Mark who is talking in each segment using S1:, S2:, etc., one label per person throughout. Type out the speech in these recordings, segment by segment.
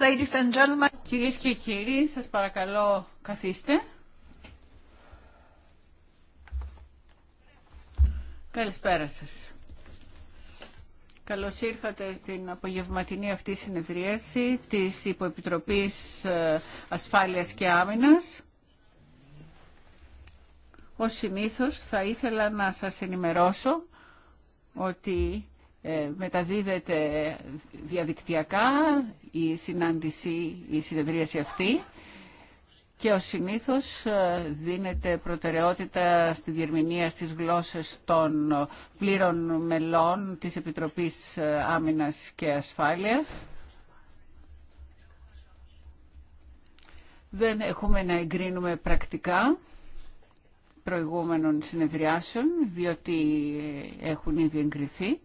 S1: Ladies and Κυρίες και κύριοι, σας παρακαλώ καθίστε. Καλησπέρα σας. Καλώς ήρθατε στην απογευματινή αυτή συνεδρίαση της Υποεπιτροπής ε, Ασφάλειας και Άμυνας. Ως συνήθως θα ήθελα να σας ενημερώσω ότι ε, μεταδίδεται διαδικτυακά η συνάντηση, η συνεδρίαση αυτή και ο συνήθως ε, δίνεται προτεραιότητα στη διερμηνία στις γλώσσες των πλήρων μελών της Επιτροπής ε, Άμυνας και Ασφάλειας. Δεν έχουμε να εγκρίνουμε πρακτικά προηγούμενων συνεδριάσεων, διότι έχουν ήδη εγκριθεί.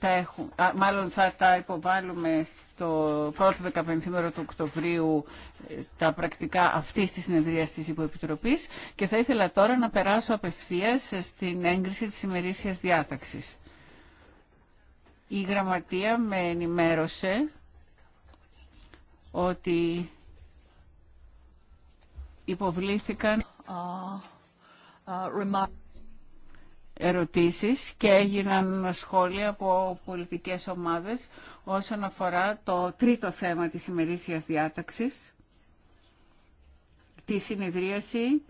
S1: θα έχουν, α, μάλλον θα τα υποβάλουμε στο πρώτο 15 του Οκτωβρίου ε, τα πρακτικά αυτή τη συνεδρία τη Υποεπιτροπή και θα ήθελα τώρα να περάσω απευθεία στην έγκριση τη ημερήσια διάταξη. Η γραμματεία με ενημέρωσε ότι υποβλήθηκαν ερωτήσεις και έγιναν σχόλια από πολιτικές ομάδες όσον αφορά το τρίτο θέμα της ημερήσιας διάταξης, τη συνεδρίαση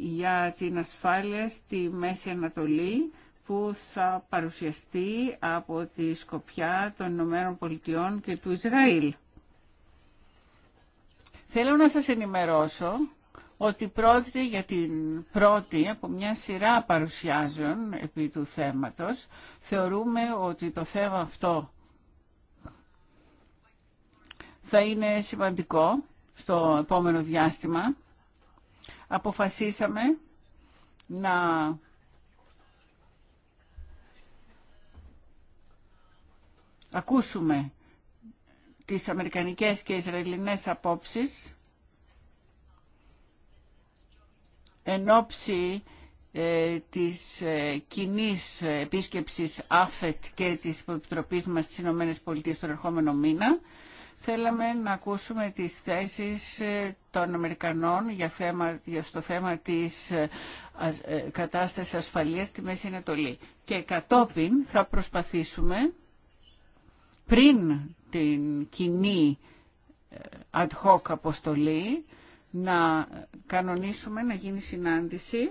S1: για την ασφάλεια στη Μέση Ανατολή που θα παρουσιαστεί από τη Σκοπιά των Ηνωμένων Πολιτειών και του Ισραήλ. Θέλω να σας ενημερώσω ότι πρόκειται για την πρώτη από μια σειρά παρουσιάζων επί του θέματος. Θεωρούμε ότι το θέμα αυτό θα είναι σημαντικό στο επόμενο διάστημα. Αποφασίσαμε να ακούσουμε τις αμερικανικές και ισραηλινές απόψεις εν ώψη ε, της ε, κοινή επίσκεψης ΑΦΕΤ και της Επιτροπής μας στις Ηνωμένες Πολιτείες τον ερχόμενο μήνα, θέλαμε να ακούσουμε τις θέσεις ε, των Αμερικανών για θέμα, στο θέμα της ε, κατάστασης ασφαλείας στη Μέση Ανατολή. Και κατόπιν θα προσπαθήσουμε πριν την κοινή ad hoc αποστολή να κανονίσουμε, να γίνει συνάντηση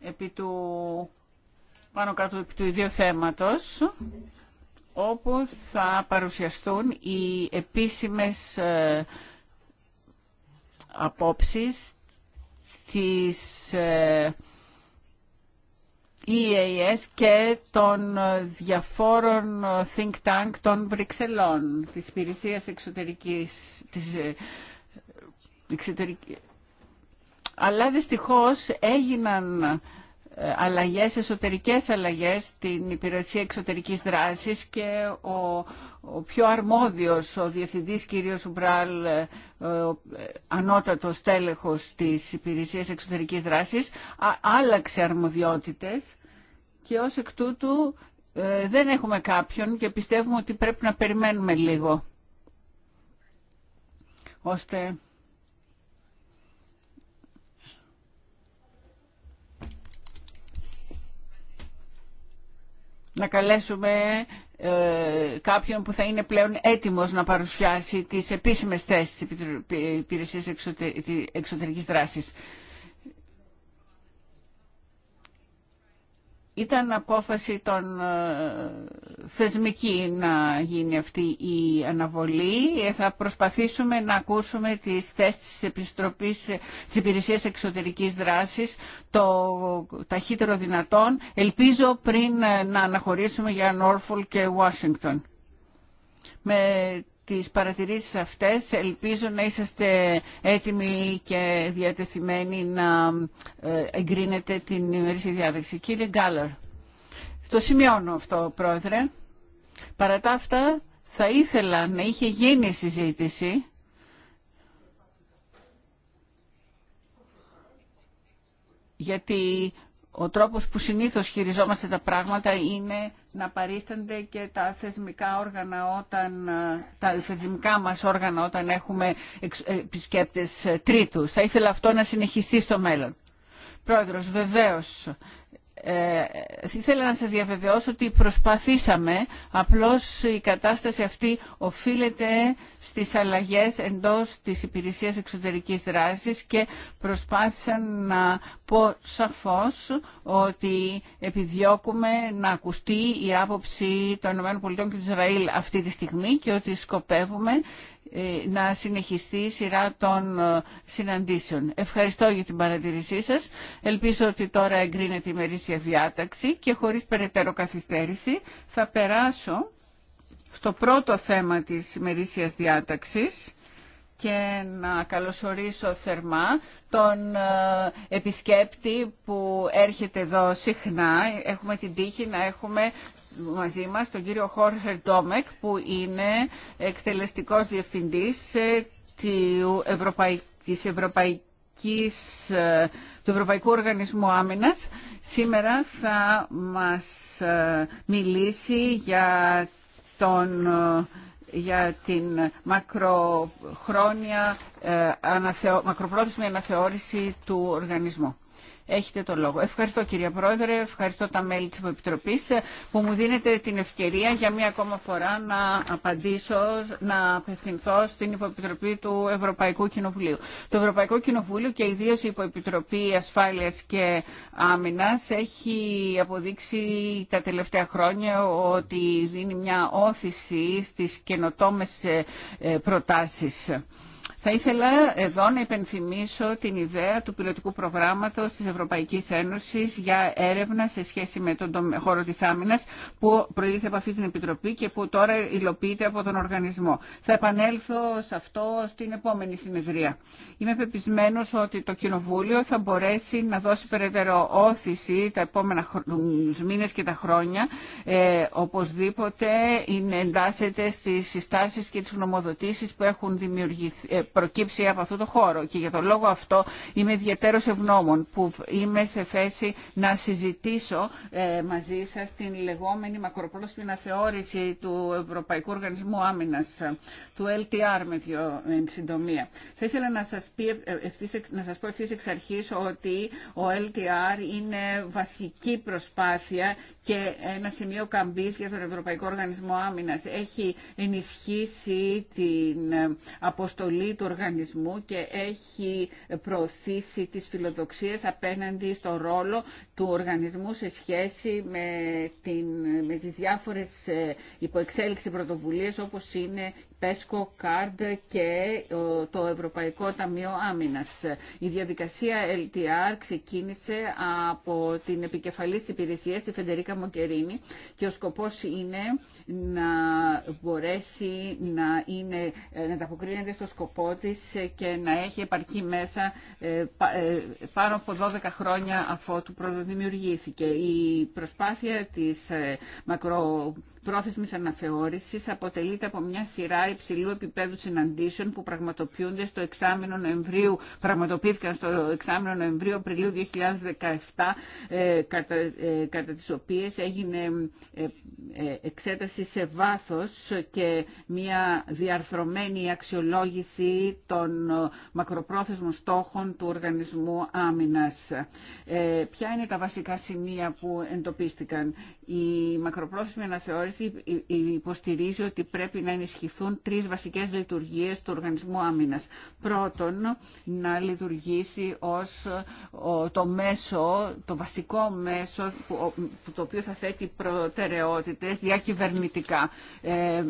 S1: επί του, πάνω κάτω επί του ιδίου θέματος, όπου θα παρουσιαστούν οι επίσημες ε, απόψεις της ε, EAS και των διαφόρων think tank των Βρυξελών, της υπηρεσία εξωτερικής, της ε, εξωτερική... Αλλά δυστυχώς έγιναν ε, αλλαγές, εσωτερικές αλλαγές στην υπηρεσία εξωτερικής δράσης και ο, πιο αρμόδιος, ο διευθυντής κύριος Ουμπράλ, ε, ε, ανώτατος τέλεχος της υπηρεσίας εξωτερικής δράσης, άλλαξε αρμοδιότητες και ως εκ τούτου δεν έχουμε κάποιον και πιστεύουμε ότι πρέπει να περιμένουμε λίγο ώστε να καλέσουμε ε, κάποιον που θα είναι πλέον έτοιμος να παρουσιάσει τις επίσημες θέσεις της Υπηρεσίας Εξωτερικής Δράσης. ήταν απόφαση των ε, θεσμική να γίνει αυτή η αναβολή. Ε, θα προσπαθήσουμε να ακούσουμε τις θέσεις της Επιστροπής της Υπηρεσίας Εξωτερικής Δράσης το ταχύτερο δυνατόν. Ελπίζω πριν ε, να αναχωρήσουμε για Νόρφολ και Ουάσιγκτον τις παρατηρήσεις αυτές. Ελπίζω να είσαστε έτοιμοι και διατεθειμένοι να ε, εγκρίνετε την ημερήσια διάδεξη. Κύριε Γκάλερ, το σημειώνω αυτό, Πρόεδρε. Παρά τα αυτά, θα ήθελα να είχε γίνει συζήτηση γιατί ο τρόπος που συνήθως χειριζόμαστε τα πράγματα είναι να παρίστανται και τα θεσμικά όργανα όταν, ε, τα θεσμικά μας όργανα όταν έχουμε ε, επισκέπτες ε, τρίτους. Θα ήθελα αυτό να συνεχιστεί στο μέλλον. Πρόεδρος, βεβαίως ε, ήθελα να σας διαβεβαιώσω ότι προσπαθήσαμε, απλώς η κατάσταση αυτή οφείλεται στις αλλαγές εντός της υπηρεσίας εξωτερικής δράσης και προσπάθησα να πω σαφώς ότι επιδιώκουμε να ακουστεί η άποψη των ΗΠΑ και του Ισραήλ αυτή τη στιγμή και ότι σκοπεύουμε ε, να συνεχιστεί η σειρά των ε, συναντήσεων. Ευχαριστώ για την παρατηρήσή σας. Ελπίζω ότι τώρα εγκρίνεται η μερίσια διάταξη και χωρίς περαιτέρω καθυστέρηση θα περάσω στο πρώτο θέμα της μερίσιας διάταξης και να καλωσορίσω θερμά τον ε, επισκέπτη που έρχεται εδώ συχνά. Έχουμε την τύχη να έχουμε μαζί μας τον κύριο Χόρχερ Ντόμεκ που είναι εκτελεστικός διευθυντής ε, του, Ευρωπαϊκής... Ε, του Ευρωπαϊκού Οργανισμού Άμυνας. Σήμερα θα μας ε, μιλήσει για, τον... για την μακροχρόνια μακροπρόθεσμη αναθεώρηση του οργανισμού. Έχετε το λόγο. Ευχαριστώ κύριε Πρόεδρε, ευχαριστώ τα μέλη της Επιτροπής ε, που μου δίνετε την ευκαιρία για μία ακόμα φορά να απαντήσω, να απευθυνθώ στην Υποεπιτροπή του Ευρωπαϊκού Κοινοβουλίου. Το Ευρωπαϊκό Κοινοβούλιο και ιδίως η Υποεπιτροπή Ασφάλειας και Άμυνας έχει αποδείξει τα τελευταία χρόνια ότι δίνει μια όθηση στις καινοτόμες ε, ε, προτάσεις. Θα ήθελα εδώ να υπενθυμίσω την ιδέα του πιλωτικού προγράμματος της Ευρωπαϊκής Ένωσης για έρευνα σε σχέση με τον χώρο της άμυνας που προήλθε από αυτή την Επιτροπή και που τώρα υλοποιείται από τον οργανισμό. Θα επανέλθω σε αυτό στην επόμενη συνεδρία. Είμαι πεπισμένος ότι το Κοινοβούλιο θα μπορέσει να δώσει περαιτέρω όθηση τα επόμενα μήνες και τα χρόνια ε, οπωσδήποτε είναι εντάσσεται στις συστάσεις και τις γνωμοδοτήσεις που έχουν δημιουργηθεί, ε, προκύψει από αυτό το χώρο. Και για τον λόγο αυτό είμαι ιδιαίτερο ευγνώμων που είμαι σε θέση να συζητήσω ε, μαζί σας την λεγόμενη μακροπρόσφυνα θεώρηση του Ευρωπαϊκού Οργανισμού Άμυνας, του LTR με δύο ε, συντομία. Θα ήθελα να σας, πει, ε, να σας πω ευθύ εξ αρχή ότι ο LTR είναι βασική προσπάθεια και ένα σημείο καμπή για τον Ευρωπαϊκό Οργανισμό Άμυνα. Έχει ενισχύσει την αποστολή του οργανισμού και έχει προωθήσει τι φιλοδοξίε απέναντι στο ρόλο του οργανισμού σε σχέση με, την, με τις διάφορες ε, υποεξέλιξη πρωτοβουλίες όπω είναι ΠΕΣΚΟ, ΚΑΡΔ και το Ευρωπαϊκό Ταμείο Άμυνας. Η διαδικασία LTR ξεκίνησε από την επικεφαλής της υπηρεσίας, τη Φεντερίκα Μοκερίνη και ο σκοπός είναι να μπορέσει να, είναι, να ανταποκρίνεται στο σκοπό της και να έχει επαρκή μέσα ε, ε, πάνω από 12 χρόνια αφότου πρώτο δημιουργήθηκε. Η προσπάθεια της ε, μακρο πρόθεσμης αναθεώρηση αποτελείται από μια σειρά υψηλού επίπεδου συναντήσεων που πραγματοποιούνται στο εξάμεινο Νοεμβρίου, πραγματοποιήθηκαν στο εξάμεινο Νοεμβρίου Απριλίου 2017, ε, κατά, ε, κατά τις οποίες έγινε ε, ε, εξέταση σε βάθο και μια διαρθρωμένη αξιολόγηση των μακροπρόθεσμων στόχων του Οργανισμού Άμυνα. Ε, ποια είναι τα βασικά σημεία που εντοπίστηκαν. Η μακροπρόθεσμη αναθεώρηση υποστηρίζει ότι πρέπει να ενισχυθούν τρεις βασικές λειτουργίες του Οργανισμού Άμυνας. Πρώτον, να λειτουργήσει ως το μέσο, το βασικό μέσο, το οποίο θα θέτει προτεραιότητες διακυβερνητικά. Ε,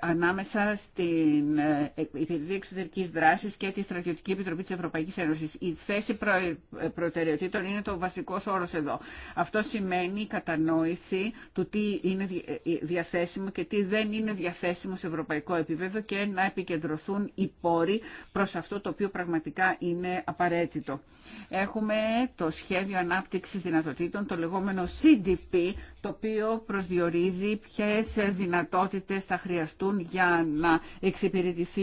S1: ανάμεσα στην ε, Υπηρεσία Εξωτερική Δράση και τη Στρατιωτική Επιτροπή τη Ευρωπαϊκή Ένωση. Η θέση προ... Ε, προτεραιοτήτων είναι το βασικό όρο εδώ. Αυτό σημαίνει η κατανόηση του τι είναι ε, διαθέσιμο και τι δεν είναι διαθέσιμο σε ευρωπαϊκό επίπεδο και να επικεντρωθούν οι πόροι προ αυτό το οποίο πραγματικά είναι απαραίτητο. Έχουμε το σχέδιο ανάπτυξη δυνατοτήτων, το λεγόμενο CDP, το οποίο προσδιορίζει ποιε δυνατότητε θα χρειαστούν για να εξυπηρετηθεί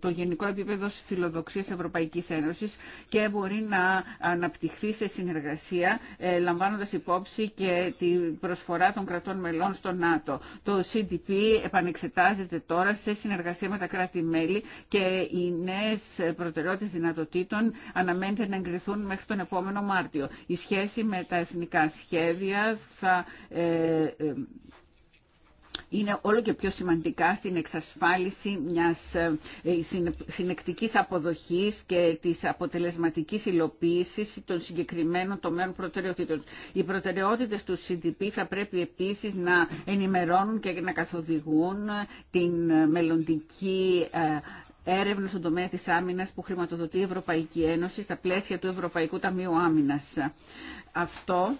S1: το γενικό επίπεδο φιλοδοξίας Ευρωπαϊκής Ένωσης και μπορεί να αναπτυχθεί σε συνεργασία ε, λαμβάνοντας υπόψη και την προσφορά των κρατών μελών στο ΝΑΤΟ. Το CDP επανεξετάζεται τώρα σε συνεργασία με τα κράτη-μέλη και οι νέε προτεραιότητες δυνατοτήτων αναμένεται να εγκριθούν μέχρι τον επόμενο Μάρτιο. Η σχέση με τα εθνικά σχέδια θα ε, ε, είναι όλο και πιο σημαντικά στην εξασφάλιση μιας ε, ε, συνεκτικής αποδοχής και της αποτελεσματικής υλοποίησης των συγκεκριμένων τομέων προτεραιοτήτων. Οι προτεραιότητες του CDP θα πρέπει επίσης να ενημερώνουν και να καθοδηγούν την μελλοντική ε, έρευνα στον τομέα της άμυνας που χρηματοδοτεί η Ευρωπαϊκή Ένωση στα πλαίσια του Ευρωπαϊκού Ταμείου Άμυνας. Αυτό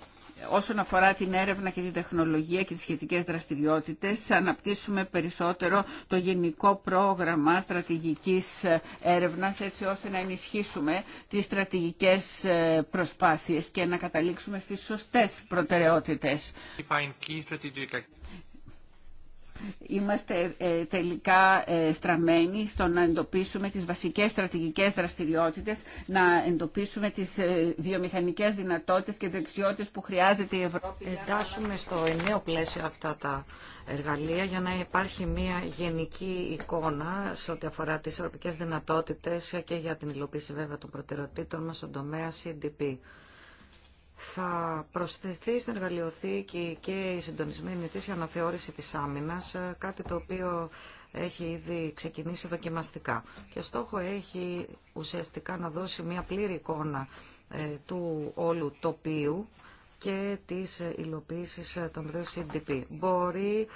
S1: όσον αφορά την έρευνα και την τεχνολογία και τις σχετικές δραστηριότητες, αναπτύσσουμε περισσότερο το γενικό πρόγραμμα στρατηγικής έρευνας, έτσι ώστε να ενισχύσουμε τις στρατηγικές ε, προσπάθειες και να καταλήξουμε στις σωστές προτεραιότητες είμαστε ε, τελικά ε, στραμμένοι στο να εντοπίσουμε τις βασικές στρατηγικές δραστηριότητες, να εντοπίσουμε τις ε, βιομηχανικές δυνατότητες και δεξιότητες που χρειάζεται η Ευρώπη. Εντάσσουμε στο ενιαίο πλαίσιο αυτά τα εργαλεία για να υπάρχει μια
S2: γενική εικόνα σε ό,τι αφορά τις ευρωπαϊκές δυνατότητες και για την υλοποίηση βέβαια των προτεραιοτήτων μας στον τομέα CDP θα προσθεθεί στην εργαλειοθήκη και η συντονισμένη ετήσια αναθεώρηση της άμυνας, ε, κάτι το οποίο έχει ήδη ξεκινήσει δοκιμαστικά. Και στόχο έχει ουσιαστικά να δώσει μια πλήρη εικόνα ε, του όλου τοπίου και της ε, υλοποίησης των δύο CDP. Μπορεί,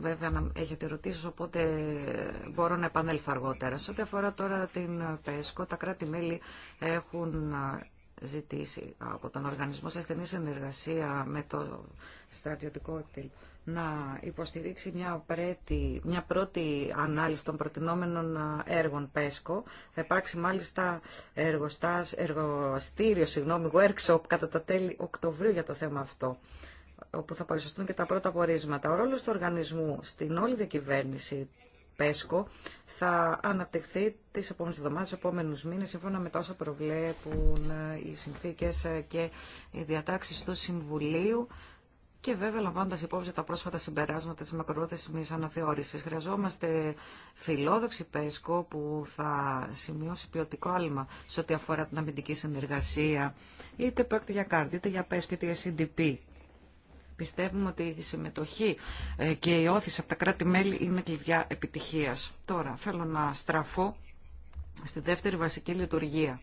S2: βέβαια να έχετε ρωτήσει, οπότε μπορώ να επανέλθω αργότερα. Σε ό,τι αφορά τώρα την ΠΕΣΚΟ, τα κράτη-μέλη έχουν ζητήσει από τον οργανισμό σε στενή συνεργασία με το στρατιωτικό ΤΕΛ να υποστηρίξει μια, πρέτη, μια πρώτη ανάλυση των προτινόμενων έργων ΠΕΣΚΟ. Θα υπάρξει μάλιστα εργοστάς, εργοστήριο, συγγνώμη, workshop κατά τα τέλη Οκτωβρίου για το θέμα αυτό όπου θα παρουσιαστούν και τα πρώτα πορίσματα. Ο ρόλος του οργανισμού στην όλη διακυβέρνηση ΠΕΣΚΟ θα αναπτυχθεί τι επόμενε εβδομάδε επόμενου μήνε μήνες, σύμφωνα με τα όσα προβλέπουν οι συνθήκε και οι διατάξει του Συμβουλίου και βέβαια λαμβάνοντα υπόψη τα πρόσφατα συμπεράσματα τη μακροπρόθεσμη αναθεώρηση. Χρειαζόμαστε φιλόδοξη ΠΕΣΚΟ που θα σημειώσει ποιοτικό άλμα σε ό,τι αφορά την αμυντική συνεργασία, είτε πρόκειται για ΚΑΡΤ, είτε για ΠΕΣΚΟ, είτε για CDP. Πιστεύουμε ότι η συμμετοχή ε, και η όθηση από τα κράτη-μέλη είναι κλειδιά επιτυχίας. Τώρα θέλω να στραφώ στη δεύτερη βασική λειτουργία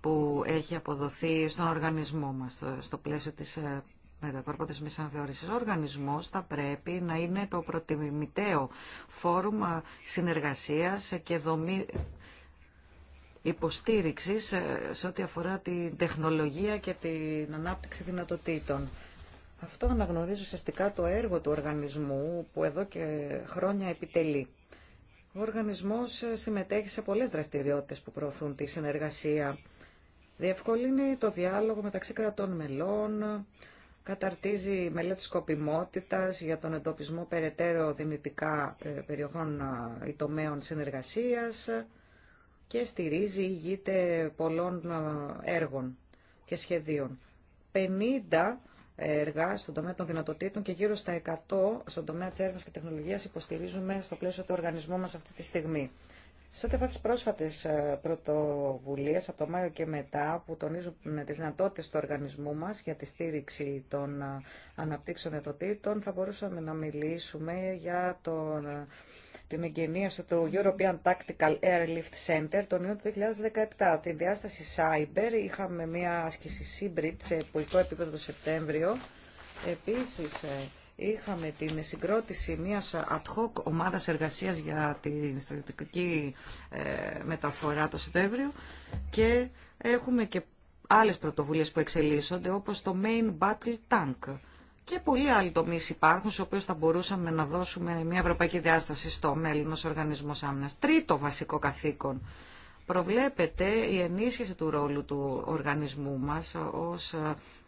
S2: που έχει αποδοθεί στον οργανισμό μας, ε, στο πλαίσιο της ε, μετακόρποτες μεσανθεώρησης. Ο οργανισμός θα πρέπει να είναι το προτιμητέο φόρουμ συνεργασίας και δομή υποστήριξης σε ό,τι αφορά την τεχνολογία και την ανάπτυξη δυνατοτήτων. Αυτό αναγνωρίζει ουσιαστικά το έργο του οργανισμού που εδώ και χρόνια επιτελεί. Ο οργανισμός συμμετέχει σε πολλές δραστηριότητες που προωθούν τη συνεργασία. Διευκολύνει το διάλογο μεταξύ κρατών μελών, καταρτίζει μελέτη κοπιμότητας για τον εντοπισμό περαιτέρω δυνητικά ε, περιοχών ή τομέων συνεργασίας και στηρίζει ή πολλών έργων και σχεδίων. 50 έργα στον τομέα των δυνατοτήτων και γύρω στα 100 στον τομέα τη Έρευνα και τεχνολογίας υποστηρίζουμε στο πλαίσιο του οργανισμού μας αυτή τη στιγμή. Σε ό,τι αφορά τι πρόσφατε πρωτοβουλίε από το Μάιο και μετά, που τονίζουν ε, τι δυνατότητε του οργανισμού μα για τη στήριξη των ε, αναπτύξεων δυνατοτήτων, θα μπορούσαμε να μιλήσουμε για τον ε, την εγγενία στο European Tactical Airlift Center τον Ιούνιο του 2017. Την διάσταση Cyber είχαμε μια άσκηση Seabridge σε πολιτικό επίπεδο το Σεπτέμβριο. Επίσης ε, είχαμε την συγκρότηση μιας ad hoc ομάδας εργασίας για την στρατιωτική ε, μεταφορά το Σεπτέμβριο και έχουμε και άλλες πρωτοβουλίες που εξελίσσονται όπως το Main Battle Tank και πολλοί άλλοι τομεί υπάρχουν, στου οποίου θα μπορούσαμε να δώσουμε μια ευρωπαϊκή διάσταση στο μέλλον ω οργανισμό άμυνα. Τρίτο βασικό καθήκον προβλέπεται η ενίσχυση του ρόλου του οργανισμού μας ως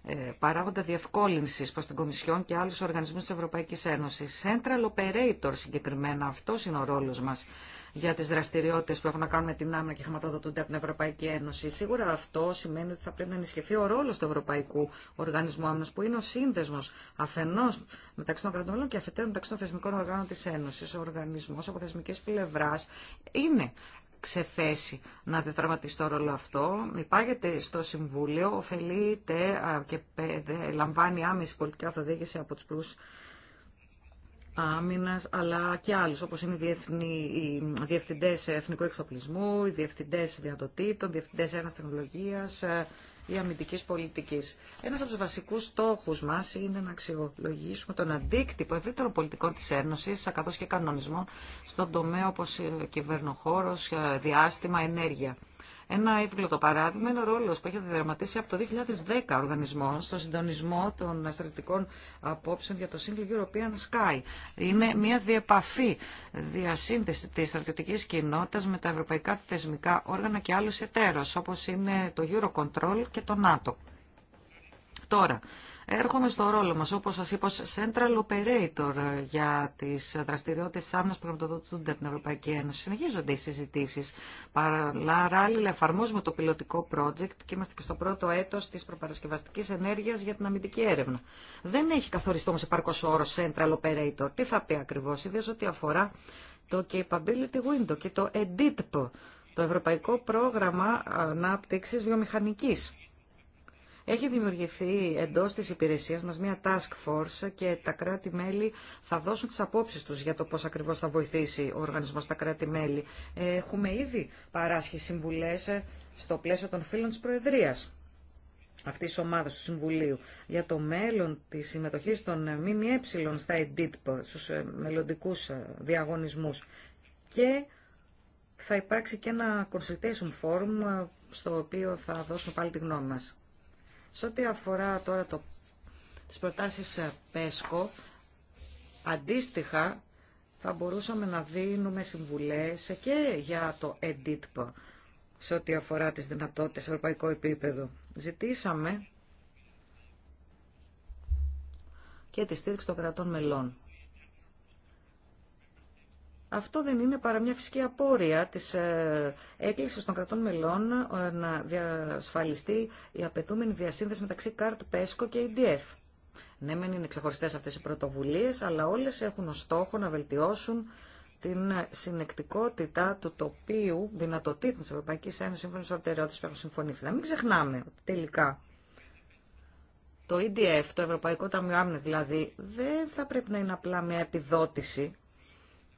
S2: ε, παράγοντα διευκόλυνσης προς την Κομισιόν και άλλους οργανισμούς της Ευρωπαϊκής Ένωσης. Central Operator συγκεκριμένα, αυτός είναι ο ρόλος μας για τις δραστηριότητες που έχουν να κάνουν με την άμυνα και χρηματοδοτούνται από την Ευρωπαϊκή Ένωση. Σίγουρα αυτό σημαίνει ότι θα πρέπει να ενισχυθεί ο ρόλος του Ευρωπαϊκού Οργανισμού Άμυνας, που είναι ο σύνδεσμος αφενός μεταξύ των κρατών και αφετέρου μεταξύ των θεσμικών οργάνων της Ένωσης. Ο οργανισμός από θεσμικής πλευράς είναι ξεθέσει να διδραματίσει το ρόλο αυτό. Υπάγεται στο Συμβούλιο, ωφελείται και λαμβάνει άμεση πολιτική αυτοδιοίκηση από τους πλούς άμυνας, αλλά και άλλους, όπως είναι οι, διεθνοί, οι διευθυντές εθνικού εξοπλισμού, οι διευθυντές οι διευθυντές έργας τεχνολογίας, ή αμυντική πολιτική. Ένα από του βασικού στόχου μα είναι να αξιολογήσουμε τον αντίκτυπο ευρύτερων πολιτικών τη Ένωση, καθώ και κανονισμών, στον τομέα όπως ε, κυβερνοχώρο ε, διάστημα, ενέργεια. Ένα το παράδειγμα είναι ο ρόλο που έχει διδραματίσει από το 2010 ο οργανισμό στο συντονισμό των στρατηγικών απόψεων για το Single European Sky. Είναι μια διεπαφή διασύνδεση τη στρατιωτική κοινότητα με τα ευρωπαϊκά θεσμικά όργανα και άλλου εταίρου, όπω είναι το Eurocontrol και το NATO. Τώρα, Έρχομαι στο ρόλο μας, όπως σας είπα, Central Operator για τις δραστηριότητες άμυνας που χρηματοδοτούνται από την Ευρωπαϊκή Ένωση. Συνεχίζονται οι συζητήσεις. Παράλληλα εφαρμόζουμε το πιλωτικό project και είμαστε και στο πρώτο έτος της προπαρασκευαστικής ενέργειας για την αμυντική έρευνα. Δεν έχει καθοριστό μας επαρκώς όρο Central Operator. Τι θα πει ακριβώς, ιδίως ό,τι αφορά το Capability Window και το EDITP, το Ευρωπαϊκό Πρόγραμμα Ανάπτυξης Βιομηχανικής έχει δημιουργηθεί εντό τη υπηρεσία μα μια task force και τα κράτη-μέλη θα δώσουν τι απόψει του για το πώ ακριβώ θα βοηθήσει ο οργανισμό στα κράτη-μέλη. Έχουμε ήδη παράσχει συμβουλές ε, στο πλαίσιο των φίλων τη Προεδρία αυτή τη ομάδα του Συμβουλίου για το μέλλον τη συμμετοχή των ε, ΜΜΕ στα ΕΔΙΤΠ, στου ε, μελλοντικού διαγωνισμού. Και θα υπάρξει και ένα consultation forum στο οποίο θα δώσουμε πάλι τη γνώμη μας. Σε ό,τι αφορά τώρα το, τις προτάσεις ε, ΠΕΣΚΟ, αντίστοιχα θα μπορούσαμε να δίνουμε συμβουλές και για το EDITP σε ό,τι αφορά τις δυνατότητες σε ευρωπαϊκό επίπεδο. Ζητήσαμε και τη στήριξη των κρατών μελών αυτό δεν είναι παρά μια φυσική απόρρεια της ε, έκκλησης των κρατών μελών ε, να διασφαλιστεί η απαιτούμενη διασύνδεση μεταξύ ΚΑΡΤ, ΠΕΣΚΟ και EDF. Ναι, μεν είναι ξεχωριστές αυτές οι πρωτοβουλίες, αλλά όλες έχουν ως στόχο να βελτιώσουν την συνεκτικότητα του τοπίου δυνατοτήτων της Ευρωπαϊκής Ένωσης σύμφωνα τι προτεραιότητες που έχουν συμφωνήσει. Να μην ξεχνάμε ότι τελικά το EDF, το Ευρωπαϊκό Ταμείο Άμυνας δηλαδή, δεν θα πρέπει να είναι απλά μια επιδότηση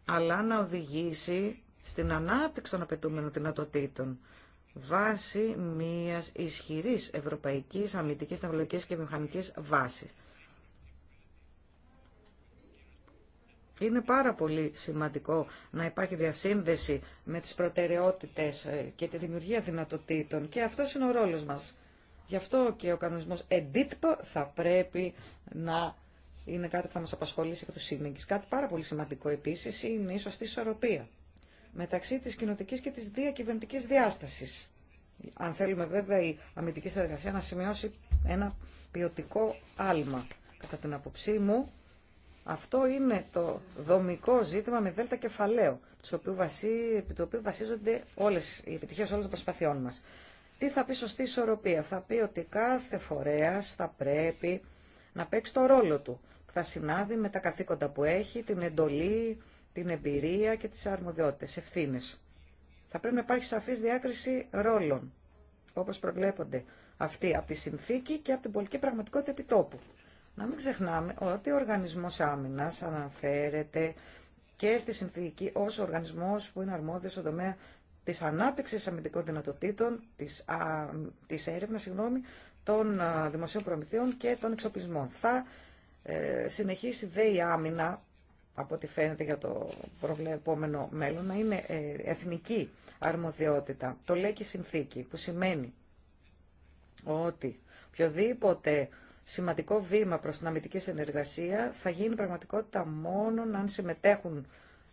S2: αλλά να οδηγήσει στην ανάπτυξη των απαιτούμενων δυνατοτήτων βάσει μιας ισχυρής ευρωπαϊκής αμυντικής, τεχνολογικής και μηχανικής βάσης. Είναι πάρα πολύ σημαντικό να υπάρχει διασύνδεση με τις προτεραιότητες ε, και τη δημιουργία δυνατοτήτων και αυτό είναι ο ρόλος μας. Γι' αυτό και ο κανονισμός EDITP θα πρέπει να είναι κάτι που θα μας απασχολήσει και του σύνεγγις. Κάτι πάρα πολύ σημαντικό επίσης είναι η σωστή ισορροπία μεταξύ της κοινοτικής και της διακυβερνητικής διάστασης. Αν θέλουμε βέβαια η αμυντική συνεργασία να σημειώσει ένα ποιοτικό άλμα. Κατά την αποψή μου, αυτό είναι το δομικό ζήτημα με δέλτα κεφαλαίο, επί το οποίο βασίζονται όλες οι επιτυχίες όλων των προσπαθειών μας. Τι θα πει σωστή ισορροπία. Θα πει ότι κάθε φορέας θα πρέπει να παίξει το ρόλο του. Θα συνάδει με τα καθήκοντα που έχει, την εντολή, την εμπειρία και τις αρμοδιότητες, ευθύνες. Θα πρέπει να υπάρχει σαφής διάκριση ρόλων, όπως προβλέπονται αυτοί από τη συνθήκη και από την πολιτική πραγματικότητα επιτόπου. Να μην ξεχνάμε ότι ο οργανισμός άμυνας αναφέρεται και στη συνθήκη ως οργανισμός που είναι αρμόδιος στον τομέα της ανάπτυξης αμυντικών δυνατοτήτων, της, α, της έρευνας, συγγνώμη, των α, δημοσίων προμηθείων και των εξοπλισμών. Θα ε, συνεχίσει δε η άμυνα, από ό,τι φαίνεται για το προβλεπόμενο μέλλον, να είναι ε, εθνική αρμοδιότητα. Το λέει και η συνθήκη, που σημαίνει ότι οποιοδήποτε σημαντικό βήμα προς την αμυντική συνεργασία θα γίνει πραγματικότητα μόνο αν συμμετέχουν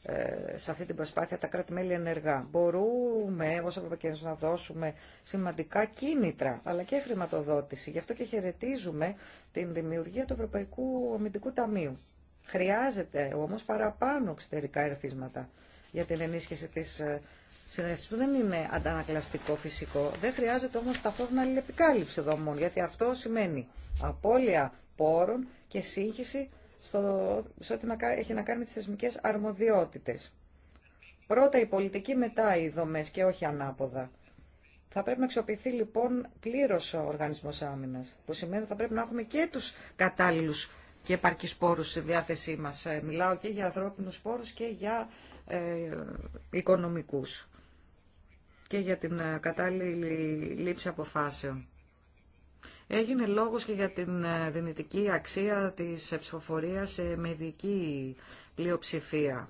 S2: ε, σε αυτή την προσπάθεια τα κράτη-μέλη ενεργά. Μπορούμε ως Ευρωπαϊκή να δώσουμε σημαντικά κίνητρα, αλλά και χρηματοδότηση. Γι' αυτό και χαιρετίζουμε την δημιουργία του Ευρωπαϊκού Αμυντικού Ταμείου. Χρειάζεται όμως παραπάνω εξωτερικά ερθίσματα για την ενίσχυση της ε, συνεργασίας που δεν είναι αντανακλαστικό φυσικό. Δεν χρειάζεται όμως ταυτόχρονα αλληλεπικάλυψη δομών, γιατί αυτό σημαίνει απώλεια πόρων και σύγχυση στο, σε ό,τι έχει να κάνει με τις θεσμικές αρμοδιότητες. Πρώτα η πολιτική, μετά οι δομές και όχι ανάποδα. Θα πρέπει να αξιοποιηθεί λοιπόν πλήρω ο οργανισμός άμυνας, που σημαίνει ότι θα πρέπει να έχουμε και τους κατάλληλους και επαρκείς πόρους στη διάθεσή μας. Ε, μιλάω και για ανθρώπινους πόρους και για ε, οικονομικούς και για την ε, κατάλληλη λήψη αποφάσεων. Έγινε λόγος και για την ε, δυνητική αξία της ψηφοφορία με ειδική πλειοψηφία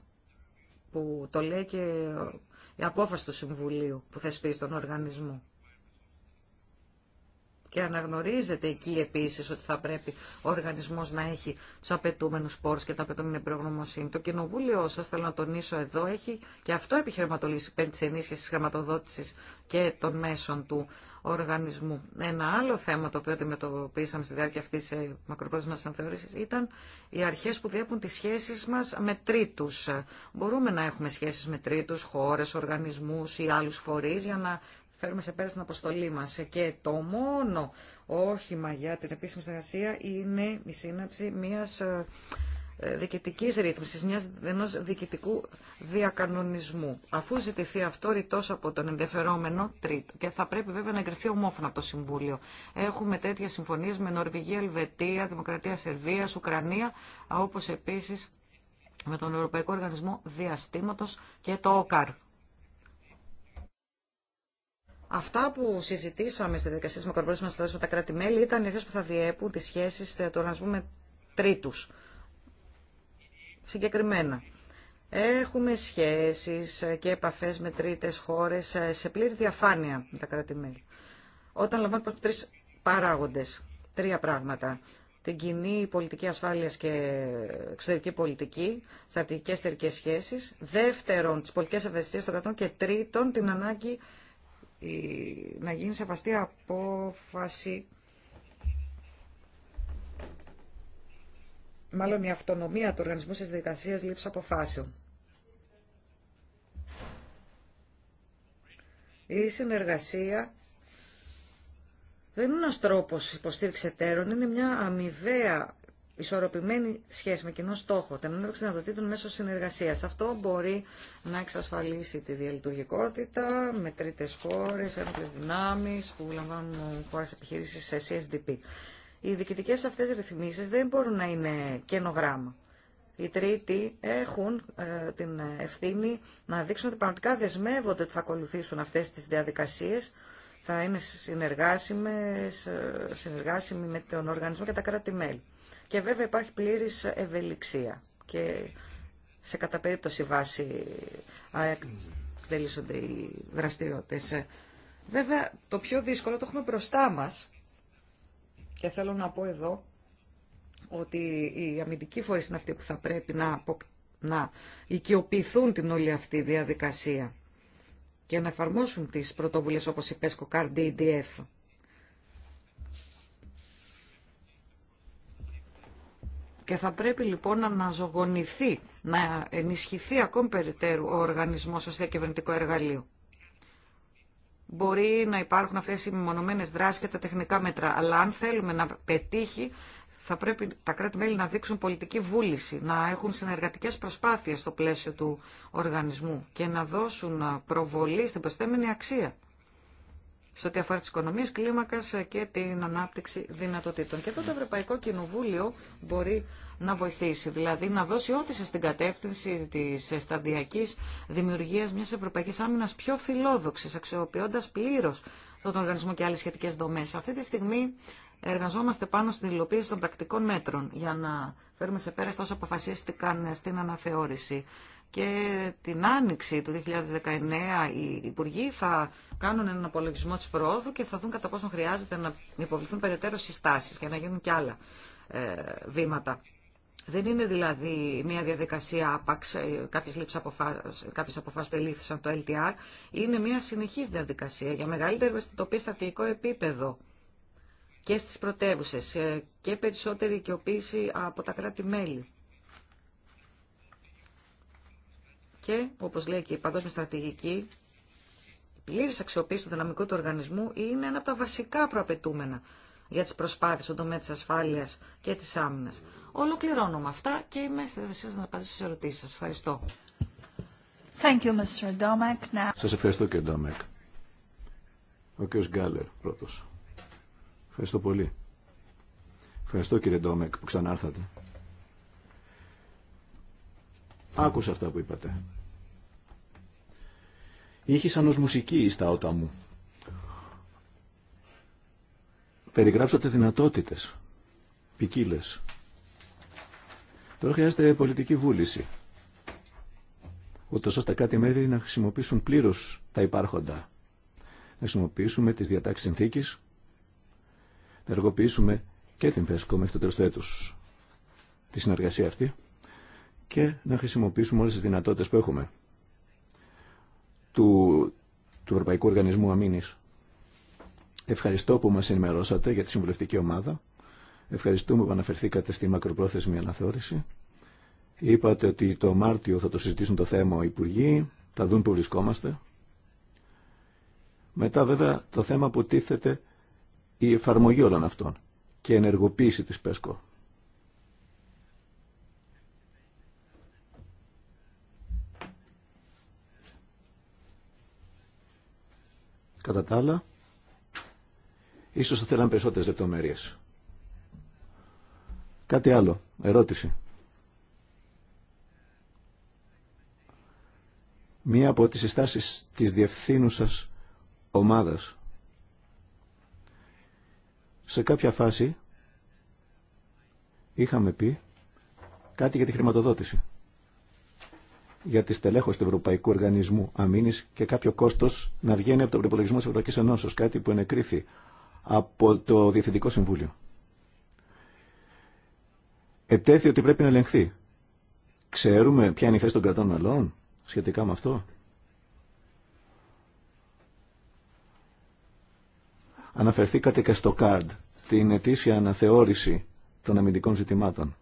S2: που το λέει και ε, η απόφαση του Συμβουλίου που θεσπίζει τον οργανισμό και αναγνωρίζεται εκεί επίσης ότι θα πρέπει ο οργανισμός να έχει τους απαιτούμενους πόρου και τα απαιτούμενα προγνωμοσύνη. Το κοινοβούλιο σας, θέλω να τονίσω εδώ, έχει και αυτό επιχειρηματολίσει πέντε της ενίσχυσης χρηματοδότησης και των μέσων του οργανισμού. Ένα άλλο θέμα το οποίο αντιμετωπίσαμε στη διάρκεια αυτής της ε, μακροπρόθεσμας ανθεώρησης ήταν οι αρχές που διέπουν τις σχέσεις μας με τρίτους. Μπορούμε να έχουμε σχέσεις με τρίτους, χώρες, οργανισμού ή άλλους φορείς για να φέρουμε σε πέρα στην αποστολή μας. Και το μόνο όχημα για την επίσημη συνεργασία είναι η σύναψη μιας ε, ε, διοικητική ρύθμιση, μιας, ενό διοικητικού διακανονισμού. Αφού ζητηθεί αυτό ρητό από τον ενδιαφερόμενο τρίτο και θα πρέπει βέβαια να εγκριθεί ομόφωνα από το Συμβούλιο. Έχουμε τέτοιε συμφωνίε με Νορβηγία, Ελβετία, Δημοκρατία Σερβία, Ουκρανία, όπω επίση με τον Ευρωπαϊκό Οργανισμό Διαστήματος και το ΟΚΑΡ. Αυτά που συζητήσαμε στη διαδικασία τη μακροπρόθεσμη μας με τα κράτη-μέλη ήταν οι αρχέ που θα διέπουν τι σχέσει ε, του οργανισμού με τρίτου. Συγκεκριμένα. Έχουμε σχέσεις και επαφές με τρίτες χώρες ε, σε πλήρη διαφάνεια με τα κράτη-μέλη. Όταν λαμβάνουμε τρεις παράγοντες, τρία πράγματα, την κοινή πολιτική ασφάλειας και εξωτερική πολιτική, στρατηγικές εταιρικές σχέσεις, δεύτερον, τις πολιτικές ευαισθησίες των κρατών και τρίτον, την ανάγκη να γίνει σεβαστή απόφαση μάλλον η αυτονομία του οργανισμού στις δικασίες λήψη αποφάσεων. Η συνεργασία δεν είναι ένας τρόπος υποστήριξη εταίρων, είναι μια αμοιβαία ισορροπημένη σχέση με κοινό στόχο, την ανάδειξη δυνατοτήτων μέσω συνεργασία. Αυτό μπορεί να εξασφαλίσει τη διαλειτουργικότητα με τρίτε χώρε, ένοπλε δυνάμει που λαμβάνουν χώρε επιχειρήσει σε CSDP. Οι διοικητικέ αυτέ ρυθμίσει δεν μπορούν να είναι καινογράμμα. Οι τρίτοι έχουν ε, την ευθύνη να δείξουν ότι πραγματικά δεσμεύονται ότι θα ακολουθήσουν αυτές τις διαδικασίες, θα είναι συνεργάσιμες, ε, συνεργάσιμοι με τον οργανισμό και τα κράτη-μέλη. Και βέβαια υπάρχει πλήρης ευελιξία και σε κατά περίπτωση βάση εκτελήσονται οι δραστηριότητες. Βέβαια το πιο δύσκολο το έχουμε μπροστά μας και θέλω να πω εδώ ότι οι αμυντικοί φορείς είναι αυτοί που θα πρέπει να, να οικειοποιηθούν την όλη αυτή διαδικασία και να εφαρμόσουν τις πρωτοβουλίες όπως η PESCO, CAR, DDF. Και θα πρέπει λοιπόν να αναζωογονηθεί, να ενισχυθεί ακόμη περιττέρου ο οργανισμός ως διακυβερνητικό εργαλείο. Μπορεί να υπάρχουν αυτές οι μεμονωμένες δράσεις και τα τεχνικά μέτρα, αλλά αν θέλουμε να πετύχει θα πρέπει τα κράτη-μέλη να δείξουν πολιτική βούληση, να έχουν συνεργατικές προσπάθειες στο πλαίσιο του οργανισμού και να δώσουν προβολή στην προσθέμενη αξία σε ό,τι αφορά τι οικονομίε κλίμακα και την ανάπτυξη δυνατοτήτων. Και εδώ το Ευρωπαϊκό Κοινοβούλιο μπορεί να βοηθήσει, δηλαδή να δώσει σε στην κατεύθυνση τη σταδιακή δημιουργία μια Ευρωπαϊκή Άμυνα πιο φιλόδοξη, αξιοποιώντα πλήρω τον οργανισμό και άλλε σχετικέ δομέ. Αυτή τη στιγμή εργαζόμαστε πάνω στην υλοποίηση των πρακτικών μέτρων για να φέρουμε σε πέρα τόσο αποφασίστηκαν στην αναθεώρηση και την άνοιξη του 2019 οι υπουργοί θα κάνουν έναν απολογισμό της προόδου και θα δουν κατά πόσο χρειάζεται να υποβληθούν περαιτέρω συστάσεις και να γίνουν και άλλα ε, βήματα. Δεν είναι δηλαδή μια διαδικασία άπαξ, ε, κάποιες, αποφάσεις, κάποιες αποφάσεις που ελήφθησαν το LTR, είναι μια συνεχής διαδικασία για μεγαλύτερη ευαισθητοποίηση στρατηγικό επίπεδο και στις πρωτεύουσες ε, και περισσότερη οικειοποίηση από τα κράτη-μέλη. και, όπως λέει και η Παγκόσμια Στρατηγική, η πλήρης αξιοποίηση του δυναμικού του οργανισμού είναι ένα από τα βασικά προαπαιτούμενα για τις προσπάθειες στον τομέα της ασφάλειας και της άμυνας. Ολοκληρώνω με αυτά και είμαι στη θέση να απαντήσω στις ερωτήσεις σας. Ευχαριστώ.
S1: Thank you, Mr. Domek. Now...
S3: Σας ευχαριστώ κύριε Ντόμεκ. Ο κ. Γκάλερ πρώτος. Ευχαριστώ πολύ. Ευχαριστώ κύριε Ντόμεκ που ξανάρθατε. Άκουσα αυτά που είπατε ήχησαν ως μουσική στα ότα μου. Περιγράψατε δυνατότητες, ποικίλε. Τώρα χρειάζεται πολιτική βούληση, ούτως ώστε κάτι μέρη να χρησιμοποιήσουν πλήρως τα υπάρχοντα. Να χρησιμοποιήσουμε τις διατάξεις συνθήκης, να εργοποιήσουμε και την ΠΕΣΚΟ μέχρι το τέλος του έτους τη συνεργασία αυτή και να χρησιμοποιήσουμε όλες τις δυνατότητες που έχουμε του, του Ευρωπαϊκού Οργανισμού Αμήνης. Ευχαριστώ που μας ενημερώσατε για τη συμβουλευτική ομάδα. Ευχαριστούμε που αναφερθήκατε στη μακροπρόθεσμη αναθεώρηση. Είπατε ότι το Μάρτιο θα το συζητήσουν το θέμα οι Υπουργοί, θα δουν που βρισκόμαστε. Μετά βέβαια το θέμα που τίθεται η εφαρμογή όλων αυτών και ενεργοποίηση της ΠΕΣΚΟ. Κατά τα άλλα, ίσως θα θέλαμε περισσότερες λεπτομέρειες. Κάτι άλλο, ερώτηση. Μία από τις συστάσεις της διευθύνουσας ομάδας. Σε κάποια φάση είχαμε πει κάτι για τη χρηματοδότηση για τη στελέχωση του Ευρωπαϊκού Οργανισμού Αμήνη και κάποιο κόστο να βγαίνει από τον προπολογισμό τη Ευρωπαϊκή Ενώσεω, κάτι που ενεκρίθη από το Διευθυντικό Συμβούλιο. Ετέθη ότι πρέπει να ελεγχθεί. Ξέρουμε ποια είναι η θέση των κρατών μελών σχετικά με αυτό. Αναφερθήκατε και στο CARD, την ετήσια αναθεώρηση των αμυντικών ζητημάτων.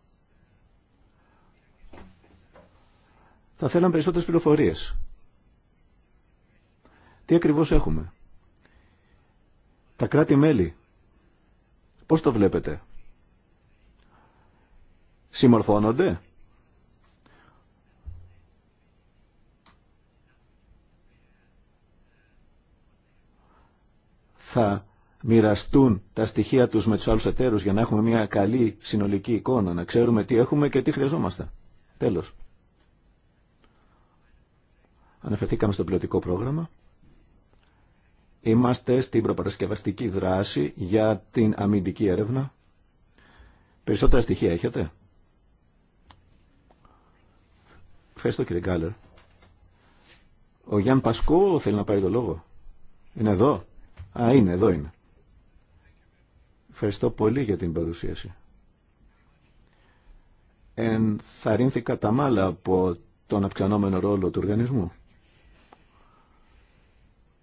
S3: θα θέλαμε περισσότερες πληροφορίες. Τι ακριβώς έχουμε. Τα κράτη-μέλη, πώς το βλέπετε. Συμμορφώνονται. Θα μοιραστούν τα στοιχεία τους με τους άλλους εταίρους για να έχουμε μια καλή συνολική εικόνα, να ξέρουμε τι έχουμε και τι χρειαζόμαστε. Τέλος. Αναφερθήκαμε στο πιλωτικό πρόγραμμα. Είμαστε στην προπαρασκευαστική δράση για την αμυντική έρευνα. Περισσότερα στοιχεία έχετε. Ευχαριστώ κύριε Γκάλερ. Ο Γιάνν Πασκό θέλει να πάρει το λόγο. Είναι εδώ. Α, είναι, εδώ είναι. Ευχαριστώ πολύ για την παρουσίαση. Ενθαρρύνθηκα τα μάλα από τον αυξανόμενο ρόλο του οργανισμού.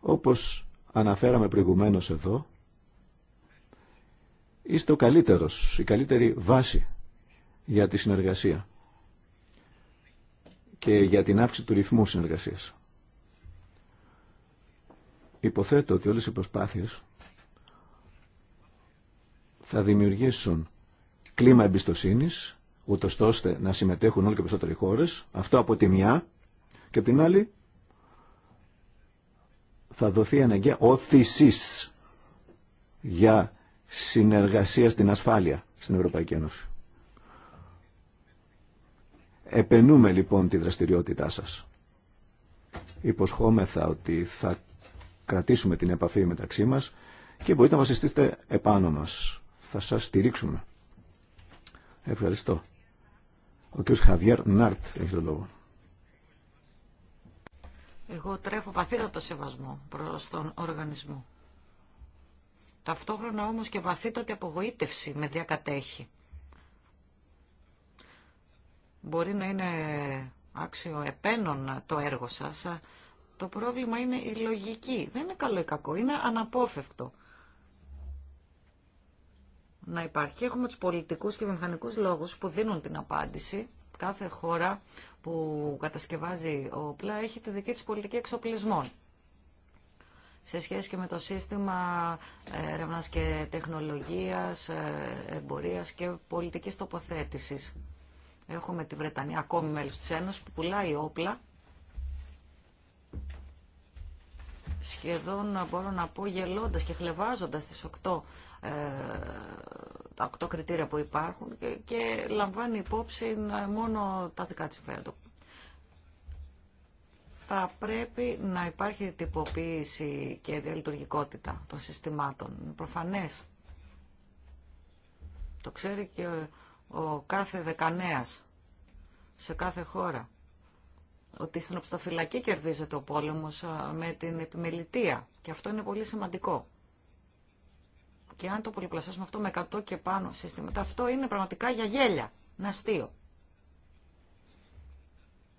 S3: Όπως αναφέραμε προηγουμένως εδώ, είστε ο καλύτερος, η καλύτερη βάση για τη συνεργασία και για την αύξηση του ρυθμού συνεργασίας. Υποθέτω ότι όλες οι προσπάθειες θα δημιουργήσουν κλίμα εμπιστοσύνης, ούτως ώστε να συμμετέχουν όλοι και περισσότεροι χώρες, αυτό από τη μια, και από την άλλη θα δοθεί αναγκαία όθησης για συνεργασία στην ασφάλεια στην Ευρωπαϊκή Ένωση. Επενούμε λοιπόν τη δραστηριότητά σας. Υποσχόμεθα ότι θα κρατήσουμε την επαφή μεταξύ μας και μπορείτε να βασιστείτε επάνω μας. Θα σας στηρίξουμε. Ευχαριστώ. Ο κ. Χαβιέρ Νάρτ έχει το λόγο.
S2: Εγώ τρέφω βαθύτατο σεβασμό προς τον οργανισμό. Ταυτόχρονα όμως και βαθύτατη απογοήτευση με διακατέχει. Μπορεί να είναι άξιο επένων το έργο σας. Το πρόβλημα είναι η λογική. Δεν είναι καλό ή κακό. Είναι αναπόφευκτο να υπάρχει. Έχουμε τους πολιτικούς και μηχανικούς λόγους που δίνουν την απάντηση κάθε χώρα που κατασκευάζει όπλα έχει τη δική της πολιτική εξοπλισμών σε σχέση και με το σύστημα έρευνα και τεχνολογίας, ε, εμπορίας και πολιτικής τοποθέτησης. Έχουμε τη Βρετανία, ακόμη μέλος της Ένωσης, που πουλάει όπλα σχεδόν μπορώ να πω γελώντας και χλεβάζοντας τις οκτώ ε, τα κριτήρια που υπάρχουν και, λαμβάνει υπόψη ε, μόνο τα δικά της φέρντου. Θα πρέπει να υπάρχει τυποποίηση και διαλειτουργικότητα των συστημάτων. Είναι προφανές. Το ξέρει και ο, ο κάθε δεκανέας σε κάθε χώρα ότι στην οπισθοφυλακή κερδίζεται ο πόλεμος με την επιμελητεία. Και αυτό είναι πολύ σημαντικό. Και αν το πολυπλασιάσουμε αυτό με 100 και πάνω συστήματα, αυτό είναι πραγματικά για γέλια. να αστείο.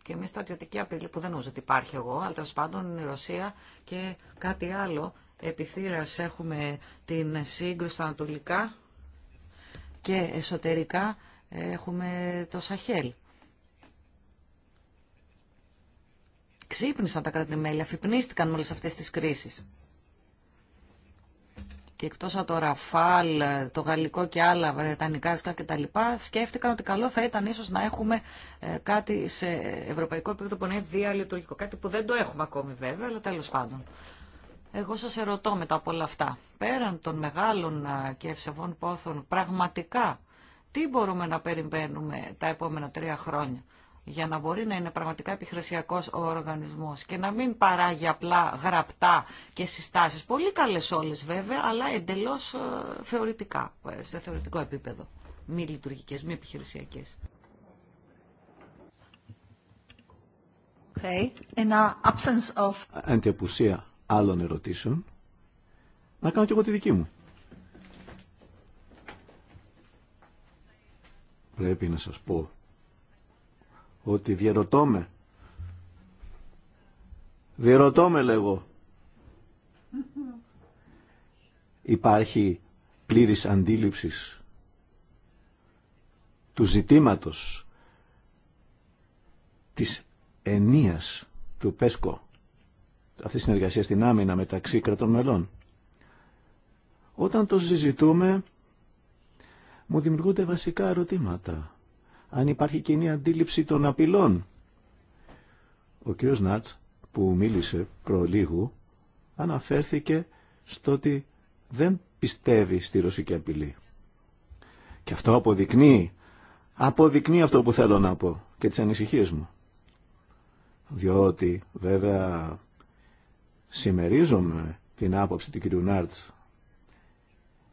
S2: Και τα στρατιωτική απειλή που δεν νομίζω ότι υπάρχει εγώ, αλλά τέλο πάντων η Ρωσία και κάτι άλλο. Επιθύρας έχουμε την σύγκρουση στα ανατολικά και εσωτερικά έχουμε το Σαχέλ. ξύπνησαν τα κράτη-μέλη, αφυπνίστηκαν με όλες αυτές τις κρίσεις. Και εκτός από το Ραφάλ, το Γαλλικό και άλλα Βρετανικά και τα λοιπά, σκέφτηκαν ότι καλό θα ήταν ίσως να έχουμε ε, κάτι σε ευρωπαϊκό επίπεδο που είναι διαλειτουργικό. Κάτι που δεν το έχουμε ακόμη βέβαια, αλλά τέλος πάντων. Εγώ σας ερωτώ μετά από όλα αυτά, πέραν των μεγάλων και ευσεβών πόθων, πραγματικά τι μπορούμε να περιμένουμε τα επόμενα τρία χρόνια για να μπορεί να είναι πραγματικά επιχρησιακός ο οργανισμός και να μην παράγει απλά γραπτά και συστάσεις, πολύ καλε όλες βέβαια, αλλά εντελώς ε, θεωρητικά, ε, σε θεωρητικό επίπεδο, μη λειτουργικέ, μη επιχειρησιακέ. Okay. In absence
S3: of... άλλων ερωτήσεων, να κάνω και εγώ τη δική μου. Πρέπει να σας πω ότι διαρωτώμε. με λέγω. Υπάρχει πλήρης αντίληψης του ζητήματος της ενίας του ΠΕΣΚΟ αυτή η συνεργασία στην άμυνα μεταξύ κρατών μελών. Όταν το συζητούμε μου δημιουργούνται βασικά ερωτήματα αν υπάρχει κοινή αντίληψη των απειλών. Ο κ. Νάτς που μίλησε προλίγου αναφέρθηκε στο ότι δεν πιστεύει στη ρωσική απειλή. Και αυτό αποδεικνύει, αποδεικνύει αυτό που θέλω να πω και τις ανησυχίες μου. Διότι βέβαια συμμερίζομαι την άποψη του κ. Νάρτς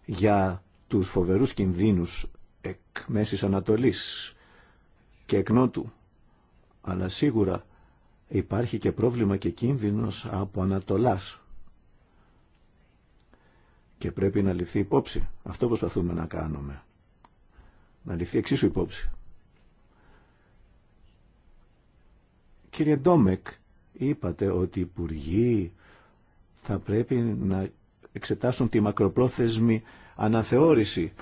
S3: για τους φοβερούς κινδύνους εκ Μέσης Ανατολής και εκνότου. Αλλά σίγουρα υπάρχει και πρόβλημα και κίνδυνος από Ανατολάς. Και πρέπει να ληφθεί υπόψη. Αυτό προσπαθούμε να κάνουμε. Να ληφθεί εξίσου υπόψη. Κύριε Ντόμεκ, είπατε ότι οι υπουργοί θα πρέπει να εξετάσουν τη μακροπρόθεσμη αναθεώρηση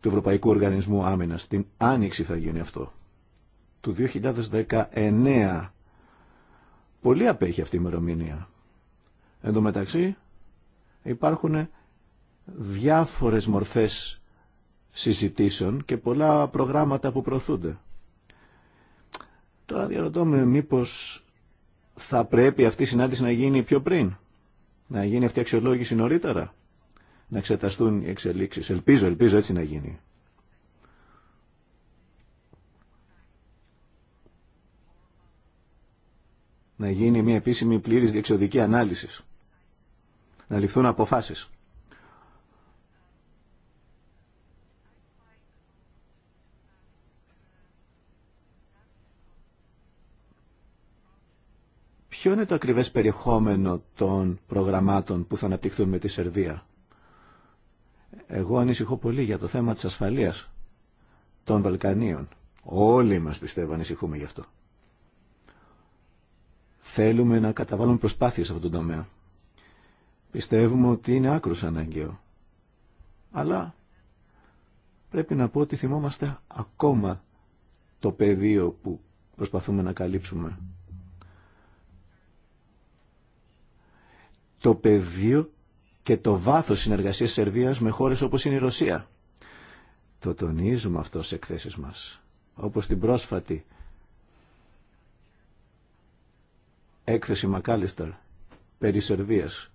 S3: του Ευρωπαϊκού Οργανισμού Άμυνας. Την άνοιξη θα γίνει αυτό του 2019. Πολύ απέχει αυτή η ημερομηνία. Εν τω μεταξύ υπάρχουν διάφορες μορφές συζητήσεων και πολλά προγράμματα που προωθούνται. Τώρα διαρωτώ με μήπως θα πρέπει αυτή η συνάντηση να γίνει πιο πριν, να γίνει αυτή η αξιολόγηση νωρίτερα, να εξεταστούν οι εξελίξεις. Ελπίζω, ελπίζω έτσι να γίνει. να γίνει μια επίσημη πλήρης διεξοδική ανάλυση. Να ληφθούν αποφάσεις. Ποιο είναι το ακριβές περιεχόμενο των προγραμμάτων που θα αναπτυχθούν με τη Σερβία. Εγώ ανησυχώ πολύ για το θέμα της ασφαλείας των Βαλκανίων. Όλοι μας πιστεύω ανησυχούμε γι' αυτό. Θέλουμε να καταβάλουμε προσπάθειες σε αυτόν τον τομέα. Πιστεύουμε ότι είναι άκρος αναγκαίο. Αλλά πρέπει να πω ότι θυμόμαστε ακόμα το πεδίο που προσπαθούμε να καλύψουμε. Το πεδίο και το βάθος συνεργασίας Σερβίας με χώρες όπως είναι η Ρωσία. Το τονίζουμε αυτό σε εκθέσεις μας. Όπως την πρόσφατη έκθεση Μακάλιστερ περί Σερβίας.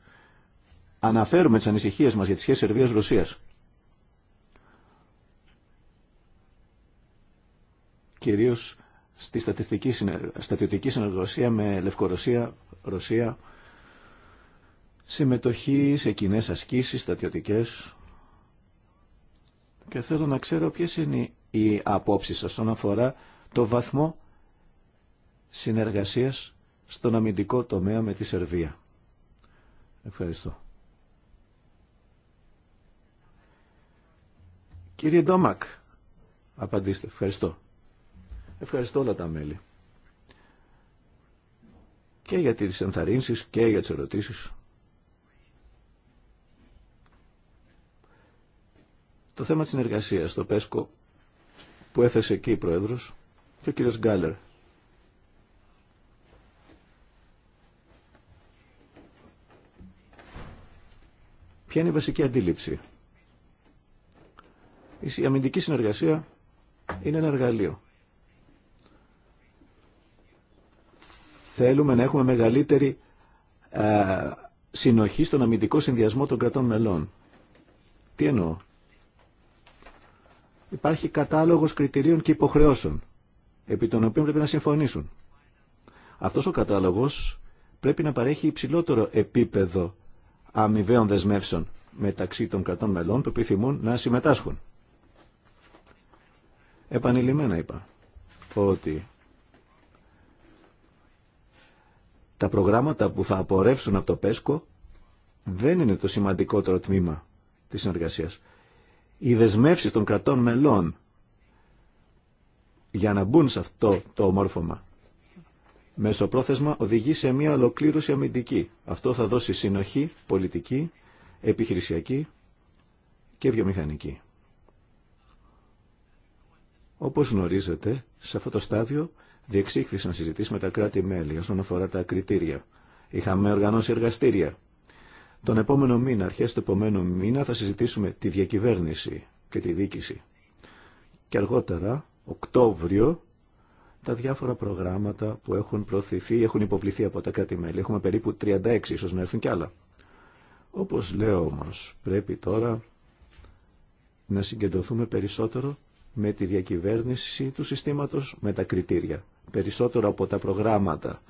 S3: Αναφέρουμε τις ανησυχίες μας για τις σχέσεις Σερβίας-Ρωσίας. Κυρίως στη στατιστική, στατιωτική συνεργασία με Λευκορωσία, Ρωσία, συμμετοχή σε κοινέ ασκήσεις στατιωτικές και θέλω να ξέρω ποιες είναι οι απόψεις σας όσον αφορά το βαθμό συνεργασίας στον αμυντικό τομέα με τη Σερβία. Ευχαριστώ. Κύριε Ντόμακ, απαντήστε. Ευχαριστώ. Ευχαριστώ όλα τα μέλη. Και για τις ενθαρρύνσεις και για τις ερωτήσεις. Το θέμα της συνεργασίας στο ΠΕΣΚΟ που έθεσε εκεί η Πρόεδρος και ο κύριος Γκάλερ Ποια είναι η βασική αντίληψη. Η αμυντική συνεργασία είναι ένα εργαλείο. Θέλουμε να έχουμε μεγαλύτερη ε, συνοχή στον αμυντικό συνδυασμό των κρατών μελών. Τι εννοώ. Υπάρχει κατάλογος κριτηρίων και υποχρεώσεων, επί των οποίων πρέπει να συμφωνήσουν. Αυτός ο κατάλογος πρέπει να παρέχει υψηλότερο επίπεδο αμοιβαίων δεσμεύσεων μεταξύ των κρατών μελών που επιθυμούν να συμμετάσχουν. Επανειλημμένα είπα ότι τα προγράμματα που θα απορρεύσουν από το ΠΕΣΚΟ δεν είναι το σημαντικότερο τμήμα της συνεργασίας. Οι δεσμεύσεις των κρατών μελών για να μπουν σε αυτό το ομόρφωμα μεσοπρόθεσμα οδηγεί σε μια ολοκλήρωση αμυντική. Αυτό θα δώσει συνοχή πολιτική, επιχειρησιακή και βιομηχανική. Όπως γνωρίζετε, σε αυτό το στάδιο διεξήχθησαν συζητήσεις με τα κράτη-μέλη όσον αφορά τα κριτήρια. Είχαμε οργανώσει εργαστήρια. Τον επόμενο μήνα, αρχές του επόμενου μήνα, θα συζητήσουμε τη διακυβέρνηση και τη δίκηση. Και αργότερα, Οκτώβριο, τα διάφορα προγράμματα που έχουν προωθηθεί, έχουν υποπληθεί από τα κράτη-μέλη. Έχουμε περίπου 36, ίσως να έρθουν κι άλλα. Όπως λέω όμως, πρέπει τώρα να συγκεντρωθούμε περισσότερο με τη διακυβέρνηση του συστήματος, με τα κριτήρια. Περισσότερο από τα προγράμματα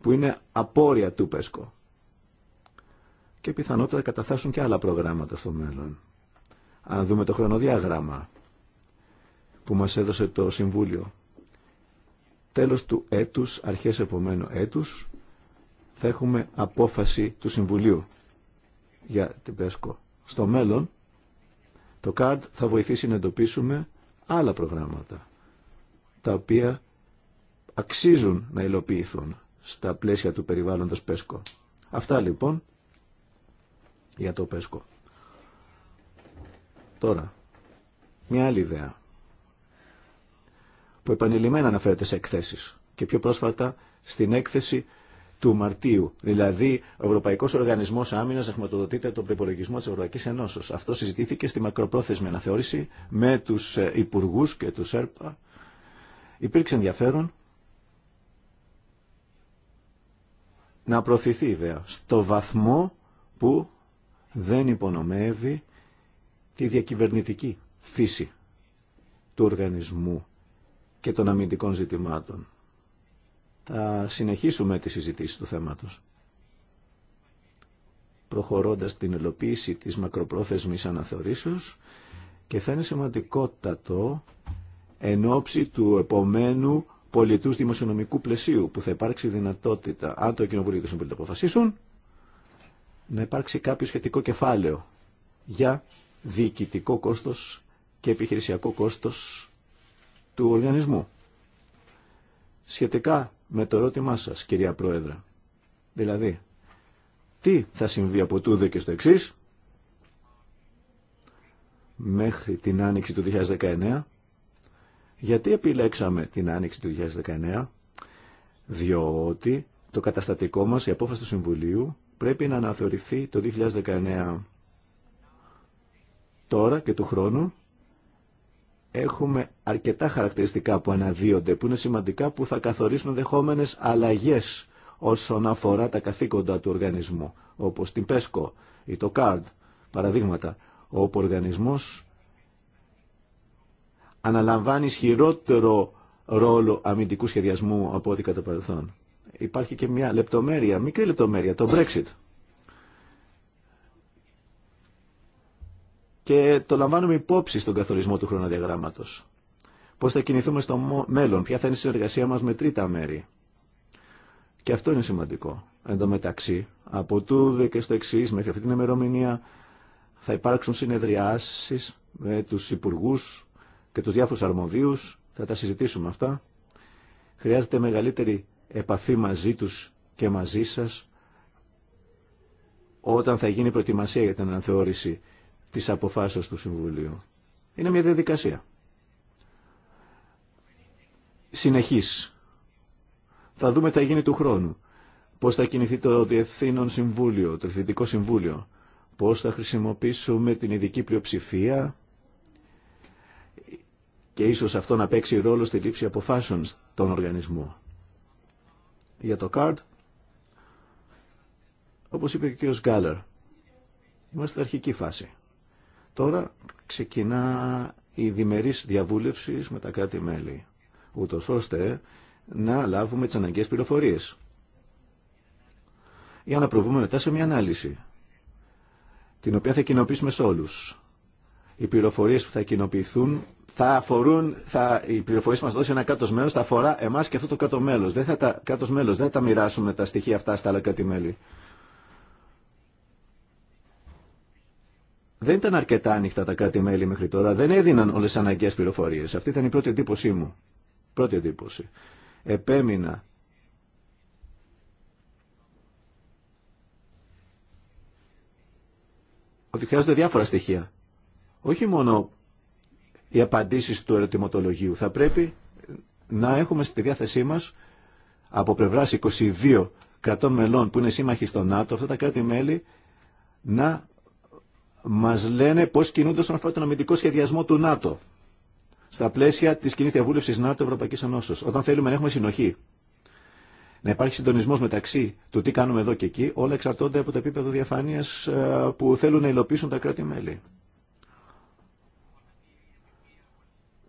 S3: που είναι απόρρια του ΠΕΣΚΟ. Και πιθανότατα καταθάσουν και άλλα προγράμματα στο μέλλον. Αν δούμε το χρονοδιάγραμμα που μας έδωσε το Συμβούλιο τέλος του έτους, αρχές επομένου έτους, θα έχουμε απόφαση του Συμβουλίου για την ΠΕΣΚΟ. Στο μέλλον, το ΚΑΡΤ θα βοηθήσει να εντοπίσουμε άλλα προγράμματα, τα οποία αξίζουν να υλοποιηθούν στα πλαίσια του περιβάλλοντος ΠΕΣΚΟ. Αυτά λοιπόν για το ΠΕΣΚΟ. Τώρα, μια άλλη ιδέα που επανειλημμένα αναφέρεται σε εκθέσει και πιο πρόσφατα στην έκθεση του Μαρτίου. Δηλαδή, ο Ευρωπαϊκό Οργανισμό Άμυνα χρηματοδοτείται τον προπολογισμό τη Ευρωπαϊκή Ενώσεω. Αυτό συζητήθηκε στη μακροπρόθεσμη αναθεώρηση με του ε, υπουργού και του ΕΡΠΑ. Υπήρξε ενδιαφέρον να προωθηθεί η ιδέα στο βαθμό που δεν υπονομεύει τη διακυβερνητική φύση του οργανισμού και των αμυντικών ζητημάτων. Θα συνεχίσουμε τη συζήτηση του θέματος. Προχωρώντας την ελοποίηση της μακροπρόθεσμης αναθεωρήσεως και θα είναι σημαντικότατο εν ώψη του επομένου πολιτού δημοσιονομικού πλαισίου που θα υπάρξει δυνατότητα, αν το Κοινοβούλιο και το Συμβούλιο το αποφασίσουν, να υπάρξει κάποιο σχετικό κεφάλαιο για διοικητικό κόστος και επιχειρησιακό κόστος του οργανισμού. Σχετικά με το ερώτημά σας, κυρία πρόεδρα δηλαδή, τι θα συμβεί από τούδε και στο εξή μέχρι την άνοιξη του 2019. Γιατί επιλέξαμε την άνοιξη του 2019, διότι το καταστατικό μας, η απόφαση του Συμβουλίου, πρέπει να αναθεωρηθεί το 2019 τώρα και του χρόνου έχουμε αρκετά χαρακτηριστικά που αναδύονται, που είναι σημαντικά, που θα καθορίσουν δεχόμενες αλλαγές όσον αφορά τα καθήκοντα του οργανισμού, όπως την ΠΕΣΚΟ ή το ΚΑΡΔ, παραδείγματα, όπου ο οργανισμός αναλαμβάνει ισχυρότερο ρόλο αμυντικού σχεδιασμού από ό,τι κατά παρελθόν. Υπάρχει και μια λεπτομέρεια, μικρή λεπτομέρεια, το Brexit. και το λαμβάνουμε υπόψη στον καθορισμό του χρονοδιαγράμματος. Πώς θα κινηθούμε στο μέλλον, ποια θα είναι η συνεργασία μας με τρίτα μέρη. Και αυτό είναι σημαντικό. Εν τω μεταξύ, από τούδε και στο εξή, μέχρι αυτή την ημερομηνία θα υπάρξουν συνεδριάσεις με τους υπουργού και τους διάφορους αρμοδίους. Θα τα συζητήσουμε αυτά. Χρειάζεται μεγαλύτερη επαφή μαζί τους και μαζί σας όταν θα γίνει προετοιμασία για την αναθεώρηση Τη αποφάσεως του Συμβουλίου. Είναι μια διαδικασία. Συνεχής. Θα δούμε τι θα του χρόνου. Πώς θα κινηθεί το Διευθύνων Συμβούλιο, το Διευθυντικό Συμβούλιο. Πώς θα χρησιμοποιήσουμε την ειδική πλειοψηφία και ίσως αυτό να παίξει ρόλο στη λήψη αποφάσεων στον οργανισμό. Για το CARD, όπως είπε και ο κ. Γκάλερ, είμαστε αρχική φάση. Τώρα ξεκινά η διμερής διαβούλευση με τα κράτη-μέλη, ούτω ώστε να λάβουμε τις αναγκαίες πληροφορίες για να προβούμε μετά σε μια ανάλυση, την οποία θα κοινοποιήσουμε σε όλους. Οι πληροφορίες που θα κοινοποιηθούν θα αφορούν, θα, οι πληροφορίε που μα δώσει ένα κράτο μέλο θα αφορά εμά και αυτό το κράτο μέλο. Δεν τα, μέλος, δεν θα τα μοιράσουμε τα στοιχεία αυτά στα άλλα κράτη-μέλη. δεν ήταν αρκετά ανοιχτά τα κράτη-μέλη μέχρι τώρα, δεν έδιναν όλε τι αναγκαίε πληροφορίε. Αυτή ήταν η πρώτη εντύπωσή μου. Πρώτη εντύπωση. Επέμεινα. Ότι χρειάζονται διάφορα στοιχεία. Όχι μόνο οι απαντήσεις του ερωτηματολογίου. Θα πρέπει να έχουμε στη διάθεσή μας από πλευρά 22 κρατών μελών που είναι σύμμαχοι στο ΝΑΤΟ, αυτά τα κράτη-μέλη να Μα λένε πώ κινούνται στον αφορά τον αμυντικό σχεδιασμό του ΝΑΤΟ στα πλαίσια τη κοινή διαβούλευση ΝΑΤΟ Ευρωπαϊκής Όταν θέλουμε να έχουμε συνοχή, να υπάρχει συντονισμό μεταξύ του τι κάνουμε εδώ και εκεί, όλα εξαρτώνται από το επίπεδο διαφάνεια ε, που θέλουν να υλοποιήσουν τα κράτη-μέλη.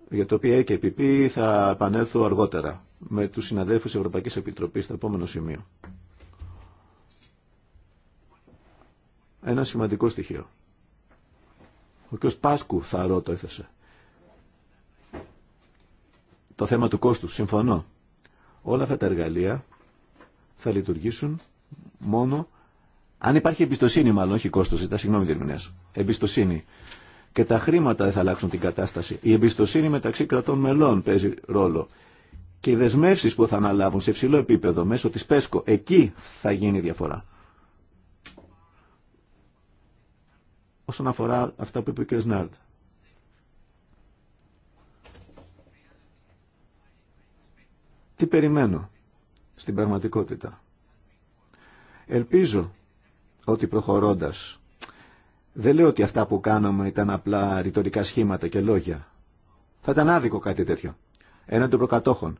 S3: για το οποίο και θα επανέλθω αργότερα με του συναδέλφου τη Ευρωπαϊκής Επιτροπής στο επόμενο σημείο. Ένα σημαντικό στοιχείο ο κ. Πάσκου θα το έθεσε. Το θέμα του κόστου. Συμφωνώ. Όλα αυτά τα εργαλεία θα λειτουργήσουν μόνο αν υπάρχει εμπιστοσύνη, μάλλον όχι κόστο, ζητά συγγνώμη διερμηνέα. Εμπιστοσύνη. Και τα χρήματα δεν θα αλλάξουν την κατάσταση. Η εμπιστοσύνη μεταξύ κρατών μελών παίζει ρόλο. Και οι δεσμεύσει που θα αναλάβουν σε υψηλό επίπεδο μέσω τη ΠΕΣΚΟ, εκεί θα γίνει διαφορά. όσον αφορά αυτά που είπε ο κ. Τι περιμένω στην πραγματικότητα. Ελπίζω ότι προχωρώντας δεν λέω ότι αυτά που κάναμε ήταν απλά ρητορικά σχήματα και λόγια. Θα ήταν άδικο κάτι τέτοιο. Έναν των προκατόχων.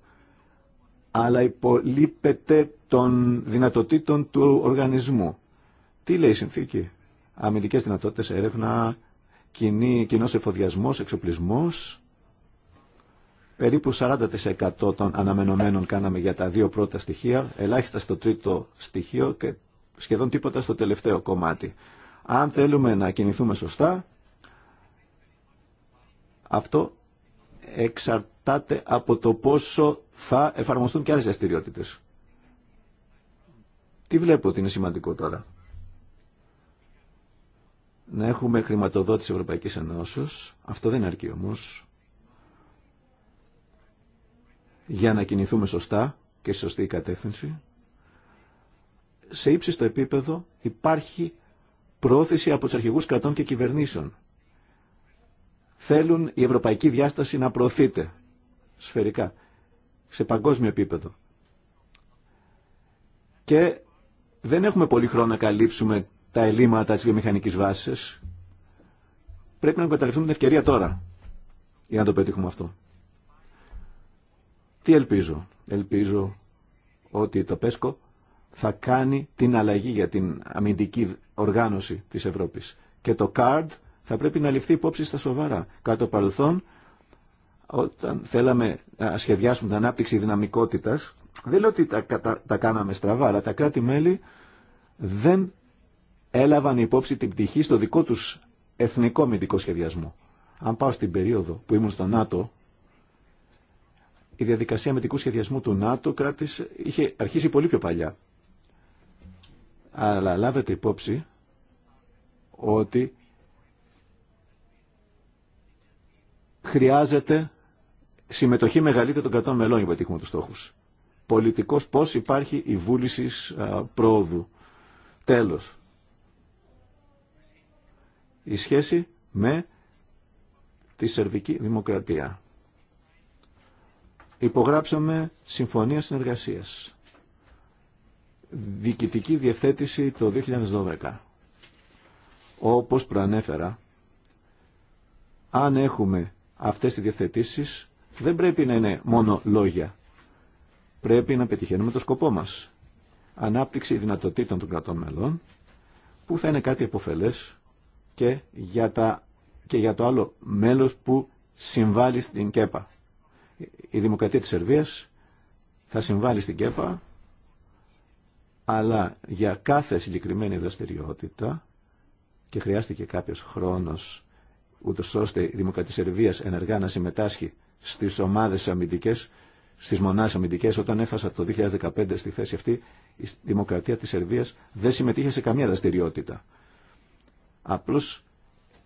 S3: Αλλά υπολείπεται των δυνατοτήτων του οργανισμού. Τι λέει η συνθήκη αμυντικές δυνατότητες, έρευνα, κοινή, κοινός εφοδιασμός, εξοπλισμός. Περίπου 40% των αναμενωμένων κάναμε για τα δύο πρώτα στοιχεία, ελάχιστα στο τρίτο στοιχείο και σχεδόν τίποτα στο τελευταίο κομμάτι. Αν θέλουμε να κινηθούμε σωστά, αυτό εξαρτάται από το πόσο θα εφαρμοστούν και άλλες δραστηριότητε. Τι βλέπω ότι είναι σημαντικό τώρα να έχουμε χρηματοδότηση Ευρωπαϊκής Ενώσεω. Αυτό δεν αρκεί όμως για να κινηθούμε σωστά και σε σωστή κατεύθυνση. Σε ύψιστο επίπεδο υπάρχει πρόθεση από του αρχηγού κρατών και κυβερνήσεων. Θέλουν η ευρωπαϊκή διάσταση να προωθείται σφαιρικά, σε παγκόσμιο επίπεδο. Και δεν έχουμε πολύ χρόνο να καλύψουμε τα ελλείμματα τη βιομηχανική βάση Πρέπει να εγκαταλειφθούμε την ευκαιρία τώρα για να το πετύχουμε αυτό. Τι ελπίζω. Ελπίζω ότι το ΠΕΣΚΟ θα κάνει την αλλαγή για την αμυντική οργάνωση της Ευρώπης. Και το CARD θα πρέπει να ληφθεί υπόψη στα σοβαρά. Κάτω παρελθόν, όταν θέλαμε να σχεδιάσουμε την ανάπτυξη δυναμικότητας, δεν λέω ότι τα, τα, κάναμε στραβά, αλλά τα κράτη-μέλη δεν έλαβαν υπόψη την πτυχή στο δικό τους εθνικό μυντικό σχεδιασμό. Αν πάω στην περίοδο που ήμουν στο ΝΑΤΟ, η διαδικασία μετικού σχεδιασμού του ΝΑΤΟ κράτης είχε αρχίσει πολύ πιο παλιά. Αλλά λάβετε υπόψη ότι χρειάζεται συμμετοχή μεγαλύτερη των κρατών μελών για να πετύχουμε τους στόχους. Πολιτικός πώς υπάρχει η βούληση πρόοδου. Τέλος η σχέση με τη Σερβική Δημοκρατία. Υπογράψαμε συμφωνία συνεργασίας. Διοικητική διευθέτηση το 2012. Όπως προανέφερα, αν έχουμε αυτές τις διευθετήσεις, δεν πρέπει να είναι μόνο λόγια. Πρέπει να πετυχαίνουμε το σκοπό μας. Ανάπτυξη δυνατοτήτων των κρατών μελών, που θα είναι κάτι εποφελές και για, τα, και για το άλλο μέλος που συμβάλλει στην ΚΕΠΑ. Η Δημοκρατία της Σερβίας θα συμβάλλει στην ΚΕΠΑ, αλλά για κάθε συγκεκριμένη δραστηριότητα και χρειάστηκε κάποιος χρόνος ούτω ώστε η Δημοκρατία της Σερβίας ενεργά να συμμετάσχει στις ομάδες αμυντικές, στις μονάδες αμυντικές, όταν έφτασα το 2015 στη θέση αυτή, η Δημοκρατία της Σερβίας δεν συμμετείχε σε καμία δραστηριότητα. Απλώς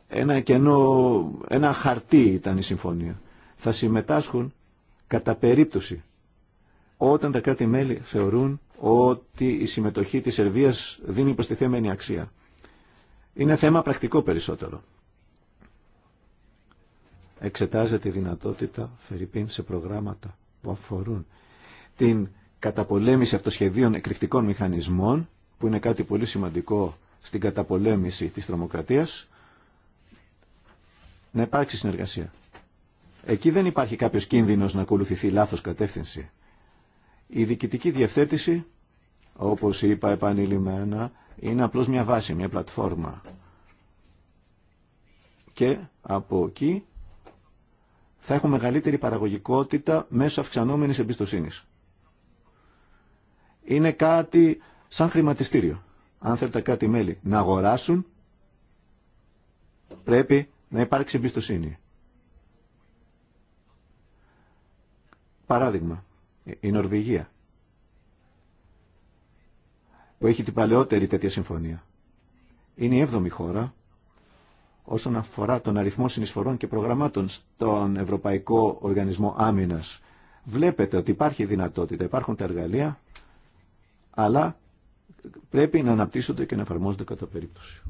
S3: ένα κενό, ένα χαρτί ήταν η συμφωνία. Θα συμμετάσχουν κατά περίπτωση όταν τα κράτη-μέλη θεωρούν ότι η συμμετοχή της Σερβίας δίνει προστιθέμενη αξία. Είναι θέμα πρακτικό περισσότερο. Εξετάζεται η δυνατότητα, Φερρυπίν, σε προγράμματα που αφορούν την καταπολέμηση αυτοσχεδίων εκρηκτικών μηχανισμών, που είναι κάτι πολύ σημαντικό στην καταπολέμηση της τρομοκρατίας, να υπάρξει συνεργασία. Εκεί δεν υπάρχει κάποιος κίνδυνος να ακολουθηθεί λάθος κατεύθυνση. Η διοικητική διευθέτηση, όπως είπα επανειλημμένα, είναι απλώς μια βάση, μια πλατφόρμα. Και από εκεί θα έχουμε μεγαλύτερη παραγωγικότητα μέσω αυξανόμενης εμπιστοσύνης. Είναι κάτι σαν χρηματιστήριο αν θέλουν τα κράτη-μέλη να αγοράσουν, πρέπει να υπάρξει εμπιστοσύνη. Παράδειγμα, η Νορβηγία, που έχει την παλαιότερη τέτοια συμφωνία. Είναι η έβδομη χώρα όσον αφορά τον αριθμό συνεισφορών και προγραμμάτων στον Ευρωπαϊκό Οργανισμό Άμυνας. Βλέπετε ότι υπάρχει δυνατότητα, υπάρχουν τα εργαλεία, αλλά πρέπει να αναπτύσσονται και να εφαρμόζονται κατά περίπτωση.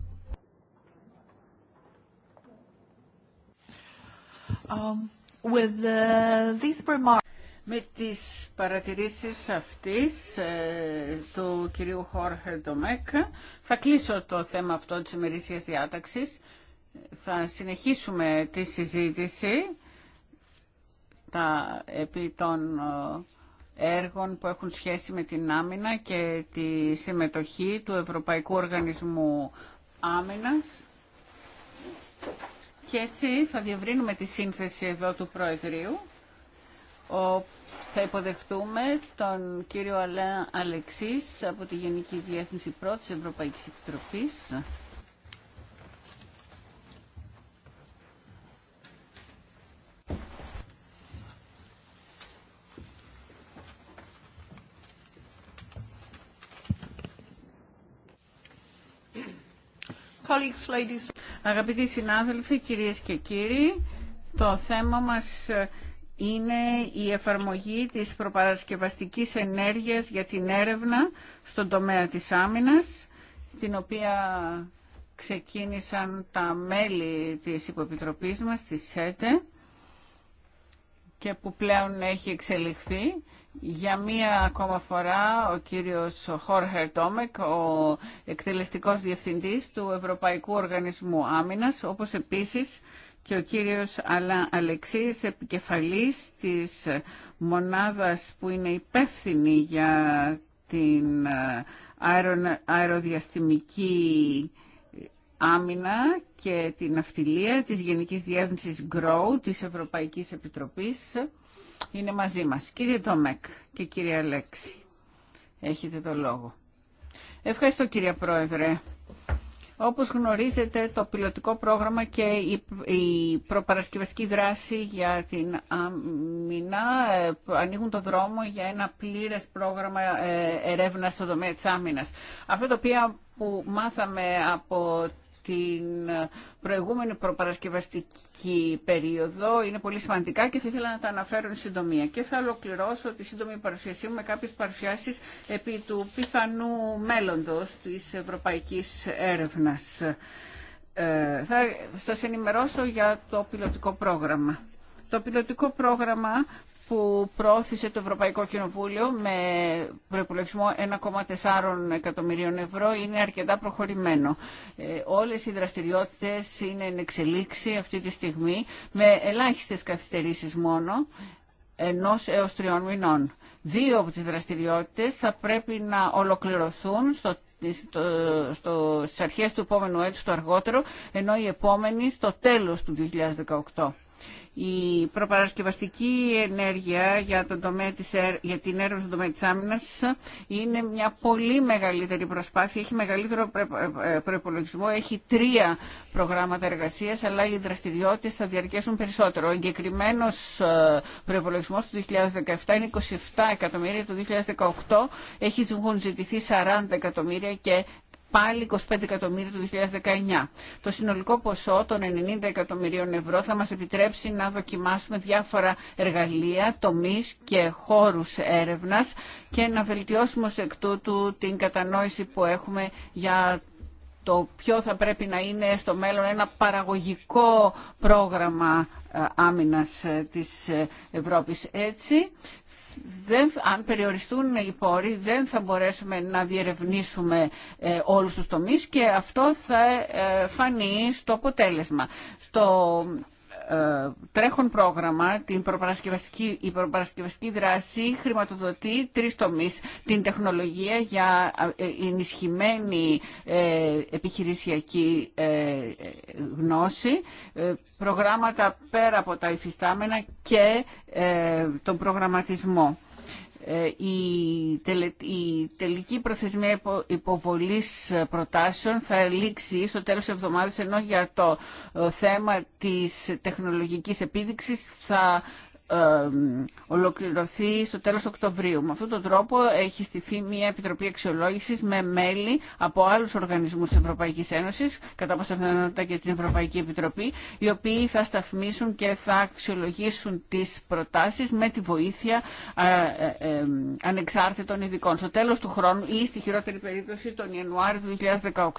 S4: Um, uh,
S1: με τις παρατηρήσεις αυτής ε, του κυρίου Χόρχερ Ντομέκ θα κλείσω το θέμα αυτό της ημερήσιας διάταξης. Θα συνεχίσουμε τη συζήτηση τα, επί έργων που έχουν σχέση με την άμυνα και τη συμμετοχή του Ευρωπαϊκού Οργανισμού Άμυνας. Και έτσι θα διευρύνουμε τη σύνθεση εδώ του Προεδρείου. Ο, θα υποδεχτούμε τον κύριο Αλέν Αλεξής από τη Γενική Διεύθυνση Πρώτης Ευρωπαϊκής Επιτροπής. Αγαπητοί συνάδελφοι, κυρίες και κύριοι, το θέμα μας είναι η εφαρμογή της προπαρασκευαστικής ενέργειας για την έρευνα στον τομέα της άμυνας, την οποία ξεκίνησαν τα μέλη της υποπιτροπής μας, της ΣΕΤΕ, και που πλέον έχει εξελιχθεί. Για μία ακόμα φορά ο κύριος Χόρχερ Τόμεκ, ο εκτελεστικός διευθυντής του Ευρωπαϊκού Οργανισμού Άμυνας, όπως επίσης και ο κύριος Αλεξής, επικεφαλής της μονάδας που είναι υπεύθυνη για την ε, αεροδιαστημική άμυνα και την αυτιλία της Γενικής Διεύθυνσης GROW της Ευρωπαϊκής Επιτροπής είναι μαζί μας. Κύριε Τόμεκ και κύριε Αλέξη, έχετε το λόγο. Ευχαριστώ κύριε Πρόεδρε. Όπως γνωρίζετε το πιλωτικό πρόγραμμα και η προπαρασκευαστική δράση για την αμυνά ε, ανοίγουν το δρόμο για ένα πλήρες πρόγραμμα ε, ερεύνας στον τομέα της άμυνας. Αυτό το οποίο που μάθαμε από την προηγούμενη προπαρασκευαστική περίοδο είναι πολύ σημαντικά και θα ήθελα να τα αναφέρω εν συντομία. Και θα ολοκληρώσω τη σύντομη παρουσίασή μου με κάποιες παρουσιάσεις επί του πιθανού μέλλοντος της ευρωπαϊκής έρευνας. Ε, θα σας ενημερώσω για το πιλωτικό πρόγραμμα. Το πιλωτικό πρόγραμμα που πρόθεσε το Ευρωπαϊκό Κοινοβούλιο με προπολογισμό 1,4 εκατομμυρίων ευρώ είναι αρκετά προχωρημένο. Ε, όλες οι δραστηριότητες είναι εν εξελίξη αυτή τη στιγμή με ελάχιστες καθυστερήσεις μόνο ενός έως τριών μηνών. Δύο από τις δραστηριότητες θα πρέπει να ολοκληρωθούν στο, στο, στις αρχές του επόμενου έτους το αργότερο, ενώ η επόμενη στο τέλος του 2018. Η προπαρασκευαστική ενέργεια για, τον τομέα της, για την έρευνα στον τομέα της άμυνας είναι μια πολύ μεγαλύτερη προσπάθεια, έχει μεγαλύτερο προπολογισμό, ε, ε, έχει τρία προγράμματα εργασίας, αλλά οι δραστηριότητες θα διαρκέσουν περισσότερο. Ο εγκεκριμένο ε, προπολογισμό του 2017 είναι 27 εκατομμύρια, το 2018 έχουν ζητηθεί 40 εκατομμύρια και πάλι 25 εκατομμύρια το 2019. Το συνολικό ποσό των 90 εκατομμυρίων ευρώ θα μας επιτρέψει να δοκιμάσουμε διάφορα εργαλεία, τομείς και χώρους έρευνας και να βελτιώσουμε ως εκ τούτου την κατανόηση που έχουμε για το ποιο θα πρέπει να είναι στο μέλλον ένα παραγωγικό πρόγραμμα ε, άμυνας ε, της ε, Ευρώπης. Έτσι δεν, αν περιοριστούν οι πόροι δεν θα μπορέσουμε να διερευνήσουμε ε, όλους τους τομείς και αυτό θα ε, φανεί στο αποτέλεσμα. Ε, τρέχον πρόγραμμα, την προπαρασκευαστική, η προπαρασκευαστική δράση χρηματοδοτεί τρεις τομείς. Την τεχνολογία για ε, ε, ενισχυμένη επιχειρησιακή γνώση, προγράμματα πέρα από τα υφιστάμενα και τον προγραμματισμό. Ε, η, τελική προθεσμία υποβολής προτάσεων θα λήξει στο τέλος της εβδομάδας ενώ για το ε, θέμα της τεχνολογικής επίδειξης θα ολοκληρωθεί στο τέλος Οκτωβρίου. Με αυτόν τον τρόπο έχει στηθεί μια επιτροπή αξιολόγησης με μέλη από άλλους οργανισμούς της Ευρωπαϊκής Ένωσης, κατά πάσα πιθανότητα και την Ευρωπαϊκή Επιτροπή, οι οποίοι θα σταθμίσουν και θα αξιολογήσουν τις προτάσεις με τη βοήθεια ε, ε, ανεξάρτητων ειδικών. Στο τέλος του χρόνου ή στη χειρότερη περίπτωση τον Ιανουάριο του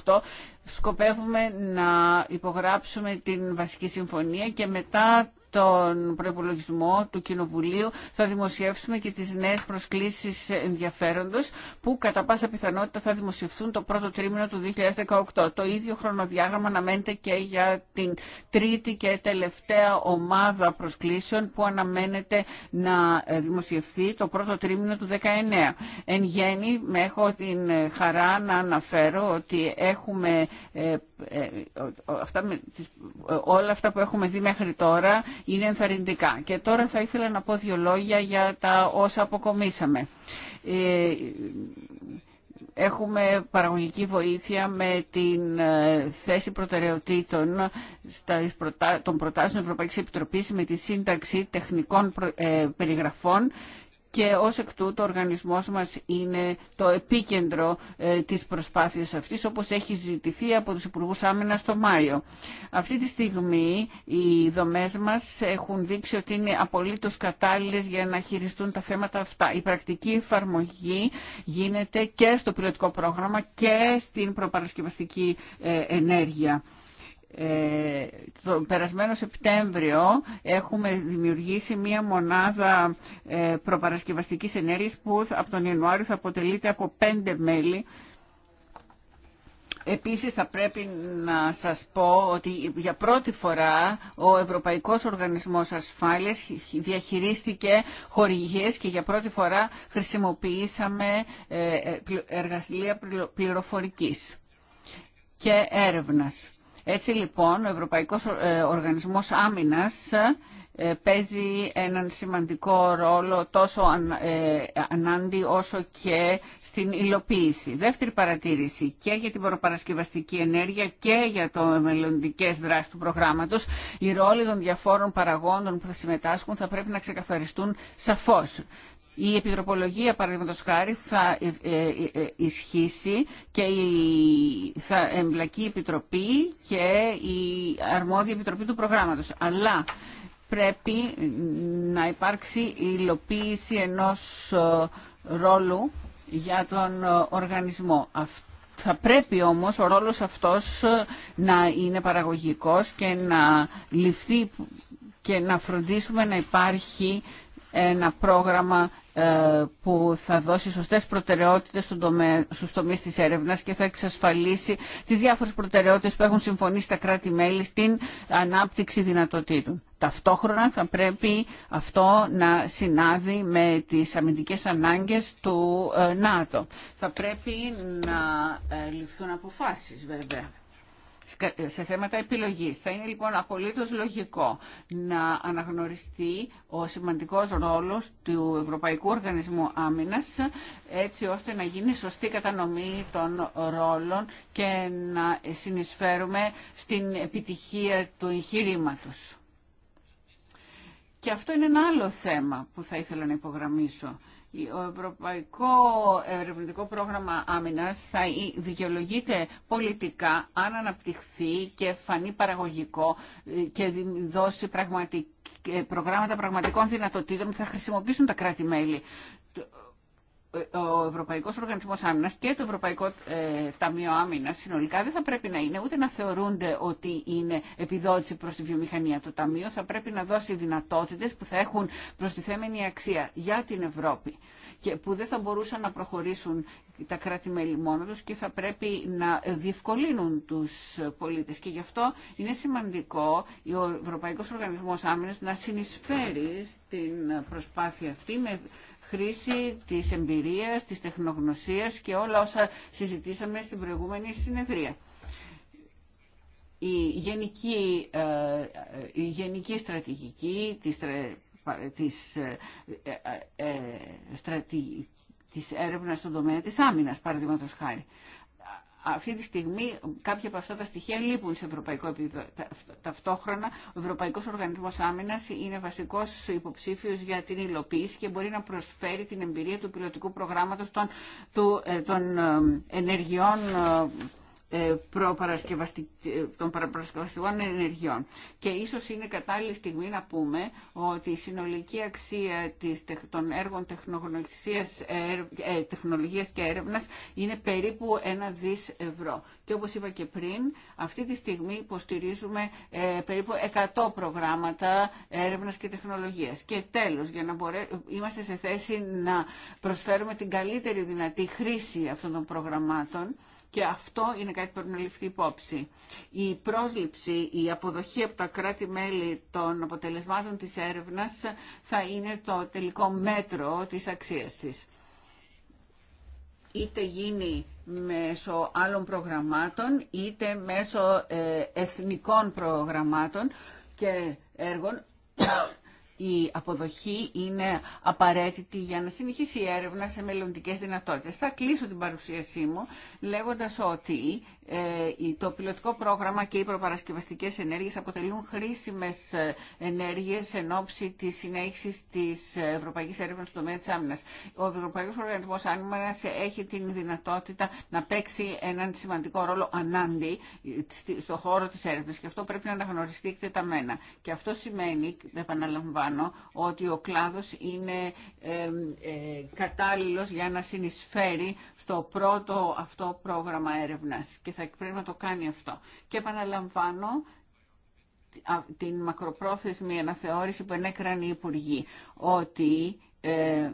S1: 2018 σκοπεύουμε να υπογράψουμε την βασική συμφωνία και μετά τον προπολογισμό του Κοινοβουλίου θα δημοσιεύσουμε και τις νέες προσκλήσεις ενδιαφέροντος που κατά πάσα πιθανότητα θα δημοσιευθούν το πρώτο τρίμηνο του 2018. Το ίδιο χρονοδιάγραμμα αναμένεται και για την τρίτη και τελευταία ομάδα προσκλήσεων που αναμένεται να ε, δημοσιευθεί το πρώτο τρίμηνο του 2019. Εν γέννη, με έχω την χαρά να αναφέρω ότι έχουμε ε, ε, ε αυτά όλα αυτά που έχουμε δει μέχρι τώρα είναι ενθαρρυντικά. Και τώρα θα ήθελα να πω δύο λόγια για τα όσα αποκομίσαμε. Ε, έχουμε παραγωγική βοήθεια με την ε, θέση προτεραιοτήτων των προτάσεων Ευρωπαϊκής Επιτροπής με τη σύνταξη τεχνικών ε, περιγραφών και ως εκ τούτου ο οργανισμός μας είναι το επίκεντρο ε, της προσπάθειας αυτής όπως έχει ζητηθεί από τους υπουργού Άμυνα το Μάιο. Αυτή τη στιγμή οι δομές μας έχουν δείξει ότι είναι απολύτως κατάλληλες για να χειριστούν τα θέματα αυτά. Η πρακτική εφαρμογή γίνεται και στο πιλωτικό πρόγραμμα και στην προπαρασκευαστική ε, ενέργεια. Ε, το περασμένο Σεπτέμβριο έχουμε δημιουργήσει μία μονάδα ε, προπαρασκευαστικής ενέργειας που από τον Ιανουάριο θα αποτελείται από πέντε μέλη. Επίσης θα πρέπει να σας πω ότι για πρώτη φορά ο Ευρωπαϊκός Οργανισμός Ασφάλειας διαχειρίστηκε χορηγίες και για πρώτη φορά χρησιμοποιήσαμε ε, ε, εργασία πληροφορικής και έρευνας. Έτσι λοιπόν ο Ευρωπαϊκός ε, Οργανισμός Άμυνας ε, παίζει έναν σημαντικό ρόλο τόσο ε, ανάντι όσο και στην υλοποίηση. Δεύτερη παρατήρηση και για την προπαρασκευαστική ενέργεια και για το μελλοντικέ δράσει του προγράμματος οι ρόλοι των διαφόρων παραγόντων που θα συμμετάσχουν θα πρέπει να ξεκαθαριστούν σαφώς. Η επιτροπολογία, παραδείγματο χάρη, θα ε, ε, ε, ισχύσει και θα εμπλακεί η Επιτροπή και η αρμόδια Επιτροπή του προγράμματος. Αλλά πρέπει να υπάρξει η υλοποίηση ενός ρόλου για τον οργανισμό. Θα πρέπει όμως ο ρόλος αυτός να είναι παραγωγικός και να ληφθεί και να φροντίσουμε να υπάρχει ένα πρόγραμμα ε, που θα δώσει σωστές προτεραιότητες στον τομέα, στους τομείς της έρευνας και θα εξασφαλίσει τις διάφορες προτεραιότητες που έχουν συμφωνήσει τα κράτη-μέλη στην ανάπτυξη δυνατοτήτων. Ταυτόχρονα θα πρέπει αυτό να συνάδει με τις αμυντικές ανάγκες του ε, ΝΑΤΟ. Θα πρέπει να ε, ληφθούν αποφάσεις βέβαια σε θέματα επιλογής. Θα είναι λοιπόν απολύτως λογικό να αναγνωριστεί ο σημαντικός ρόλος του Ευρωπαϊκού Οργανισμού Άμυνας έτσι ώστε να γίνει σωστή κατανομή των ρόλων και να συνεισφέρουμε στην επιτυχία του εγχειρήματο. Και αυτό είναι ένα άλλο θέμα που θα ήθελα να υπογραμμίσω ο Ευρωπαϊκό Ερευνητικό Πρόγραμμα Άμυνας θα δικαιολογείται πολιτικά αν αναπτυχθεί και φανεί παραγωγικό ε, και δώσει πραγματικ... Ε, προγράμματα πραγματικών δυνατοτήτων που θα χρησιμοποιήσουν τα κράτη-μέλη ο Ευρωπαϊκός Οργανισμός Άμυνας και το Ευρωπαϊκό ε, Ταμείο Άμυνας συνολικά δεν θα πρέπει να είναι ούτε να θεωρούνται ότι είναι επιδότηση προς τη βιομηχανία. Το Ταμείο θα πρέπει να δώσει δυνατότητες που θα έχουν προστιθέμενη αξία για την Ευρώπη και που δεν θα μπορούσαν να προχωρήσουν τα κράτη-μέλη μόνο τους και θα πρέπει να διευκολύνουν τους πολίτες. Και γι' αυτό είναι σημαντικό ο Ευρωπαϊκός Οργανισμός Άμυνας να συνεισφέρει την προσπάθεια αυτή με χρήση της εμπειρίας, της τεχνογνωσίας και όλα όσα συζητήσαμε στην προηγούμενη συνεδρία. Η γενική, ε, η γενική στρατηγική της, της, ε, ε, της έρευνας στον τομέα της άμυνας, παραδείγματος χάρη αυτή τη στιγμή κάποια από αυτά τα στοιχεία λείπουν σε ευρωπαϊκό επίπεδο. Ταυτόχρονα, ο Ευρωπαϊκός Οργανισμός Άμυνας είναι βασικός υποψήφιος για την υλοποίηση και μπορεί να προσφέρει την εμπειρία του πιλωτικού προγράμματος των, ε, των ε, ενεργειών ε, ε, ε, των παραπροσκευαστικών ενεργειών. Και ίσως είναι κατάλληλη στιγμή να πούμε ότι η συνολική αξία της, των έργων τεχνολογίας, ε, τεχνολογίας και έρευνας είναι περίπου ένα δις ευρώ. Και όπως είπα και πριν, αυτή τη στιγμή υποστηρίζουμε περίπου 100 προγράμματα έρευνας και τεχνολογίας. Και τέλος, για να μπορέ... είμαστε σε θέση να προσφέρουμε την καλύτερη δυνατή χρήση αυτών των προγραμμάτων, και αυτό είναι κάτι που πρέπει να ληφθεί υπόψη. Η πρόσληψη, η αποδοχή από τα κράτη-μέλη των αποτελεσμάτων της έρευνας θα είναι το τελικό μέτρο της αξίας της. Είτε γίνει μέσω άλλων προγραμμάτων, είτε μέσω ε, εθνικών προγραμμάτων και έργων, η αποδοχή είναι απαραίτητη για να συνεχίσει η έρευνα σε μελλοντικές δυνατότητες. Θα κλείσω την παρουσίασή μου λέγοντας ότι ε, το πιλωτικό πρόγραμμα και οι προπαρασκευαστικές ενέργειες αποτελούν χρήσιμες ε, ενέργειες εν ώψη της συνέχισης της Ευρωπαϊκής Έρευνας στον τομέα της άμυνας. Ο Ευρωπαϊκός Οργανισμός Άμυνας έχει την δυνατότητα να παίξει έναν σημαντικό ρόλο ανάντι ε, στον χώρο της έρευνας και αυτό πρέπει να αναγνωριστεί εκτεταμένα. Και αυτό σημαίνει, επαναλαμβάνω, ότι ο κλάδος είναι ε, κατάλληλος για να συνεισφέρει στο πρώτο αυτό πρόγραμμα έρευνας. ΣΕΚ. Πρέπει να το κάνει αυτό. Και επαναλαμβάνω την μακροπρόθεσμη αναθεώρηση που ενέκραν οι Υπουργοί, ότι ε,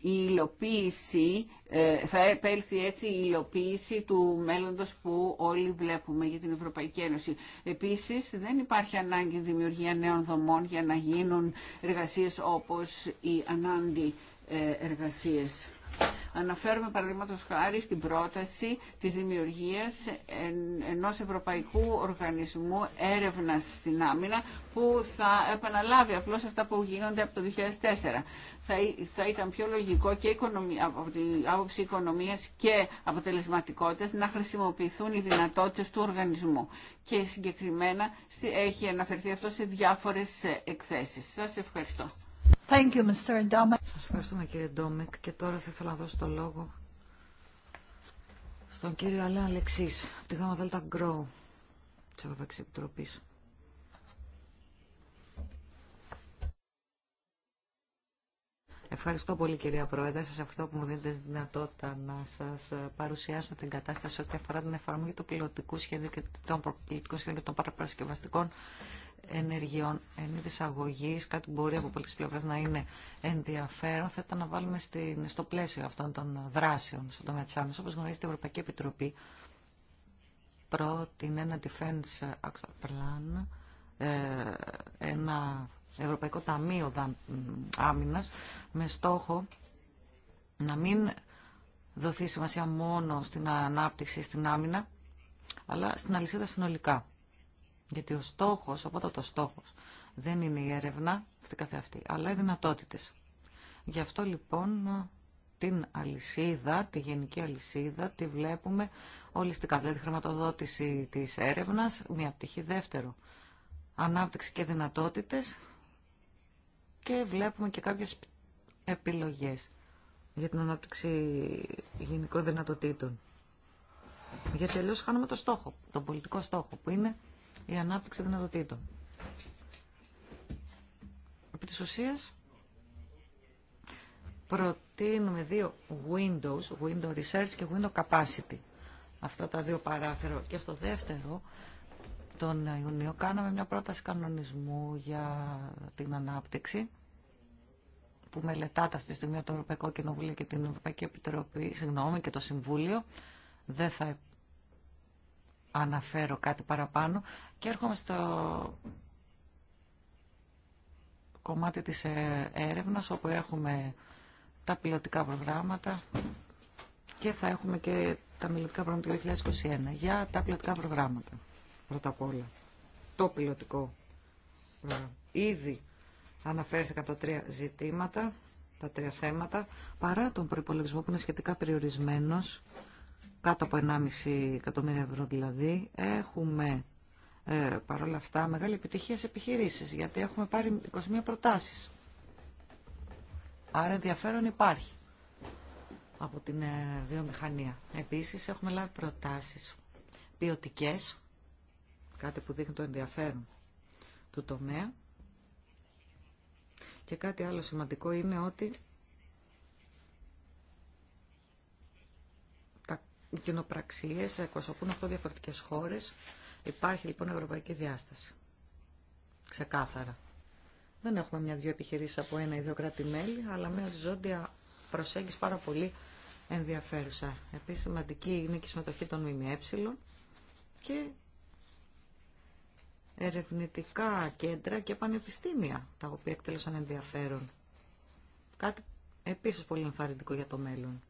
S1: η υλοποίηση, ε, θα επέλθει έτσι η υλοποίηση του μέλλοντος που όλοι βλέπουμε για την Ευρωπαϊκή Ένωση. Επίσης δεν υπάρχει ανάγκη δημιουργία νέων δομών για να γίνουν εργασίες όπως οι ανάντι ε, εργασίες. Αναφέρουμε παραδείγματο χάρη στην πρόταση της δημιουργίας ενός Ευρωπαϊκού Οργανισμού Έρευνας στην Άμυνα που θα επαναλάβει απλώς αυτά που γίνονται από το 2004. Θα, ήταν πιο λογικό και από την άποψη οικονομίας και αποτελεσματικότητας να χρησιμοποιηθούν οι δυνατότητες του οργανισμού. Και συγκεκριμένα έχει αναφερθεί αυτό σε διάφορες εκθέσεις. Σας ευχαριστώ.
S2: Σας ευχαριστούμε κύριε Ντόμεκ και τώρα θα ήθελα να δώσω το λόγο στον κύριο Αλέα Αλεξής από τη ΓΑΜΑ ΔΕΛΤΑ ΓΚΡΟ της Ευρωπαϊκής Επιτροπής. Ευχαριστώ πολύ κυρία Πρόεδρε, σας ευχαριστώ που μου δίνετε τη δυνατότητα να σας παρουσιάσω την κατάσταση ό,τι αφορά την εφαρμογή του πιλωτικού σχεδίου και των προπληκτικών σχεδίων και των παραπαρασκευαστικών ενεργειών εν αγωγή, κάτι μπορεί από πολλε πλευρές να είναι ενδιαφέρον, θα ήταν να βάλουμε στην, στο πλαίσιο αυτών των δράσεων στον τομέα της άμυνα. Όπως γνωρίζετε, η Ευρωπαϊκή Επιτροπή πρότεινε ένα defense action plan, ε, ένα Ευρωπαϊκό Ταμείο Άμυνας, με στόχο να μην δοθεί σημασία μόνο στην ανάπτυξη, στην άμυνα, αλλά στην αλυσίδα συνολικά. Γιατί ο στόχος, οπότε το στόχος, δεν είναι η έρευνα αυτή καθεαυτή, αλλά οι δυνατότητες. Γι' αυτό λοιπόν την αλυσίδα, τη γενική αλυσίδα, τη βλέπουμε ολιστικά. Δηλαδή χρηματοδότηση της έρευνας, μια πτυχή δεύτερο. Ανάπτυξη και δυνατότητες και βλέπουμε και κάποιες επιλογές για την ανάπτυξη γενικών δυνατοτήτων. Γιατί αλλιώ χάνουμε το στόχο, τον πολιτικό στόχο που είναι η ανάπτυξη δυνατοτήτων. Επί της ουσίας, προτείνουμε δύο windows, window research και window capacity. Αυτά τα δύο παράφερα. Και στο δεύτερο, τον Ιουνίο, κάναμε μια πρόταση κανονισμού για την ανάπτυξη που μελετάται στη στιγμή από το Ευρωπαϊκό Κοινοβούλιο και την Ευρωπαϊκή Επιτροπή, συγγνώμη, και το Συμβούλιο. Δεν θα αναφέρω κάτι παραπάνω και έρχομαι στο κομμάτι της ε, έρευνας όπου έχουμε τα πιλωτικά προγράμματα και θα έχουμε και τα πιλωτικά προγράμματα του 2021. Για τα πιλωτικά προγράμματα, πρώτα απ' όλα. Το πιλωτικό πρόγραμμα. Ήδη αναφέρθηκαν τα τρία ζητήματα, τα τρία θέματα, παρά τον προπολογισμό που είναι σχετικά περιορισμένος κάτω από 1,5 εκατομμύρια ευρώ δηλαδή, έχουμε ε, παρόλα αυτά μεγάλη επιτυχία σε επιχειρήσεις, γιατί έχουμε πάρει 21 προτάσεις. Άρα ενδιαφέρον υπάρχει από την ε, βιομηχανία. Επίσης έχουμε λάβει προτάσεις ποιοτικέ, κάτι που δείχνει το ενδιαφέρον του τομέα. Και κάτι άλλο σημαντικό είναι ότι κοινοπραξίες εκπροσωπούν 8 διαφορετικές χώρες. Υπάρχει λοιπόν ευρωπαϊκή διάσταση. Ξεκάθαρα. Δεν έχουμε μια-δυο επιχειρήσεις από ένα ή δύο κράτη-μέλη, αλλά μια δυο ή δύο κρατή μέλη, αλλά απο προσέγγιση πάρα πολύ ενδιαφέρουσα. Επίσης σημαντική είναι και η συμμετοχή των ΜΜΕ και ερευνητικά κέντρα και πανεπιστήμια, τα οποία εκτέλεσαν ενδιαφέρον. Κάτι επίσης πολύ ενθαρρυντικό για το μέλλον.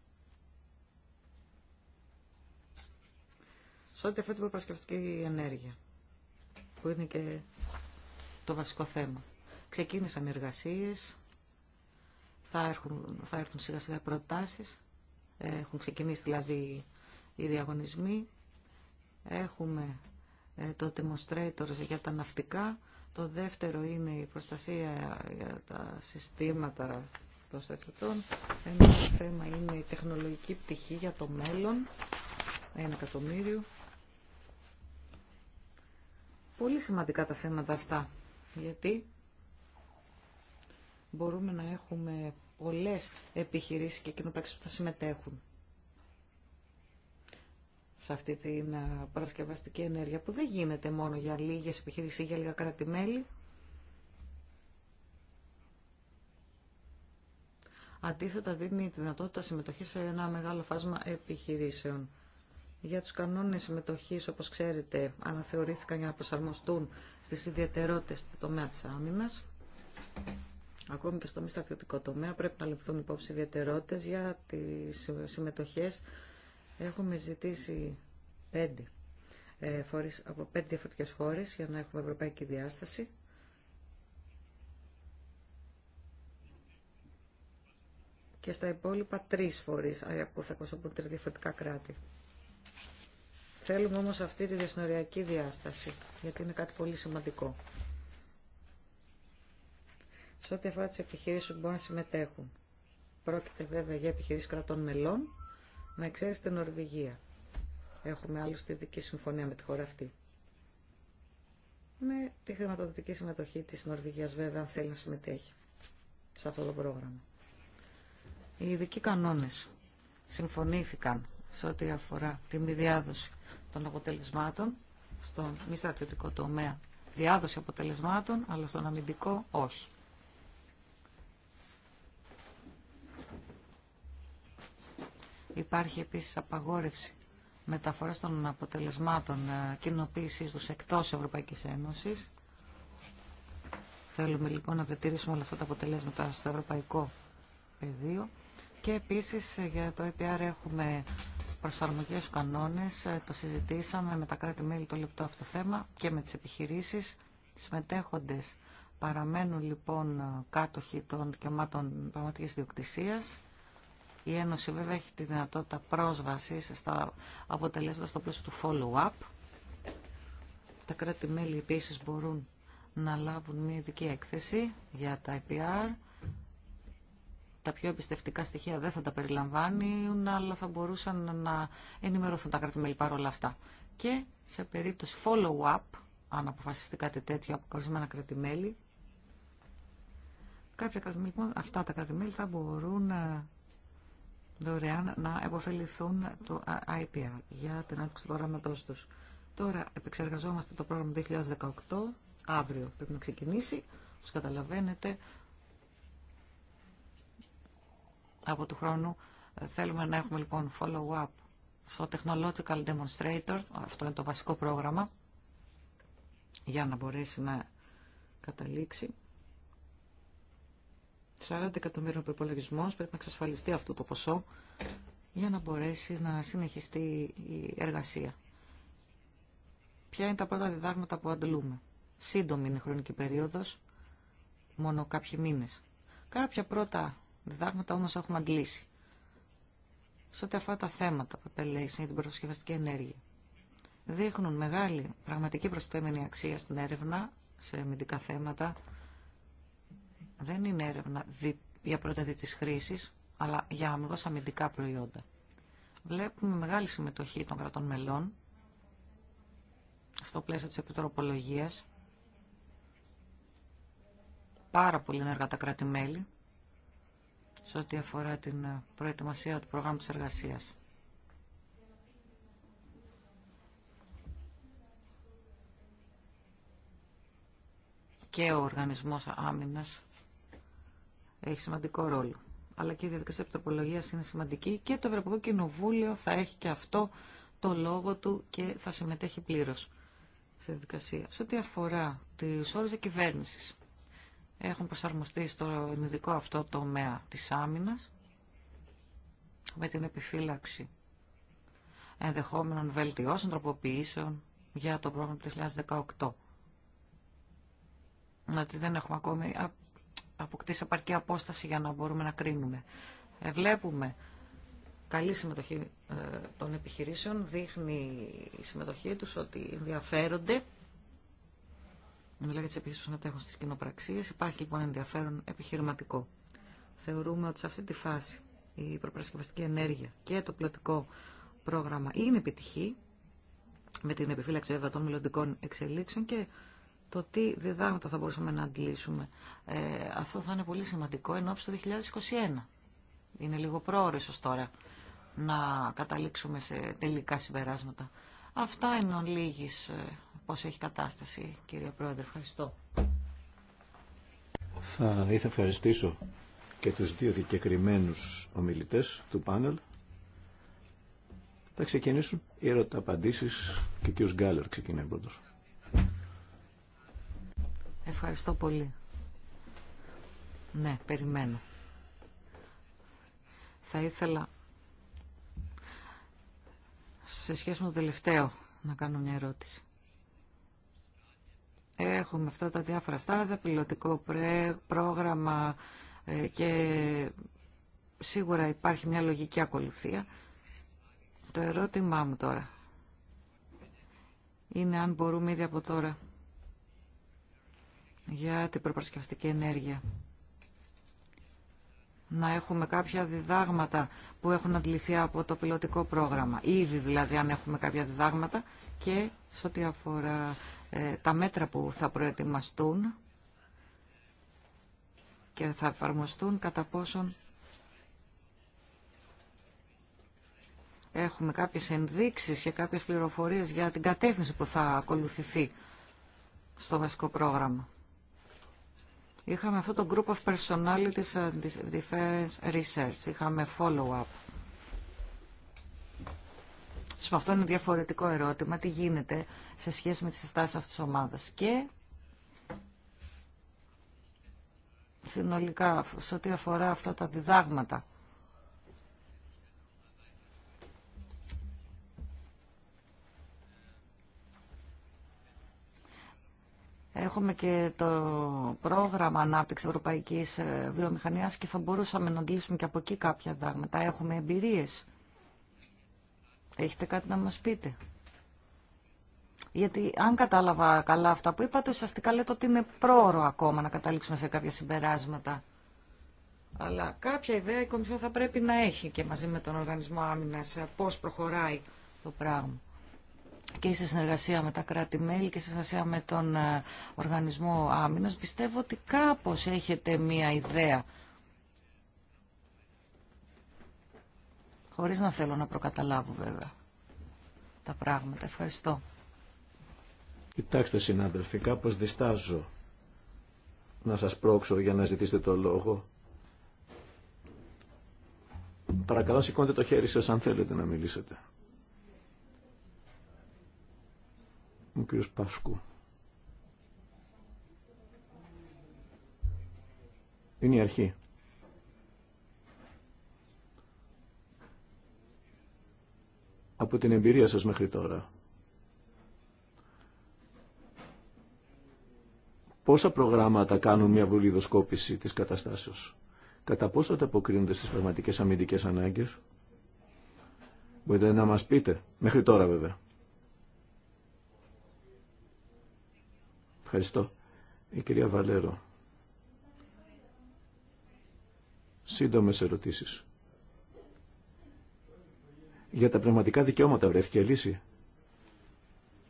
S2: σε ό,τι αφορά την προπαρασκευαστική ενέργεια, που είναι και το βασικό θέμα. Ξεκίνησαν οι εργασίες, θα έρθουν, θα έρθουν σιγά σιγά προτάσεις, έχουν ξεκινήσει δηλαδή οι διαγωνισμοί, έχουμε ε, το demonstrator για τα ναυτικά, το δεύτερο είναι η προστασία για τα συστήματα των στρατιωτών, ένα θέμα είναι η τεχνολογική πτυχή για το μέλλον, ένα εκατομμύριο πολύ σημαντικά τα θέματα αυτά, γιατί μπορούμε να έχουμε πολλές επιχειρήσεις και κοινοπράξεις που θα συμμετέχουν σε αυτή την παρασκευαστική ενέργεια που δεν γίνεται μόνο για λίγες επιχειρήσεις ή για λίγα κράτη-μέλη. Αντίθετα δίνει τη δυνατότητα συμμετοχής σε ένα μεγάλο φάσμα επιχειρήσεων για τους κανόνες συμμετοχής, όπως ξέρετε, αναθεωρήθηκαν για να προσαρμοστούν στις ιδιαιτερότητες του τομέα της άμυνας. Ακόμη και στο μη στρατιωτικό τομέα πρέπει να ληφθούν υπόψη ιδιαιτερότητες για τις συμμετοχές. Έχουμε ζητήσει πέντε ε, φορείς από πέντε διαφορετικές χώρες για να έχουμε ευρωπαϊκή διάσταση. Και στα υπόλοιπα τρεις φορείς ε, που θα εκπροσωπούν διαφορετικά κράτη. Θέλουμε όμως αυτή τη διασυνοριακή διάσταση, γιατί είναι κάτι πολύ σημαντικό. Σε ό,τι αφορά τις επιχειρήσεις που μπορούν να συμμετέχουν. Πρόκειται βέβαια για επιχειρήσεις κρατών μελών, να εξαίρεση την Νορβηγία. Έχουμε τη δική συμφωνία με τη χώρα αυτή. Με τη χρηματοδοτική συμμετοχή της Νορβηγίας βέβαια, αν θέλει να συμμετέχει σε αυτό το πρόγραμμα. Οι ειδικοί κανόνες συμφωνήθηκαν σε ό,τι αφορά τη μη διάδοση των αποτελεσμάτων στον μη στρατιωτικό τομέα. Διάδοση αποτελεσμάτων, αλλά στον αμυντικό όχι. Υπάρχει επίσης απαγόρευση μεταφοράς των αποτελεσμάτων ε, κοινοποίησης τους εκτός Ευρωπαϊκής Ένωσης. Θέλουμε λοιπόν να διατηρήσουμε όλα αυτά τα αποτελέσματα στο ευρωπαϊκό πεδίο. Και επίσης ε, για το EPR έχουμε στου κανόνες. Ε, το συζητήσαμε με τα κράτη-μέλη το λεπτό αυτό θέμα και με τις επιχειρήσεις. Συμμετέχοντες παραμένουν λοιπόν ε, κάτοχοι των δικαιωμάτων πραγματική διοκτησίας. Η Ένωση βέβαια έχει τη δυνατότητα πρόσβασης στα αποτελέσματα στο πλαίσιο του follow-up. Τα κράτη-μέλη επίσης μπορούν να λάβουν μια ειδική έκθεση για τα IPR τα πιο εμπιστευτικά στοιχεία δεν θα τα περιλαμβάνουν, αλλά θα μπορούσαν να ενημερωθούν τα κράτη-μέλη παρόλα αυτά. Και σε περίπτωση follow-up, αν αποφασιστεί κάτι τέτοιο από κρατημέλη, κράτη-μέλη, λοιπόν, αυτά τα κρατημέλη θα μπορούν ε, δωρεάν να επωφεληθούν το IPR για την άνοιξη του προγραμματό του. Τώρα επεξεργαζόμαστε το πρόγραμμα 2018, αύριο πρέπει να ξεκινήσει. Όπως καταλαβαίνετε, από του χρόνου θέλουμε να έχουμε λοιπόν follow-up στο Technological Demonstrator, αυτό είναι το βασικό πρόγραμμα, για να μπορέσει να καταλήξει. 40 εκατομμύρια προπολογισμό πρέπει να εξασφαλιστεί αυτό το ποσό για να μπορέσει να συνεχιστεί η εργασία. Ποια είναι τα πρώτα διδάγματα που αντλούμε. Σύντομη είναι η χρονική περίοδος, μόνο κάποιοι μήνες. Κάποια πρώτα Διδάγματα όμως έχουμε αντλήσει. Σε ό,τι αφορά τα θέματα που επελέγησαν για την προσκευαστική ενέργεια. Δείχνουν μεγάλη πραγματική προσθέμενη αξία στην έρευνα σε αμυντικά θέματα. Δεν είναι έρευνα για πρώτα δι της χρήσης, αλλά για αμυγός αμυντικά προϊόντα. Βλέπουμε μεγάλη συμμετοχή των κρατών μελών στο πλαίσιο της επιτροπολογίας. Πάρα πολύ ενεργά τα κράτη-μέλη σε ό,τι αφορά την ε, προετοιμασία του προγράμματος εργασίας. Και ο οργανισμός άμυνας έχει σημαντικό ρόλο. Αλλά και η διαδικασία επιτροπολογίας είναι σημαντική και το Ευρωπαϊκό Κοινοβούλιο θα έχει και αυτό το λόγο του και θα συμμετέχει πλήρως στη διαδικασία. Σε ό,τι αφορά τις όρους διακυβέρνησης, έχουν προσαρμοστεί στο ειδικό αυτό τομέα της άμυνας με την επιφύλαξη ενδεχόμενων βελτιώσεων, τροποποιήσεων για το πρόγραμμα του 2018. Δηλαδή δεν έχουμε ακόμη αποκτήσει επαρκή απόσταση για να μπορούμε να κρίνουμε. Ε, βλέπουμε καλή συμμετοχή ε, των επιχειρήσεων, δείχνει η συμμετοχή τους ότι ενδιαφέρονται Μιλάμε για τις επιχείρησεις που συμμετέχουν στις κοινοπραξίες. Υπάρχει λοιπόν ενδιαφέρον επιχειρηματικό. Θεωρούμε ότι σε αυτή τη φάση η προπαρασκευαστική ενέργεια και το πλωτικό πρόγραμμα είναι επιτυχή, με την επιφύλαξη βέβαια των μελλοντικών εξελίξεων και το τι διδάγματα θα μπορούσαμε να αντλήσουμε. Ε, αυτό θα είναι πολύ σημαντικό ενώ το 2021. Είναι λίγο πρόωρο τώρα να καταλήξουμε σε τελικά συμπεράσματα. Αυτά είναι ο λίγης ε, πώς έχει κατάσταση, κύριε Πρόεδρε. Ευχαριστώ.
S3: Θα ήθελα ευχαριστήσω και τους δύο δικαιοκριμένους ομιλητές του πάνελ. Θα ξεκινήσουν οι ερωταπαντήσεις και ο κύριος Γκάλερ ξεκινάει πρώτος.
S2: Ευχαριστώ πολύ. Ναι, περιμένω. Θα ήθελα σε σχέση με το τελευταίο να κάνω μια ερώτηση. Έχουμε αυτά τα διάφορα στάδια, πιλωτικό πρόγραμμα ε, και σίγουρα υπάρχει μια λογική ακολουθία. Το ερώτημά μου τώρα είναι αν μπορούμε ήδη από τώρα για την προπαρασκευαστική ενέργεια να έχουμε κάποια διδάγματα που έχουν αντληθεί από το πιλωτικό πρόγραμμα. Ήδη δηλαδή αν έχουμε κάποια διδάγματα και σε ό,τι αφορά ε, τα μέτρα που θα προετοιμαστούν και θα εφαρμοστούν κατά πόσον έχουμε κάποιες ενδείξεις και κάποιες πληροφορίες για την κατεύθυνση που θα ακολουθηθεί στο βασικό πρόγραμμα. Είχαμε αυτό το Group of Personalities and Defense Research. Είχαμε follow-up. Σε αυτό είναι διαφορετικό ερώτημα. Τι γίνεται σε σχέση με τις συστάσεις αυτής της ομάδας. Και συνολικά, σε ό,τι αφορά αυτά τα διδάγματα Έχουμε και το πρόγραμμα ανάπτυξη ευρωπαϊκή ε, βιομηχανία και θα μπορούσαμε να αντλήσουμε και από εκεί κάποια δάγματα. Έχουμε εμπειρίε. Έχετε κάτι να μα πείτε. Γιατί αν κατάλαβα καλά αυτά που είπατε, ουσιαστικά λέτε ότι είναι πρόωρο ακόμα να καταλήξουμε σε κάποια συμπεράσματα. Αλλά κάποια ιδέα η Κομισιόν θα πρέπει να έχει και μαζί με τον Οργανισμό Άμυνα ε, πώ προχωράει το πράγμα και σε συνεργασία με τα κράτη-μέλη και σε συνεργασία με τον ε, Οργανισμό Άμυνας, πιστεύω ότι κάπως έχετε μία ιδέα. Χωρίς να θέλω να προκαταλάβω βέβαια τα πράγματα. Ευχαριστώ.
S3: Κοιτάξτε συνάδελφοι, κάπως διστάζω να σας πρόξω για να ζητήσετε το λόγο. Παρακαλώ σηκώντε το χέρι σας αν θέλετε να μιλήσετε. Ο κύριος Πασκού. Είναι η αρχή. Από την εμπειρία σας μέχρι τώρα. Πόσα προγράμματα κάνουν μια βουλιδοσκόπηση της καταστάσεως. Κατά πόσο αποκρίνονται στις πραγματικές αμυντικές ανάγκες. Μπορείτε να μας πείτε. Μέχρι τώρα βέβαια. Ευχαριστώ. Η κυρία Βαλέρο. Σύντομες ερωτήσεις. Για τα πνευματικά δικαιώματα βρέθηκε λύση.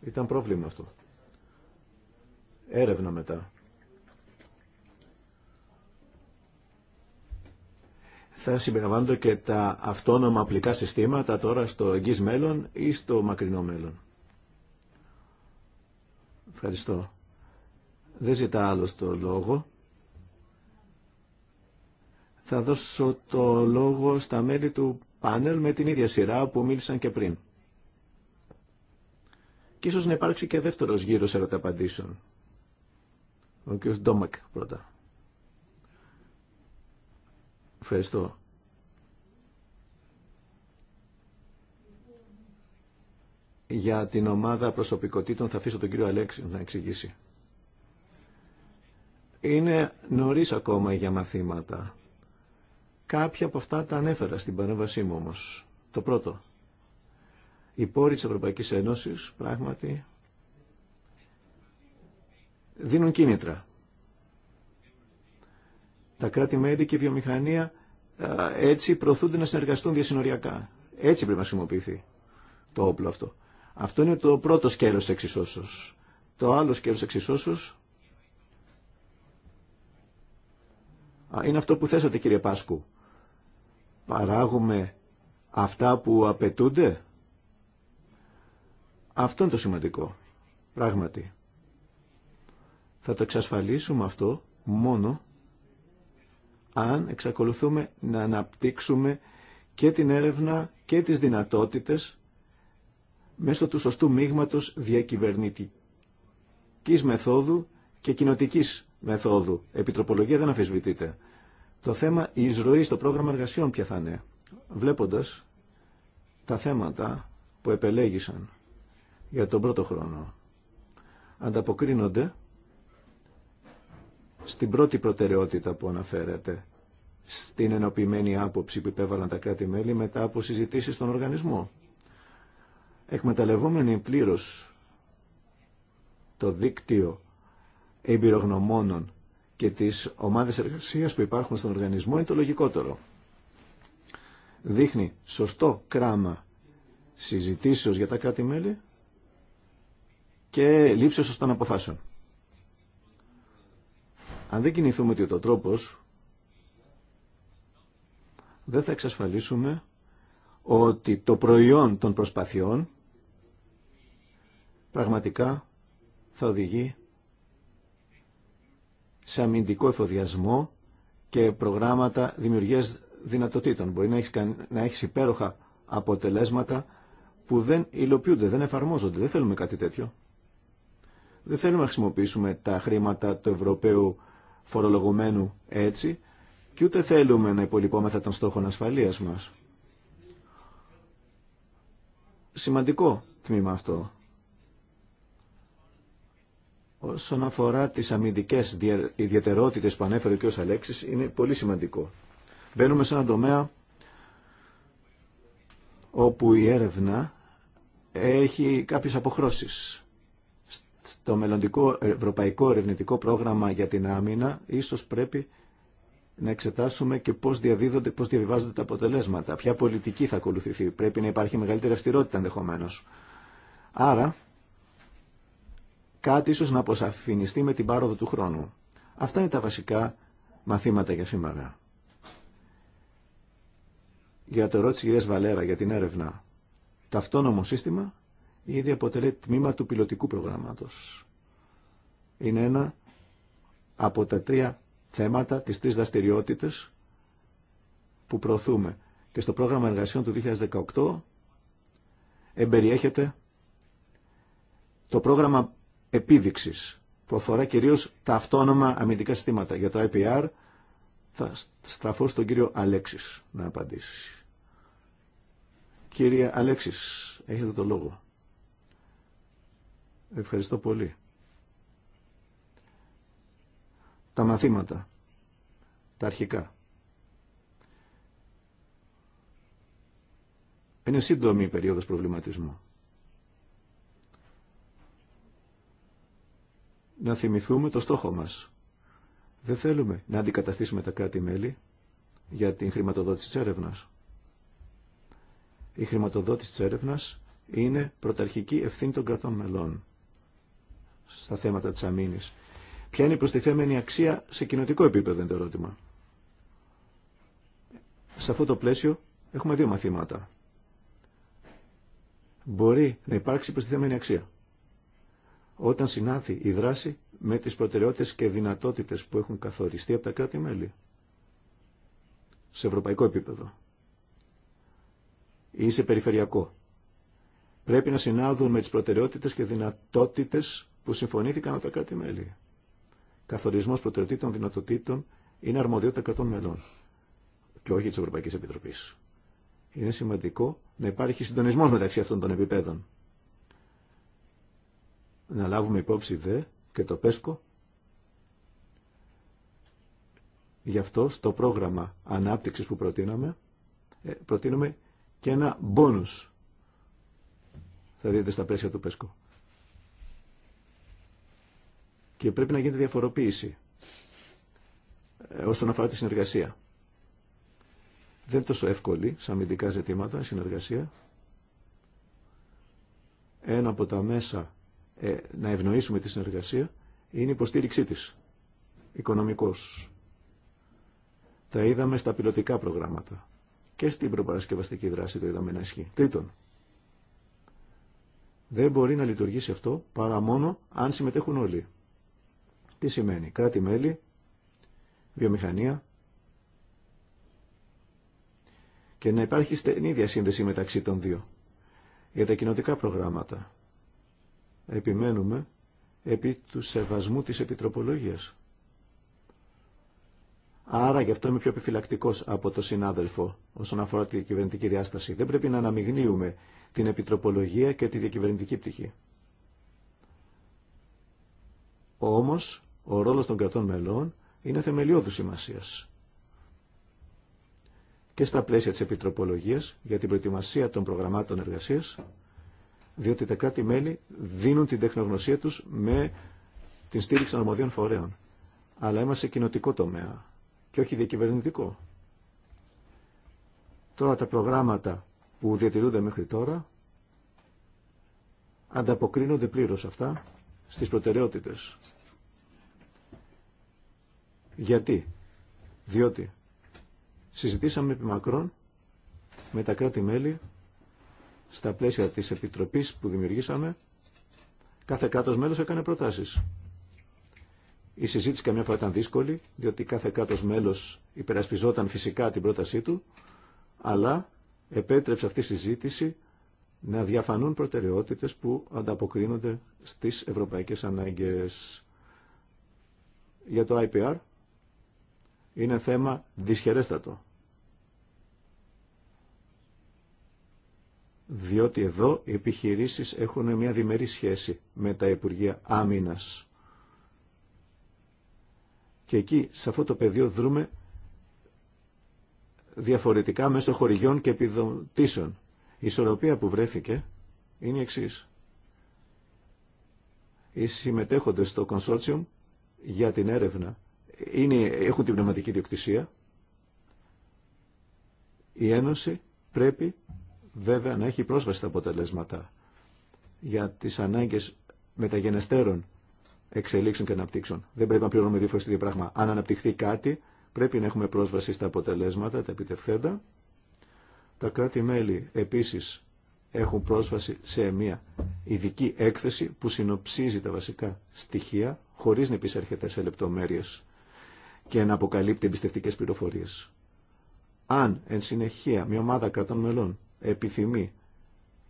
S3: Ήταν πρόβλημα αυτό. Έρευνα μετά. Θα συμπεριλαμβάνονται και τα αυτόνομα απλικά συστήματα τώρα στο εγγύς μέλλον ή στο μακρινό μέλλον. Ευχαριστώ. Δεν ζητά άλλο το λόγο. Θα δώσω το λόγο στα μέλη του πάνελ με την ίδια σειρά που μίλησαν και πριν. Και ίσως να υπάρξει και δεύτερος γύρος ερωταπαντήσεων. Ο κ. Ντόμακ πρώτα. Ευχαριστώ. Για την ομάδα προσωπικότητων θα αφήσω τον κύριο Αλέξη να εξηγήσει. Είναι νωρίς ακόμα για μαθήματα. Κάποια από αυτά τα ανέφερα στην παρέμβασή μου όμως. Το πρώτο. Οι πόροι της Ευρωπαϊκής Ένωσης πράγματι δίνουν κίνητρα. Τα κράτη-μέλη και η βιομηχανία έτσι προωθούνται να συνεργαστούν διασυνοριακά. Έτσι πρέπει να χρησιμοποιηθεί το όπλο αυτό. Αυτό είναι το πρώτο σκέλος εξισώσεως. Το άλλο σκέλος εξισώσεως είναι αυτό που θέσατε κύριε Πάσκου. Παράγουμε αυτά που απαιτούνται. Αυτό είναι το σημαντικό. Πράγματι. Θα το εξασφαλίσουμε αυτό μόνο αν εξακολουθούμε να αναπτύξουμε και την έρευνα και τις δυνατότητες μέσω του σωστού μείγματος διακυβερνητικής μεθόδου και κοινοτικής μεθόδου. Επιτροπολογία δεν αφισβητείται το θέμα η εισρωή στο πρόγραμμα εργασιών ποια θα είναι, βλέποντας τα θέματα που επελέγησαν για τον πρώτο χρόνο. Ανταποκρίνονται στην πρώτη προτεραιότητα που αναφέρεται, στην ενοποιημένη άποψη που υπέβαλαν τα κράτη-μέλη μετά από συζητήσεις στον οργανισμό. Εκμεταλλευόμενοι πλήρω το δίκτυο εμπειρογνωμόνων και τις ομάδες εργασίας που υπάρχουν στον οργανισμό είναι το λογικότερο. Δείχνει σωστό κράμα συζητήσεως για τα κράτη-μέλη και λήψεως σωστών αποφάσεων. Αν δεν κινηθούμε ότι ο τρόπος δεν θα εξασφαλίσουμε ότι το προϊόν των προσπαθειών πραγματικά θα οδηγεί σε αμυντικό εφοδιασμό και προγράμματα δημιουργίας δυνατοτήτων. Μπορεί να έχεις, να έχεις υπέροχα αποτελέσματα που δεν υλοποιούνται, δεν εφαρμόζονται. Δεν θέλουμε κάτι τέτοιο. Δεν θέλουμε να χρησιμοποιήσουμε τα χρήματα του Ευρωπαίου φορολογουμένου έτσι και ούτε θέλουμε να υπολοιπόμεθα των στόχων ασφαλείας μας. Σημαντικό τμήμα αυτό. Όσον αφορά τις αμυντικές ιδιαιτερότητες που ανέφερε ο κ. Αλέξης, είναι πολύ σημαντικό. Μπαίνουμε σε έναν τομέα όπου η έρευνα έχει κάποιες αποχρώσεις. Στο μελλοντικό ευρωπαϊκό ερευνητικό πρόγραμμα για την άμυνα ίσως πρέπει να εξετάσουμε και πώς διαδίδονται, πώς διαβιβάζονται τα αποτελέσματα, ποια πολιτική θα ακολουθηθεί. Πρέπει να υπάρχει μεγαλύτερη αυστηρότητα ενδεχομένω. Άρα κάτι ίσως να αποσαφινιστεί με την πάροδο του χρόνου. Αυτά είναι τα βασικά μαθήματα για σήμερα. Για το ερώτηση κυρία Βαλέρα για την έρευνα. Το αυτόνομο σύστημα ήδη αποτελεί τμήμα του πιλωτικού προγράμματος. Είναι ένα από τα τρία θέματα, τις τρεις δραστηριότητε που προωθούμε. Και στο πρόγραμμα εργασιών του 2018 εμπεριέχεται το πρόγραμμα επίδειξης που αφορά κυρίω τα αυτόνομα αμυντικά συστήματα. Για το IPR θα στραφώ στον κύριο Αλέξη να απαντήσει. Κύριε Αλέξης, έχετε το λόγο. Ευχαριστώ πολύ. Τα μαθήματα, τα αρχικά. Είναι σύντομη η περίοδος προβληματισμού. να θυμηθούμε το στόχο μας. Δεν θέλουμε να αντικαταστήσουμε τα κράτη-μέλη για την χρηματοδότηση της έρευνας. Η χρηματοδότηση της έρευνας είναι πρωταρχική ευθύνη των κρατών μελών στα θέματα της αμήνης. Ποια είναι η προστιθέμενη αξία σε κοινοτικό επίπεδο είναι το ερώτημα. Σε αυτό το πλαίσιο έχουμε δύο μαθήματα. Μπορεί να υπάρξει προστιθέμενη αξία όταν συνάδει η δράση με τις προτεραιότητες και δυνατότητες που έχουν καθοριστεί από τα κράτη-μέλη σε ευρωπαϊκό επίπεδο ή σε περιφερειακό. Πρέπει να συνάδουν με τις προτεραιότητες και δυνατότητες που συμφωνήθηκαν από τα κράτη-μέλη. Καθορισμός προτεραιοτήτων δυνατοτήτων είναι αρμοδιότητα κρατών μελών και όχι της Ευρωπαϊκής Επιτροπής. Είναι σημαντικό να υπάρχει συντονισμός μεταξύ αυτών των επιπέδων να λάβουμε υπόψη δε και το ΠΕΣΚΟ. Γι' αυτό στο πρόγραμμα ανάπτυξης που προτείναμε, ε, προτείνουμε και ένα μπόνους. Θα δείτε στα πλαίσια του ΠΕΣΚΟ. Και πρέπει να γίνεται διαφοροποίηση ε, όσον αφορά τη συνεργασία. Δεν είναι τόσο εύκολη σε αμυντικά ζητήματα, συνεργασία. Ένα από τα μέσα ε, να ευνοήσουμε τη συνεργασία είναι η υποστήριξή της, οικονομικός. Τα είδαμε στα πιλωτικά προγράμματα και στην προπαρασκευαστική δράση το είδαμε να ισχύει. Τρίτον, δεν μπορεί να λειτουργήσει αυτό παρά μόνο αν συμμετέχουν όλοι. Τι σημαίνει, κράτη-μέλη, βιομηχανία και να υπάρχει στενή διασύνδεση μεταξύ των δύο για τα κοινοτικά προγράμματα επιμένουμε επί του σεβασμού της επιτροπολογίας. Άρα γι' αυτό είμαι πιο επιφυλακτικό από το συνάδελφο όσον αφορά τη κυβερνητική διάσταση. Δεν πρέπει να αναμειγνύουμε την επιτροπολογία και τη διακυβερνητική πτυχή. Όμως, ο ρόλος των κρατών μελών είναι θεμελιώδου σημασία. Και στα πλαίσια της επιτροπολογίας για την προετοιμασία των προγραμμάτων εργασίας διότι τα κράτη-μέλη δίνουν την τεχνογνωσία τους με την στήριξη των αρμοδίων φορέων. Αλλά είμαστε σε κοινοτικό τομέα και όχι διακυβερνητικό. Τώρα τα προγράμματα που διατηρούνται μέχρι τώρα ανταποκρίνονται πλήρως αυτά στις προτεραιότητες. Γιατί. Διότι συζητήσαμε επί μακρόν με τα κράτη-μέλη στα πλαίσια της Επιτροπής που δημιουργήσαμε, κάθε κάτω μέλος έκανε προτάσεις. Η συζήτηση καμιά φορά ήταν δύσκολη, διότι κάθε κάτω μέλος υπερασπιζόταν φυσικά την πρότασή του, αλλά επέτρεψε αυτή η συζήτηση να διαφανούν προτεραιότητες που ανταποκρίνονται στις ευρωπαϊκές ανάγκες. Για το IPR είναι θέμα δυσχερέστατο. διότι εδώ οι επιχειρήσεις έχουν μια διμερή σχέση με τα Υπουργεία Άμυνας. Και εκεί, σε αυτό το πεδίο, δρούμε διαφορετικά μέσω χορηγιών και επιδοτήσεων. Η ισορροπία που βρέθηκε είναι η εξής. Οι συμμετέχοντες στο consortium για την έρευνα είναι, έχουν την πνευματική διοκτησία. Η Ένωση πρέπει βέβαια να έχει πρόσβαση στα αποτελέσματα για τις ανάγκες μεταγενεστέρων εξελίξεων και αναπτύξεων. Δεν πρέπει να πληρώνουμε δύο φορές το πράγμα. Αν αναπτυχθεί κάτι, πρέπει να έχουμε πρόσβαση στα αποτελέσματα, τα επιτευθέντα. Τα κράτη-μέλη επίσης έχουν πρόσβαση σε μια ειδική έκθεση που συνοψίζει τα βασικά στοιχεία χωρίς να επισέρχεται σε λεπτομέρειες και να αποκαλύπτει εμπιστευτικέ πληροφορίες. Αν εν συνεχεία μια ομάδα κρατών μελών επιθυμεί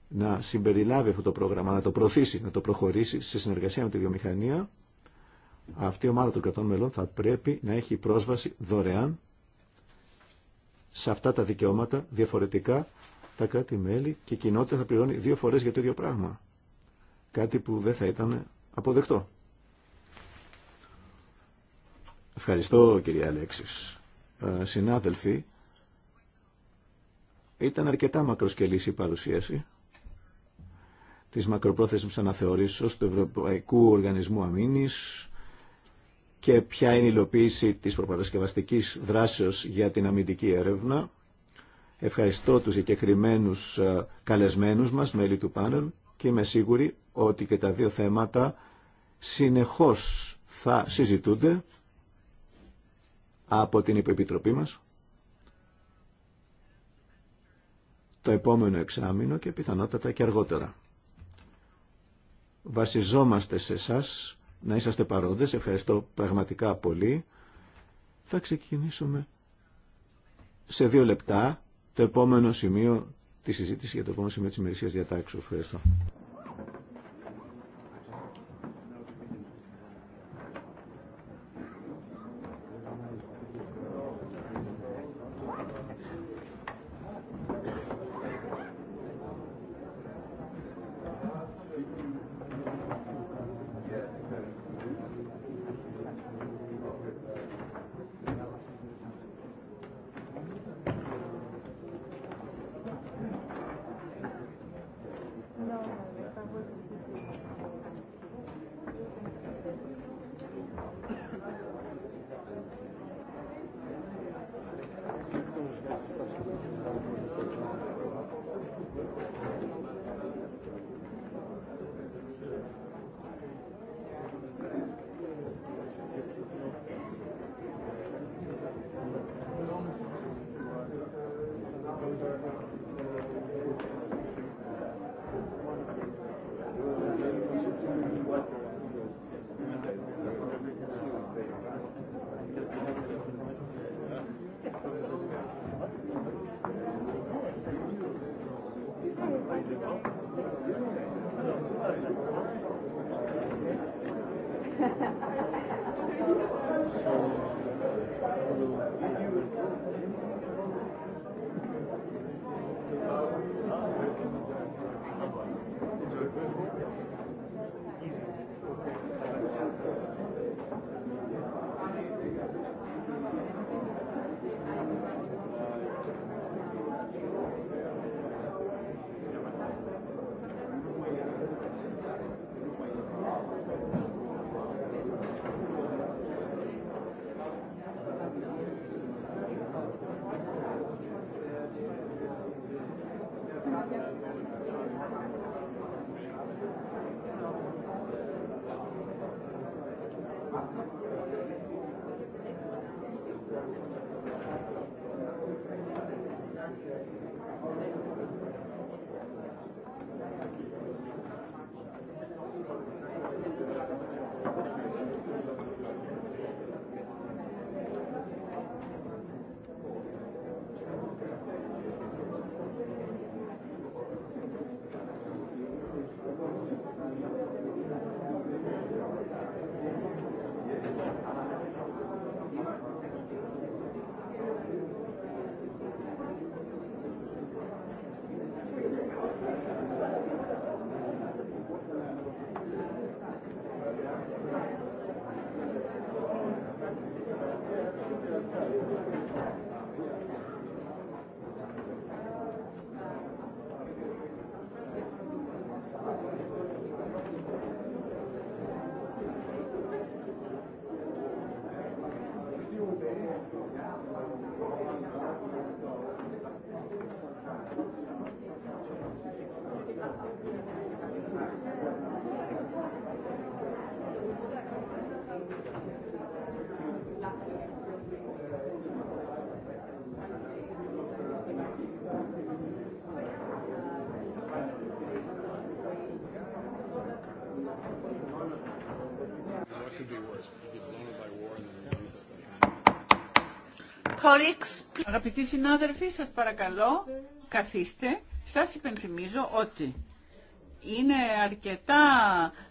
S3: να συμπεριλάβει αυτό το πρόγραμμα, να το προωθήσει, να το προχωρήσει σε συνεργασία με τη βιομηχανία, αυτή η ομάδα των κρατών μελών θα πρέπει να έχει πρόσβαση δωρεάν σε αυτά τα δικαιώματα διαφορετικά τα κράτη-μέλη και η κοινότητα θα πληρώνει δύο φορές για το ίδιο πράγμα. Κάτι που δεν θα ήταν αποδεκτό. Ευχαριστώ κυρία Αλέξης. Ε, συνάδελφοι, ήταν αρκετά μακροσκελής η παρουσίαση της μακροπρόθεσμης αναθεωρήσεως του Ευρωπαϊκού Οργανισμού Αμήνης και ποια είναι η υλοποίηση της προπαρασκευαστικής δράσεως για την αμυντική έρευνα. Ευχαριστώ τους συγκεκριμένου ε, καλεσμένους μας, μέλη του πάνελ και είμαι σίγουρη ότι και τα δύο θέματα συνεχώς θα συζητούνται από την Υποεπιτροπή μας το επόμενο εξάμεινο και πιθανότατα και αργότερα. Βασιζόμαστε σε εσά να είσαστε παρόντες. Ευχαριστώ πραγματικά πολύ. Θα ξεκινήσουμε σε δύο λεπτά το επόμενο σημείο τη συζήτηση για το επόμενο σημείο της ημερησίας διατάξεως. Ευχαριστώ.
S1: Αγαπητοί συνάδελφοι, σας παρακαλώ, καθίστε. Σας υπενθυμίζω ότι είναι αρκετά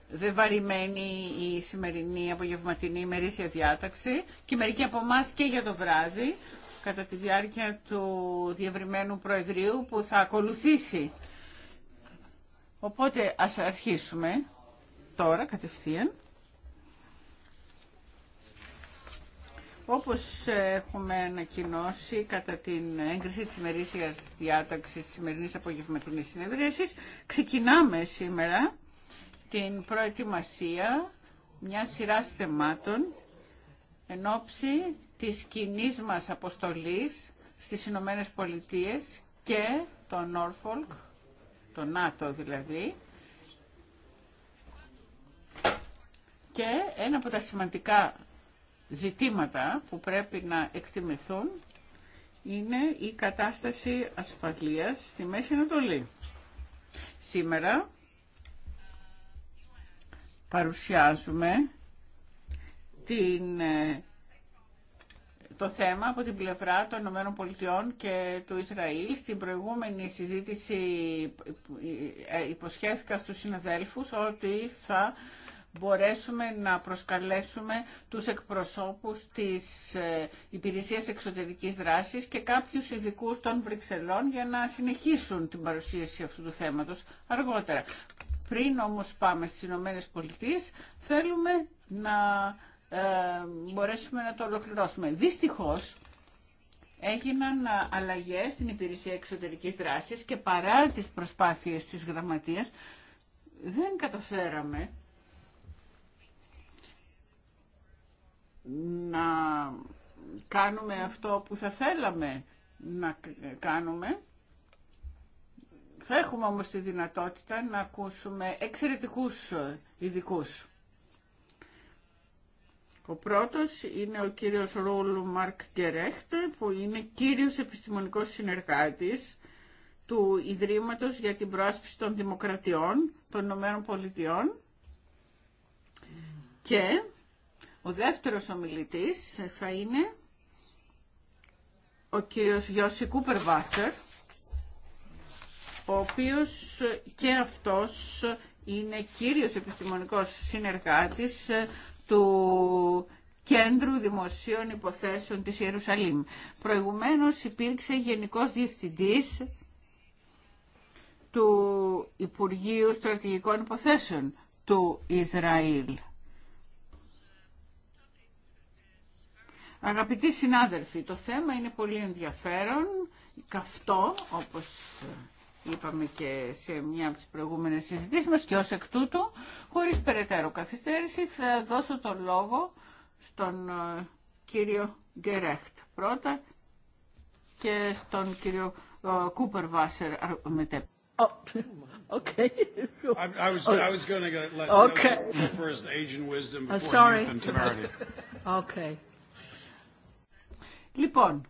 S1: βεβαρημένη η σημερινή απογευματινή ημερήσια διάταξη και μερικοί από εμά και για το βράδυ, κατά τη διάρκεια του διευρυμένου Προεδρίου που θα ακολουθήσει. Οπότε ας αρχίσουμε τώρα κατευθείαν. Όπως έχουμε ανακοινώσει κατά την έγκριση της ημερήσιας διάταξης της σημερινής απογευματινής συνεδρίασης, ξεκινάμε σήμερα την προετοιμασία μια σειρά θεμάτων εν ώψη της κοινή μας αποστολής στις Ηνωμένε Πολιτείε και το Norfolk, το ΝΑΤΟ δηλαδή, και ένα από τα σημαντικά ζητήματα που πρέπει να εκτιμηθούν είναι η κατάσταση ασφαλείας στη Μέση Ανατολή. Σήμερα παρουσιάζουμε την, ε, το θέμα από την πλευρά των ΗΠΑ και του Ισραήλ. Στην προηγούμενη συζήτηση ε, ε, υποσχέθηκα στους συναδέλφους ότι θα μπορέσουμε να προσκαλέσουμε τους εκπροσώπους της ε, Υπηρεσίας Εξωτερικής Δράσης και κάποιους ειδικού των Βρυξελών για να συνεχίσουν την παρουσίαση αυτού του θέματος αργότερα. Πριν όμως πάμε στις Ηνωμένε Πολιτείε, θέλουμε να ε, μπορέσουμε να το ολοκληρώσουμε. Δυστυχώς έγιναν ε, αλλαγές στην Υπηρεσία Εξωτερικής Δράσης και παρά τις προσπάθειες της Γραμματείας δεν καταφέραμε να κάνουμε αυτό που θα θέλαμε να κάνουμε. Θα έχουμε όμως τη δυνατότητα να ακούσουμε εξαιρετικούς ειδικού. Ο πρώτος είναι ο κύριος Ρούλ Μαρκ Γκερέχτ, που είναι κύριος επιστημονικός συνεργάτης του Ιδρύματος για την Πρόσπιση των Δημοκρατιών των Ηνωμένων Πολιτειών και ο δεύτερος ομιλητής θα είναι ο κύριος Γιώση Κούπερ ο οποίος και αυτός είναι κύριος επιστημονικός συνεργάτης του Κέντρου Δημοσίων Υποθέσεων της Ιερουσαλήμ. Προηγουμένως υπήρξε Γενικός Διευθυντής του Υπουργείου Στρατηγικών Υποθέσεων του Ισραήλ. Αγαπητοί συνάδελφοι, το θέμα είναι πολύ ενδιαφέρον, καυτό, όπως είπαμε και σε μια από τις προηγούμενες συζητήσεις μας και ως εκ τούτου, χωρίς περαιτέρω καθυστέρηση, θα δώσω το λόγο στον ε, κύριο Γκερέχτ πρώτα και στον κύριο ε, Κούπερ Βάσερ μετέπειτα. Oh, okay. I, was I was going to let okay.
S4: first age wisdom before sorry.
S1: okay. Λοιπόν,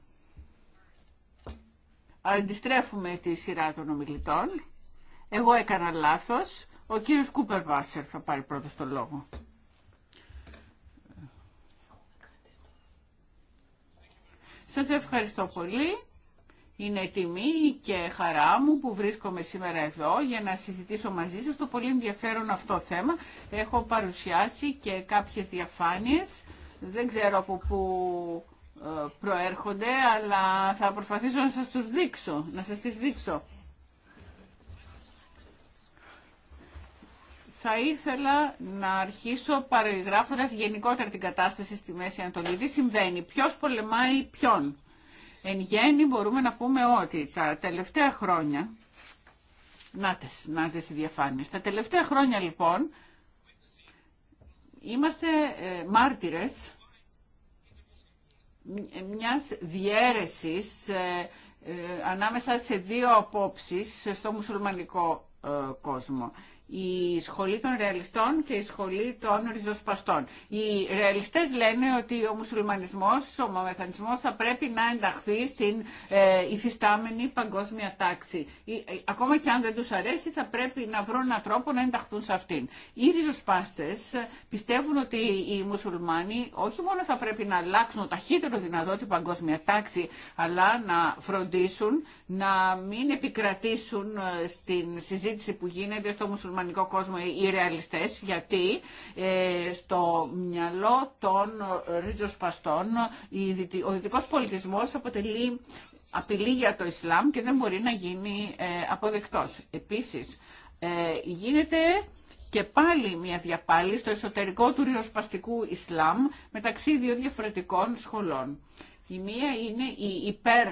S1: αντιστρέφουμε τη σειρά των ομιλητών. Εγώ έκανα λάθος. Ο κύριος Κούπερ Βάσερ θα πάρει πρώτος το λόγο. Σας ευχαριστώ πολύ. Είναι τιμή και χαρά μου που βρίσκομαι σήμερα εδώ για να συζητήσω μαζί σας το πολύ ενδιαφέρον αυτό θέμα. Έχω παρουσιάσει και κάποιες διαφάνειες. Δεν ξέρω από πού προέρχονται, αλλά θα προσπαθήσω να σας τους δείξω, να σας τις δείξω. Θα ήθελα να αρχίσω παραγράφοντας γενικότερα την κατάσταση στη Μέση Ανατολή. Τι συμβαίνει, ποιος πολεμάει ποιον. Εν γέννη μπορούμε να πούμε ότι τα τελευταία χρόνια, Να νάτες οι διαφάνειες, τα τελευταία χρόνια λοιπόν είμαστε ε, μάρτυρες μιας διέρεσης ε, ε, ανάμεσα σε δύο απόψεις στο μουσουλμανικό ε, κόσμο η σχολή των ρεαλιστών και η σχολή των ριζοσπαστών. Οι ρεαλιστές λένε ότι ο μουσουλμανισμός, ο μαμεθανισμός θα πρέπει να ενταχθεί στην ε, υφιστάμενη παγκόσμια τάξη. Ε, ακόμα και αν δεν τους αρέσει θα πρέπει να βρουν έναν τρόπο να ενταχθούν σε αυτήν. Οι ριζοσπάστες ε, πιστεύουν ότι οι μουσουλμάνοι όχι μόνο θα πρέπει να αλλάξουν ταχύτερο δυνατό την παγκόσμια τάξη, αλλά να φροντίσουν να μην επικρατήσουν στην συζήτηση που γίνεται στο μουσουλμανισμό γερμανικό κόσμο οι ρεαλιστές, γιατί ε, στο μυαλό των ριζοσπαστών ο δυτικός πολιτισμός αποτελεί απειλή για το Ισλάμ και δεν μπορεί να γίνει ε, αποδεκτός. Επίσης, ε, γίνεται και πάλι μια διαπάλη στο εσωτερικό του ριζοσπαστικού Ισλάμ μεταξύ δύο διαφορετικών σχολών. Η μία είναι οι υπερ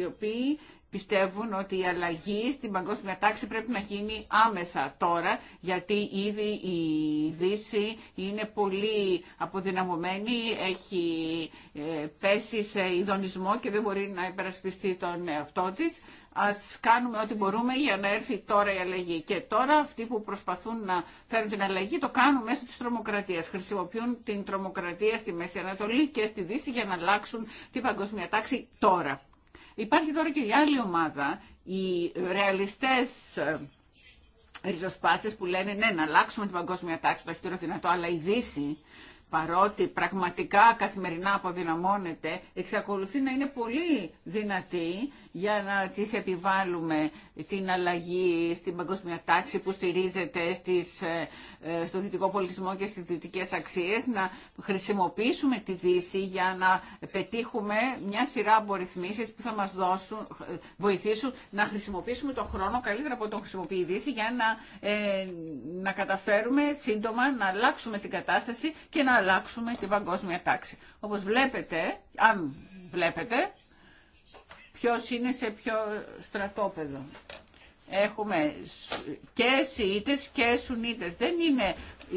S1: οι οποίοι πιστεύουν ότι η αλλαγή στην παγκόσμια τάξη πρέπει να γίνει άμεσα τώρα, γιατί ήδη η Δύση είναι πολύ αποδυναμωμένη, έχει ε, πέσει σε ειδονισμό και δεν μπορεί να υπερασπιστεί τον εαυτό της. Ας κάνουμε ό,τι μπορούμε για να έρθει τώρα η αλλαγή. Και τώρα αυτοί που προσπαθούν να φέρουν την αλλαγή το κάνουν μέσω της τρομοκρατίας. Χρησιμοποιούν την τρομοκρατία στη Μέση Ανατολή και στη Δύση για να αλλάξουν την παγκοσμία τάξη τώρα. Υπάρχει τώρα και η άλλη ομάδα, οι ρεαλιστές ε, ριζοσπάστε που λένε ναι, να αλλάξουμε την παγκόσμια τάξη, το χειρότερο δυνατό, αλλά η Δύση, παρότι πραγματικά καθημερινά αποδυναμώνεται, εξακολουθεί να είναι πολύ δυνατή για να τις επιβάλλουμε την αλλαγή στην παγκόσμια τάξη που στηρίζεται στις, ε, ε, στο δυτικό πολιτισμό και στις δυτικές αξίες, να χρησιμοποιήσουμε τη Δύση για να πετύχουμε μια σειρά από ρυθμίσεις που θα μας δώσουν, ε, βοηθήσουν να χρησιμοποιήσουμε τον χρόνο καλύτερα από τον χρησιμοποιεί η Δύση για να, να καταφέρουμε σύντομα να αλλάξουμε την κατάσταση και να αλλάξουμε την παγκόσμια τάξη. Όπως βλέπετε, αν βλέπετε, ποιος είναι σε ποιο στρατόπεδο. Έχουμε και σιίτες και Σουνίτες. Δεν είναι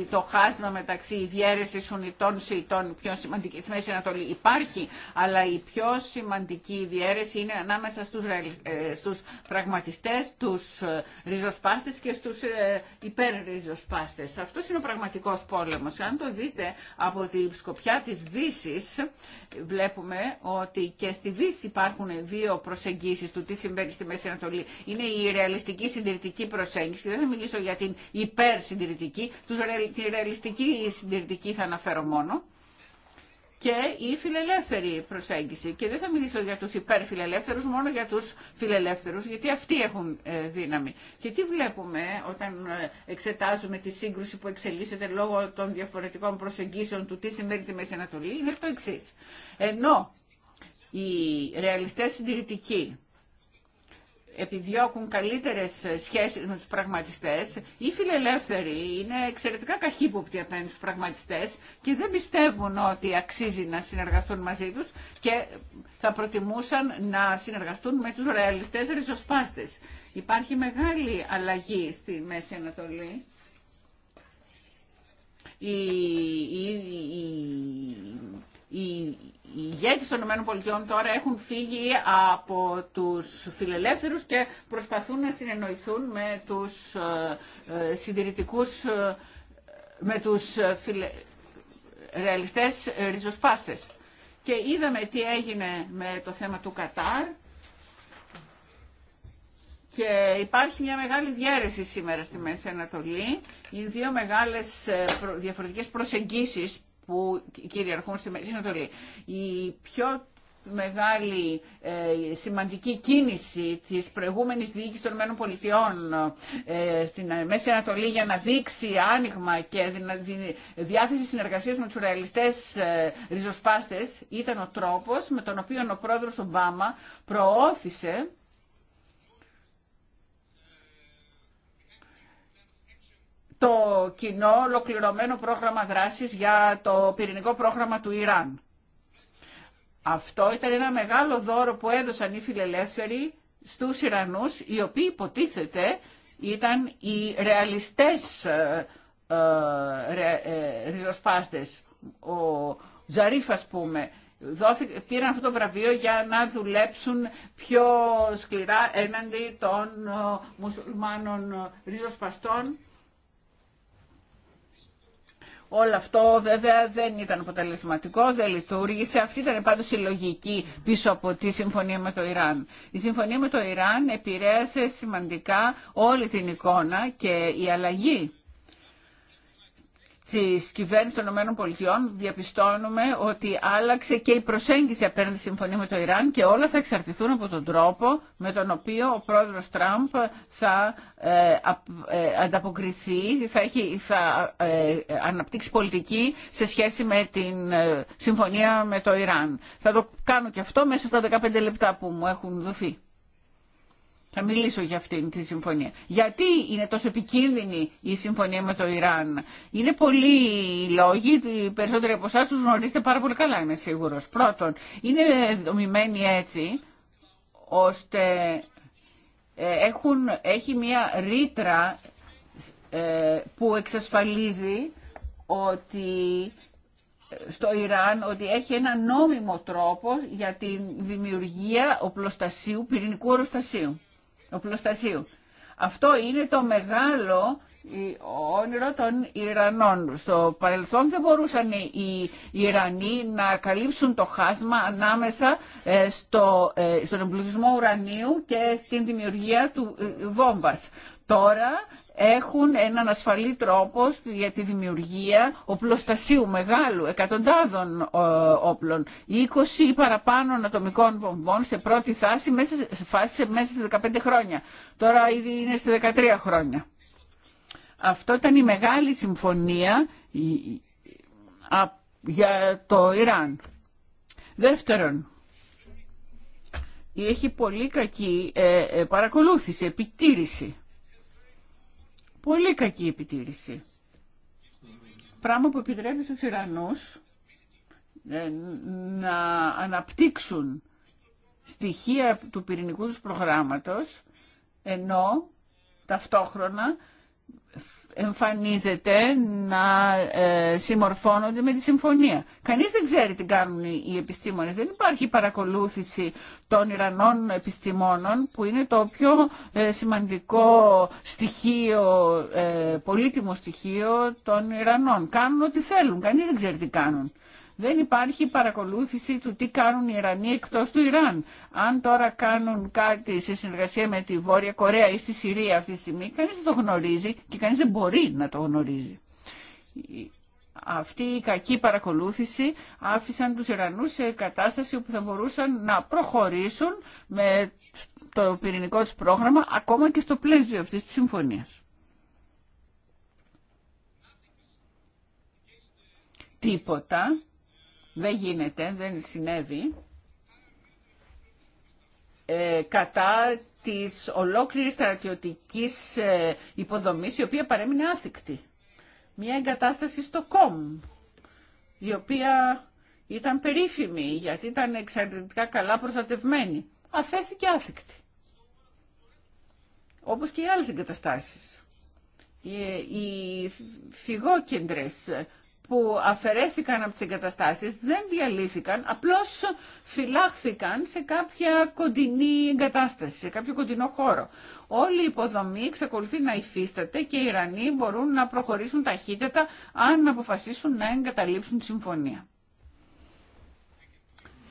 S1: το χάσμα μεταξύ η διαίρεση Σουνιτών Σιητών πιο σημαντική στη Μέση Ανατολή υπάρχει, αλλά η πιο σημαντική διαίρεση είναι ανάμεσα στους, ε, στους πραγματιστές, τους ε, ριζοσπάστες και στους ε, υπερριζοσπάστες. Αυτό είναι ο πραγματικός πόλεμος. Αν το δείτε από τη σκοπιά της δύση, βλέπουμε ότι και στη Δύση υπάρχουν δύο προσεγγίσεις του τι συμβαίνει στη Μέση Ανατολή. Είναι η ρεαλιστική συντηρητική προσέγγιση, δεν θα μιλήσω για την υπερσυντηρητική, τους τη ρεαλιστική ή συντηρητική θα αναφέρω μόνο, και η φιλελεύθερη προσέγγιση. Και δεν θα μιλήσω για τους υπερφιλελεύθερους, μόνο για τους φιλελεύθερους, γιατί αυτοί έχουν ε, δύναμη. Και τι βλέπουμε όταν ε, εξετάζουμε τη σύγκρουση που εξελίσσεται λόγω των διαφορετικών προσεγγίσεων του τι συμβαίνει στη Μέση Ανατολή, είναι το εξή. Ενώ οι ρεαλιστές συντηρητικοί επιδιώκουν καλύτερες σχέσεις με τους πραγματιστές. Οι φιλελεύθεροι είναι εξαιρετικά καχύποπτοι απέναντι στους πραγματιστές και δεν πιστεύουν ότι αξίζει να συνεργαστούν μαζί τους και θα προτιμούσαν να συνεργαστούν με τους ρεαλιστές ριζοσπάστες. Υπάρχει μεγάλη αλλαγή στη Μέση Ανατολή. Η, η, η, οι ηγέτες των ΗΠΑ τώρα έχουν φύγει από τους φιλελεύθερους και προσπαθούν να συνεννοηθούν με τους ε, ε, συντηρητικούς, ε, με τους φιλε... ρεαλιστές ριζοσπάστες. Και είδαμε τι έγινε με το θέμα του Κατάρ και υπάρχει μια μεγάλη διαίρεση σήμερα στη Μέση Ανατολή. Είναι δύο μεγάλες διαφορετικές προσεγγίσεις που κυριαρχούν στη Μέση Ανατολή. Η πιο μεγάλη ε, σημαντική κίνηση της προηγούμενης διοίκησης των ΗΠΑ ε, στην Μέση Ανατολή για να δείξει άνοιγμα και διάθεση συνεργασίας με τους ρεαλιστές ε, ριζοσπάστες ήταν ο τρόπος με τον οποίο ο πρόεδρος Ομπάμα προώθησε το κοινό ολοκληρωμένο πρόγραμμα δράσης για το πυρηνικό πρόγραμμα του Ιράν. Αυτό ήταν ένα μεγάλο δώρο που έδωσαν οι φιλελεύθεροι στους Ιρανούς, οι οποίοι υποτίθεται ήταν οι ρεαλιστές ε, ε, ε ριζοσπάστες. Ο Ζαρίφ, ας πούμε, δόθηκε, πήραν αυτό το βραβείο για να δουλέψουν πιο σκληρά έναντι των ε, μουσουλμάνων ριζοσπαστών Όλο αυτό βέβαια δεν ήταν αποτελεσματικό, δεν λειτουργήσε. Αυτή ήταν πάντω η λογική πίσω από τη συμφωνία με το Ιράν. Η συμφωνία με το Ιράν επηρέασε σημαντικά όλη την εικόνα και η αλλαγή της κυβέρνησης των ΗΠΑ διαπιστώνουμε ότι άλλαξε και η προσέγγιση απέναντι στη συμφωνία με το Ιράν και όλα θα εξαρτηθούν από τον τρόπο με τον οποίο ο πρόεδρος Τραμπ θα ε, ε, ανταποκριθεί, θα, έχει, θα ε, αναπτύξει πολιτική σε σχέση με την συμφωνία με το Ιράν. Θα το κάνω και αυτό μέσα στα 15 λεπτά που μου έχουν δοθεί. Θα μιλήσω για αυτήν τη συμφωνία. Γιατί είναι τόσο επικίνδυνη η συμφωνία με το Ιράν. Είναι πολλοί οι λόγοι, οι περισσότεροι από εσά του γνωρίζετε πάρα πολύ καλά, είμαι σίγουρο. Πρώτον, είναι δομημένοι έτσι ώστε ε, έχουν, έχει μια ρήτρα ε, που εξασφαλίζει ότι ε, στο Ιράν ότι έχει ένα νόμιμο τρόπο για τη δημιουργία οπλοστασίου, πυρηνικού οροστασίου. Αυτό είναι το μεγάλο όνειρο των Ιρανών. Στο παρελθόν δεν μπορούσαν οι Ιρανοί να καλύψουν το χάσμα ανάμεσα ε, στο, ε, στον εμπλουτισμό ουρανίου και στην δημιουργία του ε, βόμβας. Τώρα έχουν έναν ασφαλή τρόπο για τη δημιουργία οπλοστασίου μεγάλου, εκατοντάδων ε, όπλων, 20 ή παραπάνω ατομικων βομβών σε πρώτη φάση μέσα, φάση, μέσα σε 15 χρόνια. Τώρα ήδη είναι σε 13 χρόνια. Αυτό ήταν η μεγάλη συμφωνία για το Ιράν. Δεύτερον, έχει πολύ κακή ε, ε, παρακολούθηση, επιτήρηση. Πολύ κακή επιτήρηση. Πράγμα που επιτρέπει στους Ιρανούς ε, να αναπτύξουν στοιχεία του πυρηνικού τους προγράμματος, ενώ ταυτόχρονα εμφανίζεται να ε, συμμορφώνονται με τη συμφωνία. Κανείς δεν ξέρει τι κάνουν οι επιστήμονες. Δεν υπάρχει παρακολούθηση των Ιρανών επιστημόνων που είναι το πιο ε, σημαντικό στοιχείο, ε, πολύτιμο στοιχείο των Ιρανών. Κάνουν ό,τι θέλουν. Κανείς δεν ξέρει τι κάνουν. Δεν υπάρχει παρακολούθηση του τι κάνουν οι Ιρανοί εκτός του Ιράν. Αν τώρα κάνουν κάτι σε συνεργασία με τη Βόρεια Κορέα ή στη Συρία αυτή τη στιγμή, κανείς δεν το γνωρίζει και κανείς δεν μπορεί να το γνωρίζει. Αυτή η κακή παρακολούθηση άφησαν τους Ιρανούς σε κατάσταση όπου θα μπορούσαν να προχωρήσουν με το πυρηνικό τους πρόγραμμα ακόμα και στο πλαίσιο αυτής της συμφωνίας. Τίποτα δεν γίνεται, δεν συνέβη, ε, κατά της ολόκληρης στρατιωτικής ε, υποδομής, η οποία παρέμεινε άθικτη. Μια εγκατάσταση στο ΚΟΜ, η οποία ήταν περίφημη, γιατί ήταν εξαιρετικά καλά προστατευμένη. Αφέθηκε άθικτη. Όπως και οι άλλες εγκαταστάσεις. Οι φυγόκεντρες που αφαιρέθηκαν από τις εγκαταστάσεις δεν διαλύθηκαν, απλώς φυλάχθηκαν σε κάποια κοντινή εγκατάσταση, σε κάποιο κοντινό χώρο. Όλη η υποδομή εξακολουθεί να υφίσταται και οι Ιρανοί μπορούν να προχωρήσουν ταχύτερα αν αποφασίσουν να εγκαταλείψουν τη συμφωνία.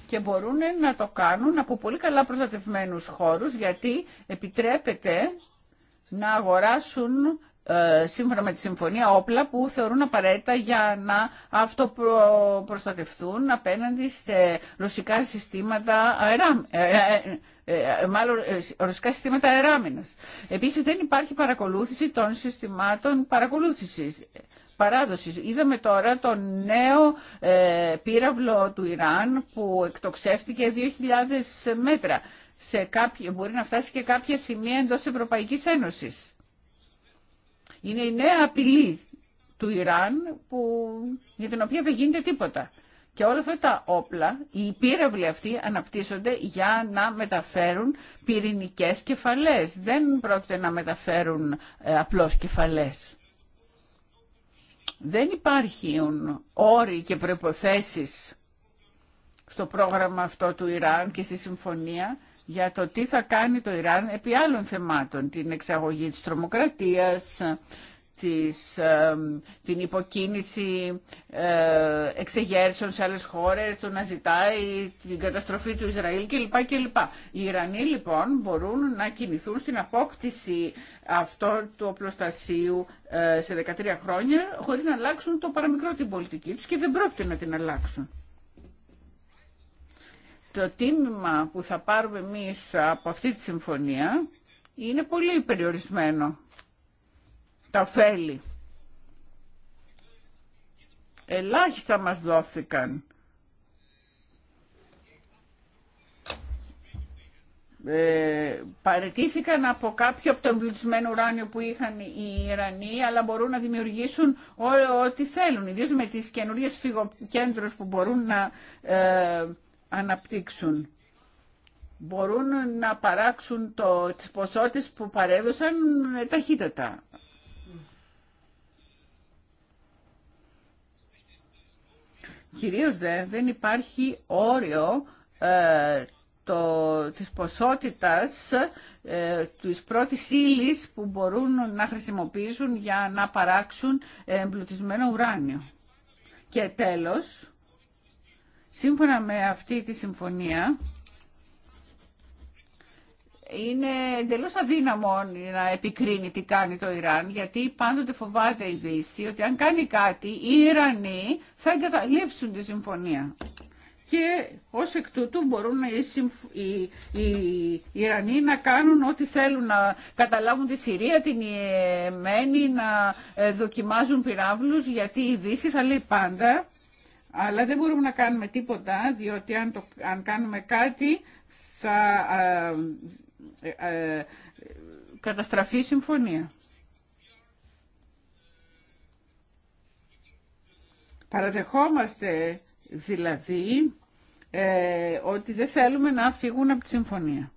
S1: Και μπορούν να το κάνουν από πολύ καλά προστατευμένους χώρους γιατί επιτρέπεται να αγοράσουν ε, σύμφωνα με τη συμφωνία όπλα που θεωρούν απαραίτητα για να αυτοπροστατευτούν απέναντι σε ρωσικά συστήματα ε, ε, μάλλον ρωσικά συστήματα αεράμινας. Επίσης δεν υπάρχει παρακολούθηση των συστημάτων παρακολούθησης. Παράδοσης. Είδαμε τώρα το νέο πύραυλο του Ιράν που εκτοξεύτηκε 2.000 μέτρα. Σε μπορεί να φτάσει και κάποια σημεία εντός Ευρωπαϊκής Ένωσης. Είναι η νέα απειλή του Ιράν που, για την οποία δεν γίνεται τίποτα. Και όλα αυτά τα όπλα, οι πύραυλοι αυτοί αναπτύσσονται για να μεταφέρουν πυρηνικές κεφαλές. Δεν πρόκειται να μεταφέρουν ε, απλώς κεφαλές. Δεν υπάρχουν όροι και προϋποθέσεις στο πρόγραμμα αυτό του Ιράν και στη συμφωνία για το τι θα κάνει το Ιράν επί άλλων θεμάτων, την εξαγωγή της τρομοκρατίας, της, την υποκίνηση ε, εξεγέρσεων σε άλλες χώρες, το να ζητάει την καταστροφή του Ισραήλ κλπ. κλπ. Οι Ιρανοί λοιπόν μπορούν να κινηθούν στην απόκτηση αυτό του οπλοστασίου ε, σε 13 χρόνια χωρίς να αλλάξουν το παραμικρό την πολιτική τους και δεν πρόκειται να την αλλάξουν το τίμημα που θα πάρουμε εμείς από αυτή τη συμφωνία είναι πολύ περιορισμένο. Τα ωφέλη. Ελάχιστα μας δόθηκαν. Ε, παρετήθηκαν από κάποιο από το εμπλουτισμένο ουράνιο που είχαν οι Ιρανοί, αλλά μπορούν να δημιουργήσουν ό,τι θέλουν, ιδίως με τις καινούριες φυγοκέντρους που μπορούν να ε, αναπτύξουν. Μπορούν να παράξουν το, τις ποσότητες που παρέδωσαν ταχύτατα. Κυρίως δε, δεν υπάρχει όριο ε, το, της ποσότητας ε, της πρώτης ύλη που μπορούν να χρησιμοποιήσουν για να παράξουν εμπλουτισμένο ουράνιο. Και τέλος, Σύμφωνα με αυτή τη συμφωνία, είναι εντελώς αδύναμο να επικρίνει τι κάνει το Ιράν, γιατί πάντοτε φοβάται η Δύση ότι αν κάνει κάτι, οι Ιρανοί θα εγκαταλείψουν τη συμφωνία. Και ως εκ τούτου μπορούν οι, οι, οι Ιρανοί να κάνουν ό,τι θέλουν, να καταλάβουν τη Συρία, την Ιεμένη, να ε, δοκιμάζουν πυράβλους, γιατί η Δύση θα λέει πάντα αλλά δεν μπορούμε να κάνουμε τίποτα, διότι αν, το, αν κάνουμε κάτι θα ε, ε, ε, καταστραφεί η συμφωνία. Παραδεχόμαστε δηλαδή ότι δεν θέλουμε να φύγουν από τη συμφωνία.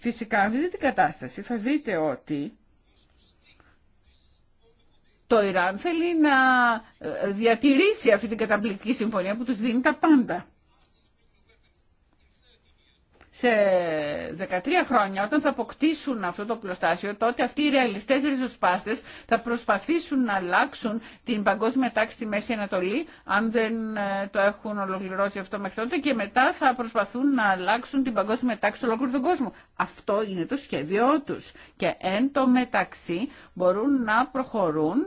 S1: Φυσικά, αν δείτε την κατάσταση, θα δείτε ότι το Ιράν θέλει να ε, διατηρήσει αυτή την καταπληκτική συμφωνία που τους δίνει τα πάντα. Σε 13 χρόνια, όταν θα αποκτήσουν αυτό το πλωστάσιο, τότε αυτοί οι ρεαλιστές ριζοσπάστες θα προσπαθήσουν να αλλάξουν την παγκόσμια τάξη στη Μέση Ανατολή, αν δεν ε, το έχουν ολοκληρώσει αυτό μέχρι τότε, και μετά θα προσπαθούν να αλλάξουν την παγκόσμια τάξη του ολόκληρο τον κόσμο. Αυτό είναι το σχέδιό τους. Και εν το μεταξύ μπορούν να προχωρούν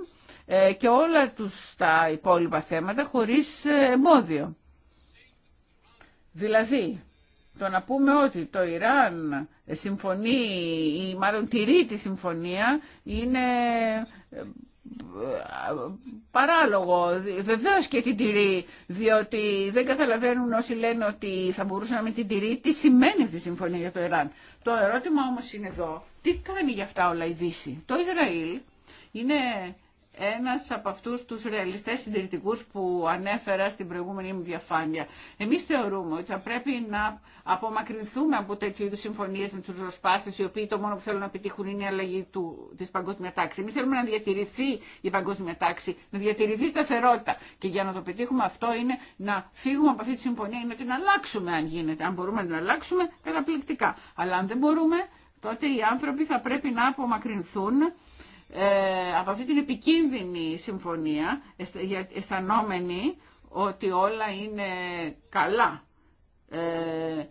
S1: ε, και όλα τους τα υπόλοιπα θέματα χωρίς ε, εμπόδιο. Δηλαδή, το να πούμε ότι το Ιράν συμφωνεί ή μάλλον τηρεί τη συμφωνία είναι ε, παράλογο. Βεβαίως και την τηρεί, διότι δεν καταλαβαίνουν όσοι λένε ότι θα μπορούσαν να μην την τηρεί τι σημαίνει αυτή η συμφωνία για το Ιράν. Το ερώτημα όμως είναι εδώ, τι κάνει για αυτά όλα η Δύση. Το Ισραήλ είναι ένας από αυτούς τους ρεαλιστές συντηρητικούς που ανέφερα στην προηγούμενη μου διαφάνεια. Εμείς θεωρούμε ότι θα πρέπει να απομακρυνθούμε από τέτοιου είδους συμφωνίες με τους ροσπάστες, οι οποίοι το μόνο που θέλουν να επιτύχουν είναι η αλλαγή του, της παγκόσμια τάξη. Εμείς θέλουμε να διατηρηθεί η παγκόσμια τάξη, να διατηρηθεί η σταθερότητα. Και για να το πετύχουμε αυτό είναι να φύγουμε από αυτή τη συμφωνία ή να την αλλάξουμε αν γίνεται. Αν μπορούμε να την αλλάξουμε, καταπληκτικά. Αλλά αν δεν μπορούμε, τότε οι άνθρωποι θα πρέπει να απομακρυνθούν ε, από αυτή την επικίνδυνη συμφωνία, αισθανόμενοι ότι όλα είναι καλά. Ε,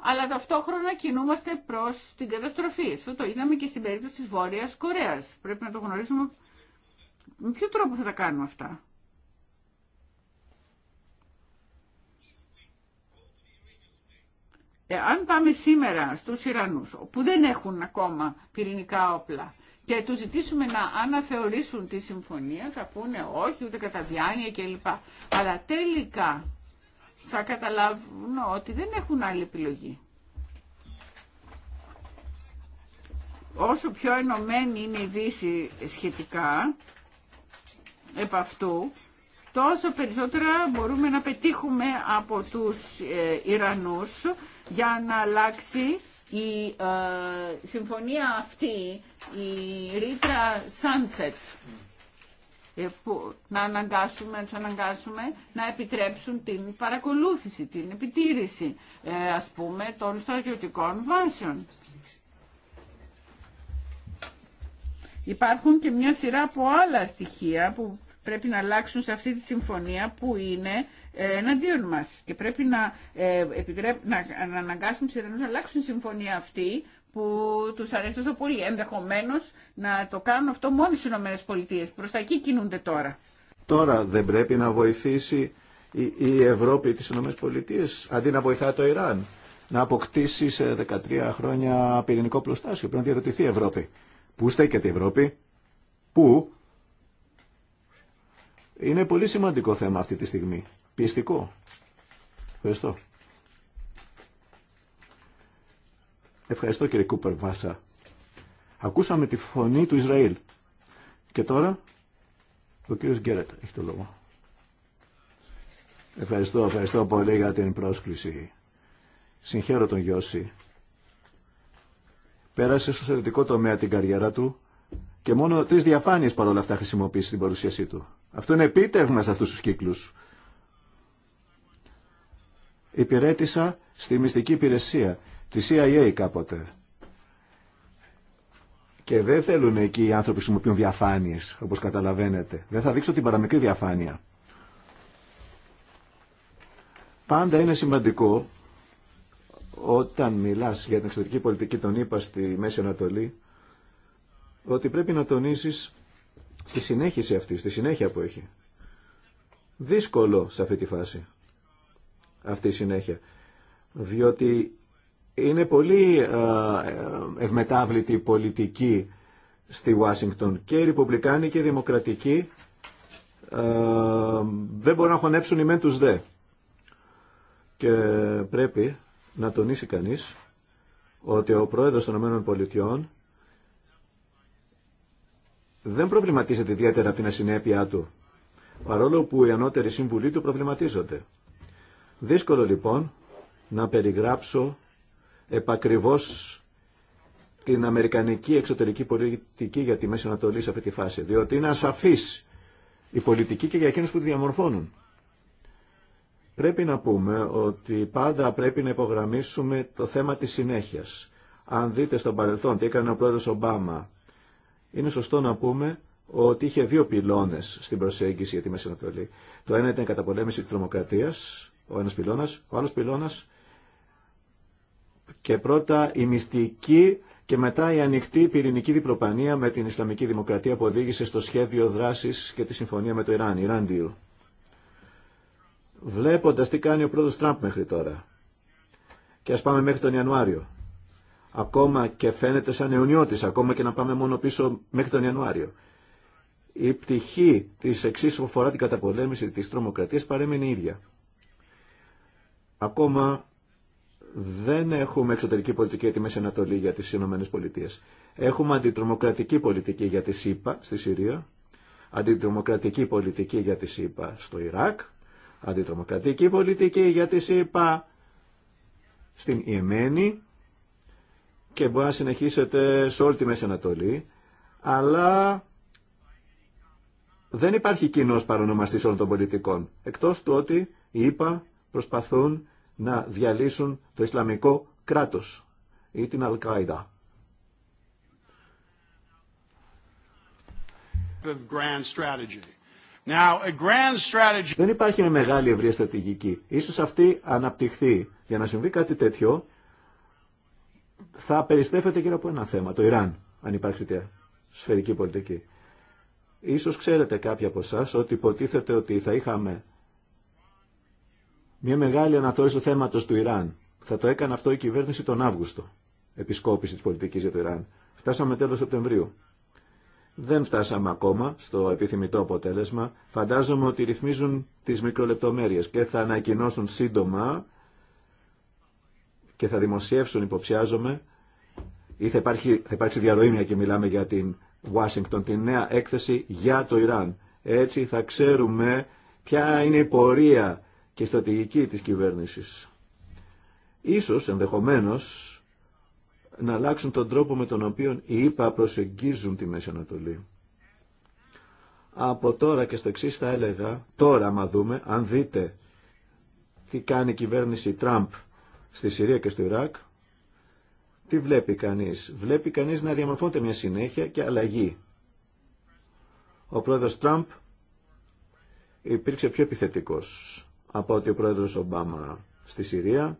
S1: αλλά ταυτόχρονα κινούμαστε προς την καταστροφή. Αυτό το είδαμε και στην περίπτωση της Βόρειας Κορέας. Πρέπει να το γνωρίζουμε με ποιο τρόπο θα τα κάνουμε αυτά. Ε, αν πάμε σήμερα στους Ιρανούς, που δεν έχουν ακόμα πυρηνικά όπλα, και τους ζητήσουμε να αναθεωρήσουν τη συμφωνία, θα πούνε όχι, ούτε κατά διάνοια κλπ. Αλλά τελικά θα καταλάβουν ότι δεν έχουν άλλη επιλογή. Όσο πιο ενωμένη είναι η Δύση σχετικά επ' αυτού, τόσο περισσότερα μπορούμε να πετύχουμε από τους ε, Ιρανούς για να αλλάξει η ε, συμφωνία αυτή, η ρήτρα Sunset, ε, να αναγκάσουμε, να αναγκάσουμε να επιτρέψουν την παρακολούθηση, την επιτήρηση, ε, ας πούμε, των στρατιωτικών βάσεων. Υπάρχουν και μια σειρά από άλλα στοιχεία που πρέπει να αλλάξουν σε αυτή τη συμφωνία που είναι ε, εναντίον μα και πρέπει να, ε, να, να αναγκάσουμε του Ιρανού να αλλάξουν συμφωνία αυτή που του αρέσει τόσο πολύ. ενδεχομένω να το κάνουν αυτό μόνο οι ΗΠΑ. προ τα εκεί κινούνται τώρα.
S3: Τώρα δεν πρέπει να βοηθήσει η, η Ευρώπη τις ΗΠΑ αντί να βοηθά το Ιράν να αποκτήσει σε 13 χρόνια πυρηνικό πλουστάσιο Πρέπει να διαρωτηθεί η Ευρώπη. Πού στέκεται η Ευρώπη, πού. Είναι πολύ σημαντικό θέμα αυτή τη στιγμή πιεστικό. Ευχαριστώ. Ευχαριστώ κύριε Κούπερ Βάσα. Ακούσαμε τη φωνή του Ισραήλ. Και τώρα ο κύριος Γκέρετ έχει το λόγο. Ευχαριστώ, ευχαριστώ πολύ για την πρόσκληση. Συγχαίρω τον Γιώση. Πέρασε στο στρατιωτικό τομέα την καριέρα του και μόνο τρει διαφάνειε παρόλα αυτά χρησιμοποίησε στην παρουσίασή του. Αυτό είναι επίτευγμα σε αυτού του κύκλου υπηρέτησα στη μυστική υπηρεσία, τη CIA κάποτε. Και δεν θέλουν εκεί οι άνθρωποι που χρησιμοποιούν διαφάνειε, όπω καταλαβαίνετε. Δεν θα δείξω την παραμικρή διαφάνεια. Πάντα είναι σημαντικό όταν μιλάς για την εξωτερική πολιτική τον είπα στη Μέση Ανατολή ότι πρέπει να τονίσεις τη συνέχιση αυτή, τη συνέχεια που έχει. Δύσκολο σε αυτή τη φάση αυτή η συνέχεια. Διότι είναι πολύ ε, ε, ευμετάβλητη η πολιτική στη Ουάσιγκτον και οι Ριπουμπλικάνοι και οι Δημοκρατικοί ε, δεν μπορούν να χωνέψουν οι μεν τους δε. Και πρέπει να τονίσει κανείς ότι ο πρόεδρος των ΗΠΑ δεν προβληματίζεται ιδιαίτερα από την ασυνέπειά του, παρόλο που οι ανώτεροι σύμβουλοι του προβληματίζονται. Δύσκολο λοιπόν να περιγράψω επακριβώς την αμερικανική εξωτερική πολιτική για τη Μέση Ανατολή σε αυτή τη φάση, διότι είναι ασαφής η πολιτική και για εκείνους που τη διαμορφώνουν. Πρέπει να πούμε ότι πάντα πρέπει να υπογραμμίσουμε το θέμα της συνέχειας. Αν δείτε στον παρελθόν τι έκανε ο πρόεδρος Ομπάμα, είναι σωστό να πούμε ότι είχε δύο πυλώνες στην προσέγγιση για τη Μέση Ανατολή. Το ένα ήταν η καταπολέμηση της τρομοκρατίας, ο ένας πυλώνας. Ο άλλος πυλώνας και πρώτα η μυστική και μετά η ανοιχτή πυρηνική διπλοπανία με την Ισλαμική Δημοκρατία που οδήγησε στο σχέδιο δράσης και τη συμφωνία με το Ιράν, Ιράν Ιράν-Δίου. Βλέποντας τι κάνει ο πρόεδρος Τραμπ μέχρι τώρα. Και ας πάμε μέχρι τον Ιανουάριο. Ακόμα και φαίνεται σαν αιωνιώτης, ακόμα και να πάμε μόνο πίσω μέχρι τον Ιανουάριο. Η πτυχή της εξίσου που αφορά την καταπολέμηση της τρομοκρατίας παρέμεινε ίδια. Ακόμα δεν έχουμε εξωτερική πολιτική για τη Μέση Ανατολή για τις Ηνωμένες Πολιτείες. Έχουμε αντιτρομοκρατική πολιτική για τη ΣΥΠΑ στη Συρία, αντιτρομοκρατική πολιτική για τη ΣΥΠΑ στο Ιράκ, αντιτρομοκρατική πολιτική για τη ΣΥΠΑ στην Ιεμένη και μπορεί να συνεχίσετε σε όλη τη Μέση Ανατολή, αλλά δεν υπάρχει κοινό παρονομαστή όλων των πολιτικών, εκτός του ότι οι ΙΠΑ προσπαθούν να διαλύσουν το Ισλαμικό κράτος ή την Αλκάιδα. Δεν υπάρχει μια μεγάλη ευρία στρατηγική. Ίσως αυτή αναπτυχθεί. Για να συμβεί κάτι τέτοιο θα περιστρέφεται γύρω από ένα θέμα, το Ιράν, αν υπάρξει τέτοια σφαιρική πολιτική. Ίσως ξέρετε κάποιοι από εσά ότι υποτίθεται ότι θα είχαμε μια μεγάλη αναθεώρηση του θέματο του Ιράν. Θα το έκανε αυτό η κυβέρνηση τον Αύγουστο, επισκόπηση τη πολιτική για το Ιράν. Φτάσαμε τέλο Σεπτεμβρίου. Δεν φτάσαμε ακόμα στο επιθυμητό αποτέλεσμα. Φαντάζομαι ότι ρυθμίζουν τις μικρολεπτομέρειες και θα ανακοινώσουν σύντομα και θα δημοσιεύσουν, υποψιάζομαι, ή θα υπάρξει, θα διαρροή μια και μιλάμε για την Washington, την νέα έκθεση για το Ιράν. Έτσι θα ξέρουμε ποια είναι η πορεία και στρατηγική της κυβέρνησης. Ίσως, ενδεχομένως, να αλλάξουν τον τρόπο με τον οποίο οι ΙΠΑ προσεγγίζουν τη Μέση Ανατολή. Από τώρα και στο εξή θα έλεγα, τώρα μα δούμε, αν δείτε τι κάνει η κυβέρνηση Τραμπ στη Συρία και στο Ιράκ, τι βλέπει κανείς. Βλέπει κανείς να διαμορφώνεται μια συνέχεια και αλλαγή. Ο πρόεδρος Τραμπ υπήρξε πιο επιθετικός από ότι ο πρόεδρος Ομπάμα στη Συρία.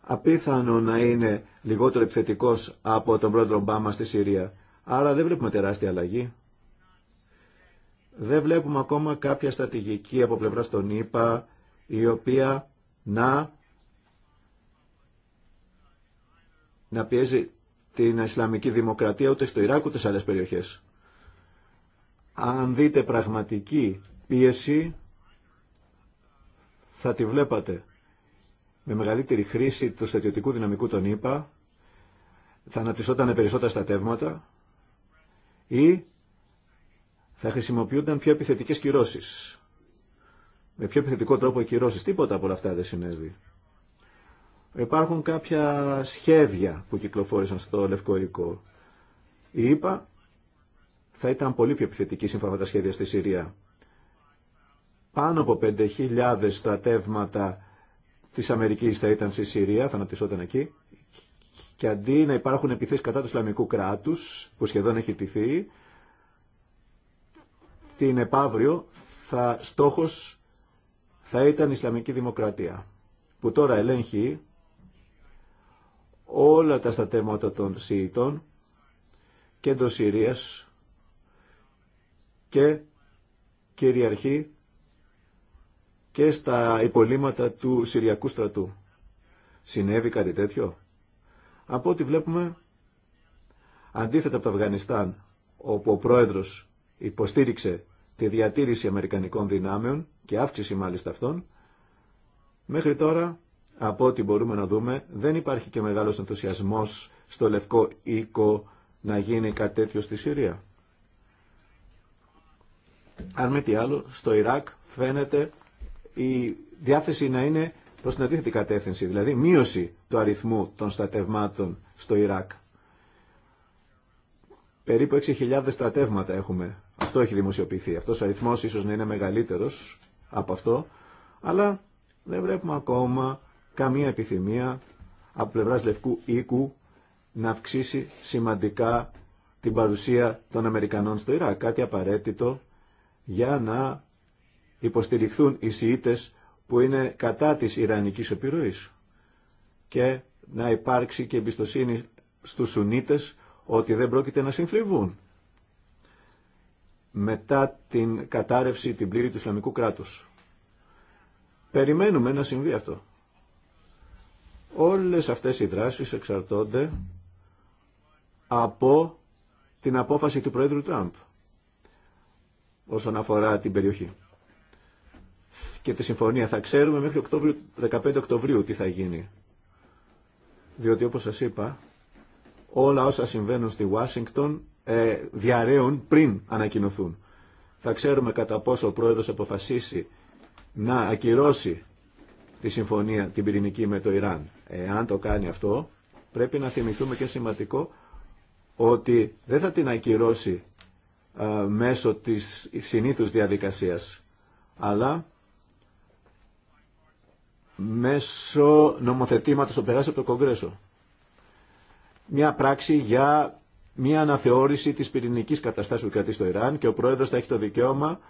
S3: Απίθανο να είναι λιγότερο επιθετικός από τον πρόεδρο Ομπάμα στη Συρία. Άρα δεν βλέπουμε τεράστια αλλαγή. Δεν βλέπουμε ακόμα κάποια στρατηγική από πλευρά των ΗΠΑ η οποία να, να πιέζει την Ισλαμική Δημοκρατία ούτε στο Ιράκ ούτε σε άλλες περιοχές. Αν δείτε πραγματική πίεση θα τη βλέπατε με μεγαλύτερη χρήση του στατιωτικού δυναμικού των ΗΠΑ, θα αναπτυσσόταν περισσότερα στατεύματα ή θα χρησιμοποιούνταν πιο επιθετικές κυρώσεις. Με πιο επιθετικό τρόπο οι κυρώσεις. Τίποτα από όλα αυτά δεν συνέβη. Υπάρχουν κάποια σχέδια που κυκλοφόρησαν στο Λευκό Η ΕΠΑ θα ήταν πολύ πιο επιθετική σύμφωνα με τα σχέδια στη Συρία πάνω από 5.000 στρατεύματα της Αμερικής θα ήταν στη Συρία, θα αναπτυσσόταν εκεί, και αντί να υπάρχουν επιθέσεις κατά του Ισλαμικού κράτους, που σχεδόν έχει τηθεί, την επαύριο θα, στόχος θα ήταν η Ισλαμική Δημοκρατία, που τώρα ελέγχει όλα τα στατέματα των Σιητών και των Συρίας και κυριαρχεί και στα υπολείμματα του Συριακού στρατού. Συνέβη κάτι τέτοιο. Από ό,τι βλέπουμε, αντίθετα από το Αφγανιστάν, όπου ο πρόεδρος υποστήριξε τη διατήρηση αμερικανικών δυνάμεων και αύξηση μάλιστα αυτών, μέχρι τώρα, από ό,τι μπορούμε να δούμε, δεν υπάρχει και μεγάλος ενθουσιασμός στο Λευκό Οίκο να γίνει κάτι τέτοιο στη Συρία. Αν με τι άλλο, στο Ιράκ φαίνεται η διάθεση να είναι προ την αντίθετη κατεύθυνση, δηλαδή μείωση του αριθμού των στρατευμάτων στο Ιράκ. Περίπου 6.000 στρατεύματα έχουμε. Αυτό έχει δημοσιοποιηθεί. Αυτό ο αριθμό ίσω να είναι μεγαλύτερο από αυτό, αλλά δεν βλέπουμε ακόμα καμία επιθυμία από πλευρά Λευκού Οίκου να αυξήσει σημαντικά την παρουσία των Αμερικανών στο Ιράκ. Κάτι απαραίτητο για να υποστηριχθούν οι Σιήτες που είναι κατά της Ιρανικής επιρροής και να υπάρξει και εμπιστοσύνη στους Σουνίτες ότι δεν πρόκειται να συμφριβούν μετά την κατάρρευση την πλήρη του Ισλαμικού κράτους. Περιμένουμε να συμβεί αυτό. Όλες αυτές οι δράσεις εξαρτώνται από την απόφαση του Πρόεδρου Τραμπ όσον αφορά την περιοχή και τη συμφωνία. Θα ξέρουμε μέχρι Οκτώβριο, 15 Οκτωβρίου τι θα γίνει. Διότι όπως σας είπα, όλα όσα συμβαίνουν στη Ουάσιγκτον ε, διαραίουν πριν ανακοινωθούν. Θα ξέρουμε κατά πόσο ο πρόεδρος αποφασίσει να ακυρώσει τη συμφωνία την πυρηνική με το Ιράν. Αν το κάνει αυτό, πρέπει να θυμηθούμε και σημαντικό ότι δεν θα την ακυρώσει ε, μέσω της συνήθους διαδικασίας, αλλά μέσω νομοθετήματος που περάσει από το Κογκρέσο. Μια πράξη για μια αναθεώρηση της πυρηνικής κατάστασης που κρατεί στο Ιράν και ο Πρόεδρος θα έχει το δικαίωμα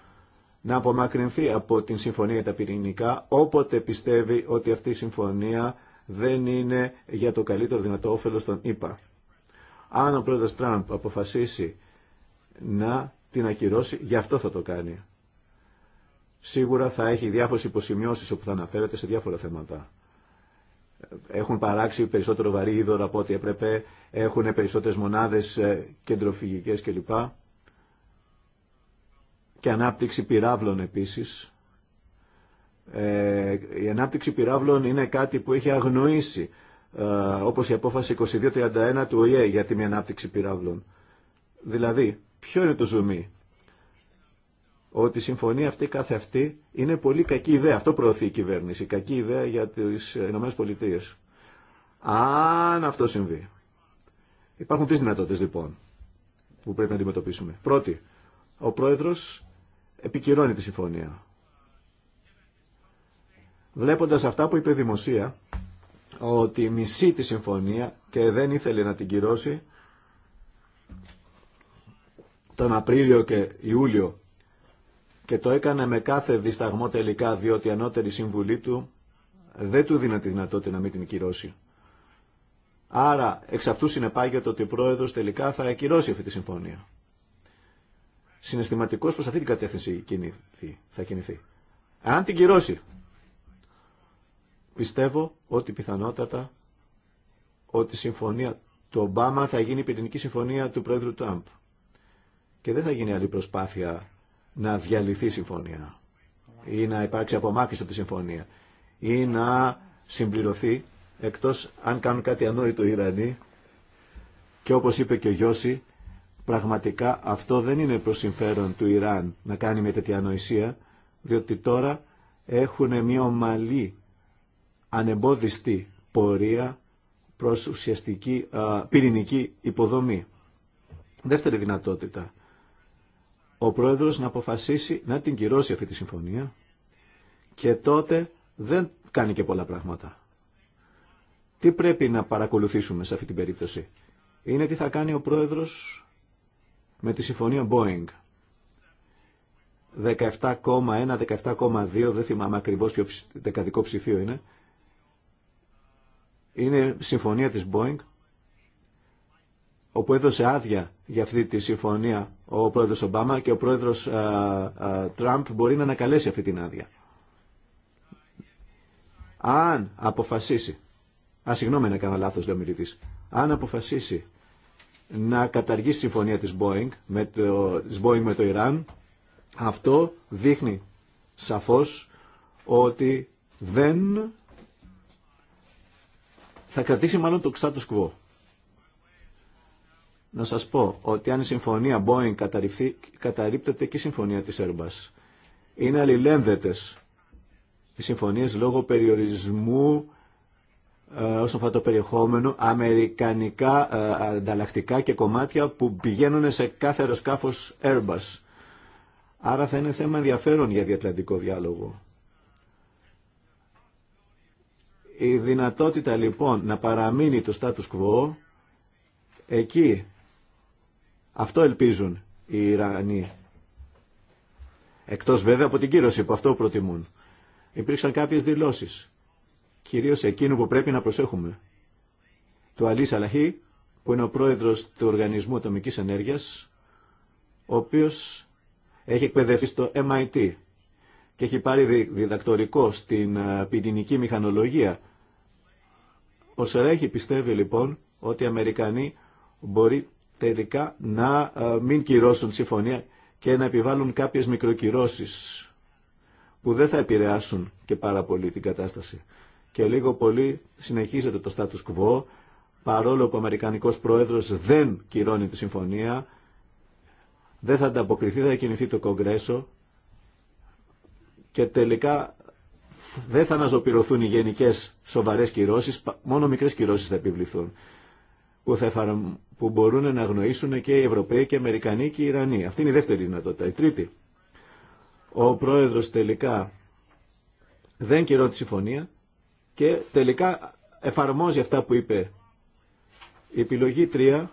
S3: να απομακρυνθεί από την συμφωνία για τα πυρηνικά όποτε πιστεύει ότι αυτή η συμφωνία δεν είναι για το καλύτερο δυνατό όφελο των ΗΠΑ. Αν ο πρόεδρος Τραμπ αποφασίσει να την ακυρώσει, γι' αυτό θα το κάνει σίγουρα θα έχει διάφορες υποσημειώσεις όπου θα αναφέρεται σε διάφορα θέματα. Έχουν παράξει περισσότερο βαρύ είδωρο από ό,τι έπρεπε, έχουν περισσότερε μονάδες ε, κεντροφυγικές κλπ. Και ανάπτυξη πυράβλων επίσης. Ε, η ανάπτυξη πυράβλων είναι κάτι που έχει αγνοήσει, ε, όπως η απόφαση 2231 του ΟΗΕ για την ανάπτυξη πυράβλων. Δηλαδή, ποιο είναι το ζουμί, ότι η συμφωνία αυτή κάθε αυτή είναι πολύ κακή ιδέα. Αυτό προωθεί η κυβέρνηση. Κακή ιδέα για τι ΗΠΑ. Αν αυτό συμβεί. Υπάρχουν τρει δυνατότητε, λοιπόν που πρέπει να αντιμετωπίσουμε. Πρώτη, ο πρόεδρος επικυρώνει τη συμφωνία. Βλέποντας αυτά που είπε δημοσία, ότι μισεί τη συμφωνία και δεν ήθελε να την κυρώσει τον Απρίλιο και Ιούλιο και το έκανε με κάθε δισταγμό τελικά διότι η ανώτερη συμβουλή του δεν του δίνει τη δυνατότητα να μην την κυρώσει. Άρα εξ αυτού συνεπάγεται ότι ο πρόεδρος τελικά θα ακυρώσει αυτή τη συμφωνία. Συναισθηματικό προς αυτή την κατεύθυνση θα κινηθεί. Αν την κυρώσει, πιστεύω ότι πιθανότατα ότι η συμφωνία του Ομπάμα θα γίνει η πυρηνική συμφωνία του πρόεδρου Τραμπ. Και δεν θα γίνει άλλη προσπάθεια να διαλυθεί η συμφωνία ή να υπάρξει απομάκρυνση από τη συμφωνία ή να συμπληρωθεί εκτός αν κάνουν κάτι ανόητο οι Ιρανοί και όπως είπε και ο Γιώση πραγματικά αυτό δεν είναι προς συμφέρον του Ιράν να κάνει με τέτοια ανοησία διότι τώρα έχουν μια ομαλή ανεμπόδιστη πορεία προς ουσιαστική πυρηνική υποδομή. Δεύτερη δυνατότητα ο πρόεδρος να αποφασίσει να την κυρώσει αυτή τη συμφωνία και τότε δεν κάνει και πολλά πράγματα. Τι πρέπει να παρακολουθήσουμε σε αυτή την περίπτωση. Είναι τι θα κάνει ο πρόεδρος με τη συμφωνία Boeing. 17,1, 17,2, δεν θυμάμαι ακριβώς ποιο δεκαδικό ψηφίο είναι. Είναι συμφωνία της Boeing, όπου έδωσε άδεια για αυτή τη συμφωνία ο πρόεδρος Ομπάμα και ο πρόεδρος Τραμπ μπορεί να ανακαλέσει αυτή την άδεια. Αν αποφασίσει, α συγγνώμη να κάνω λάθος αν αποφασίσει να καταργήσει τη συμφωνία της Boeing, με το, της Boeing με το Ιράν, αυτό δείχνει σαφώς ότι δεν θα κρατήσει μάλλον το status κουβό να σας πω ότι αν η συμφωνία Boeing καταρρύπτεται και η συμφωνία της Airbus. Είναι αλληλένδετες οι συμφωνίες λόγω περιορισμού ε, όσον αφορά το περιεχόμενο, αμερικανικά ε, ανταλλακτικά και κομμάτια που πηγαίνουν σε κάθε αεροσκάφος Airbus. Άρα θα είναι θέμα ενδιαφέρον για διατλαντικό διάλογο. Η δυνατότητα λοιπόν να παραμείνει το status quo, εκεί αυτό ελπίζουν οι Ιρανοί. Εκτός βέβαια από την κύρωση που αυτό προτιμούν. Υπήρξαν κάποιες δηλώσεις, κυρίως εκείνου που πρέπει να προσέχουμε. Του Αλή Σαλαχή, που είναι ο πρόεδρος του Οργανισμού Ατομικής Ενέργειας, ο οποίος έχει εκπαιδευτεί στο MIT και έχει πάρει διδακτορικό στην ε, πυρηνική μηχανολογία. Ο Σερέχη πιστεύει λοιπόν ότι οι Αμερικανοί μπορεί τελικά να ε, μην κυρώσουν τη συμφωνία και να επιβάλλουν κάποιες μικροκυρώσεις που δεν θα επηρεάσουν και πάρα πολύ την κατάσταση. Και λίγο πολύ συνεχίζεται το status quo, παρόλο που ο Αμερικανικός Πρόεδρος δεν κυρώνει τη συμφωνία, δεν θα ανταποκριθεί, θα κινηθεί το Κογκρέσο και τελικά δεν θα αναζωπηρωθούν οι γενικές σοβαρές κυρώσεις, μόνο μικρές κυρώσεις θα επιβληθούν που, θα εφαρμ... που μπορούν να γνωρίσουν και οι Ευρωπαίοι και οι Αμερικανοί και οι Ιρανοί. Αυτή είναι η δεύτερη δυνατότητα. Η τρίτη. Ο πρόεδρος τελικά δεν κυρώνει τη συμφωνία και τελικά εφαρμόζει αυτά που είπε. Η επιλογή 3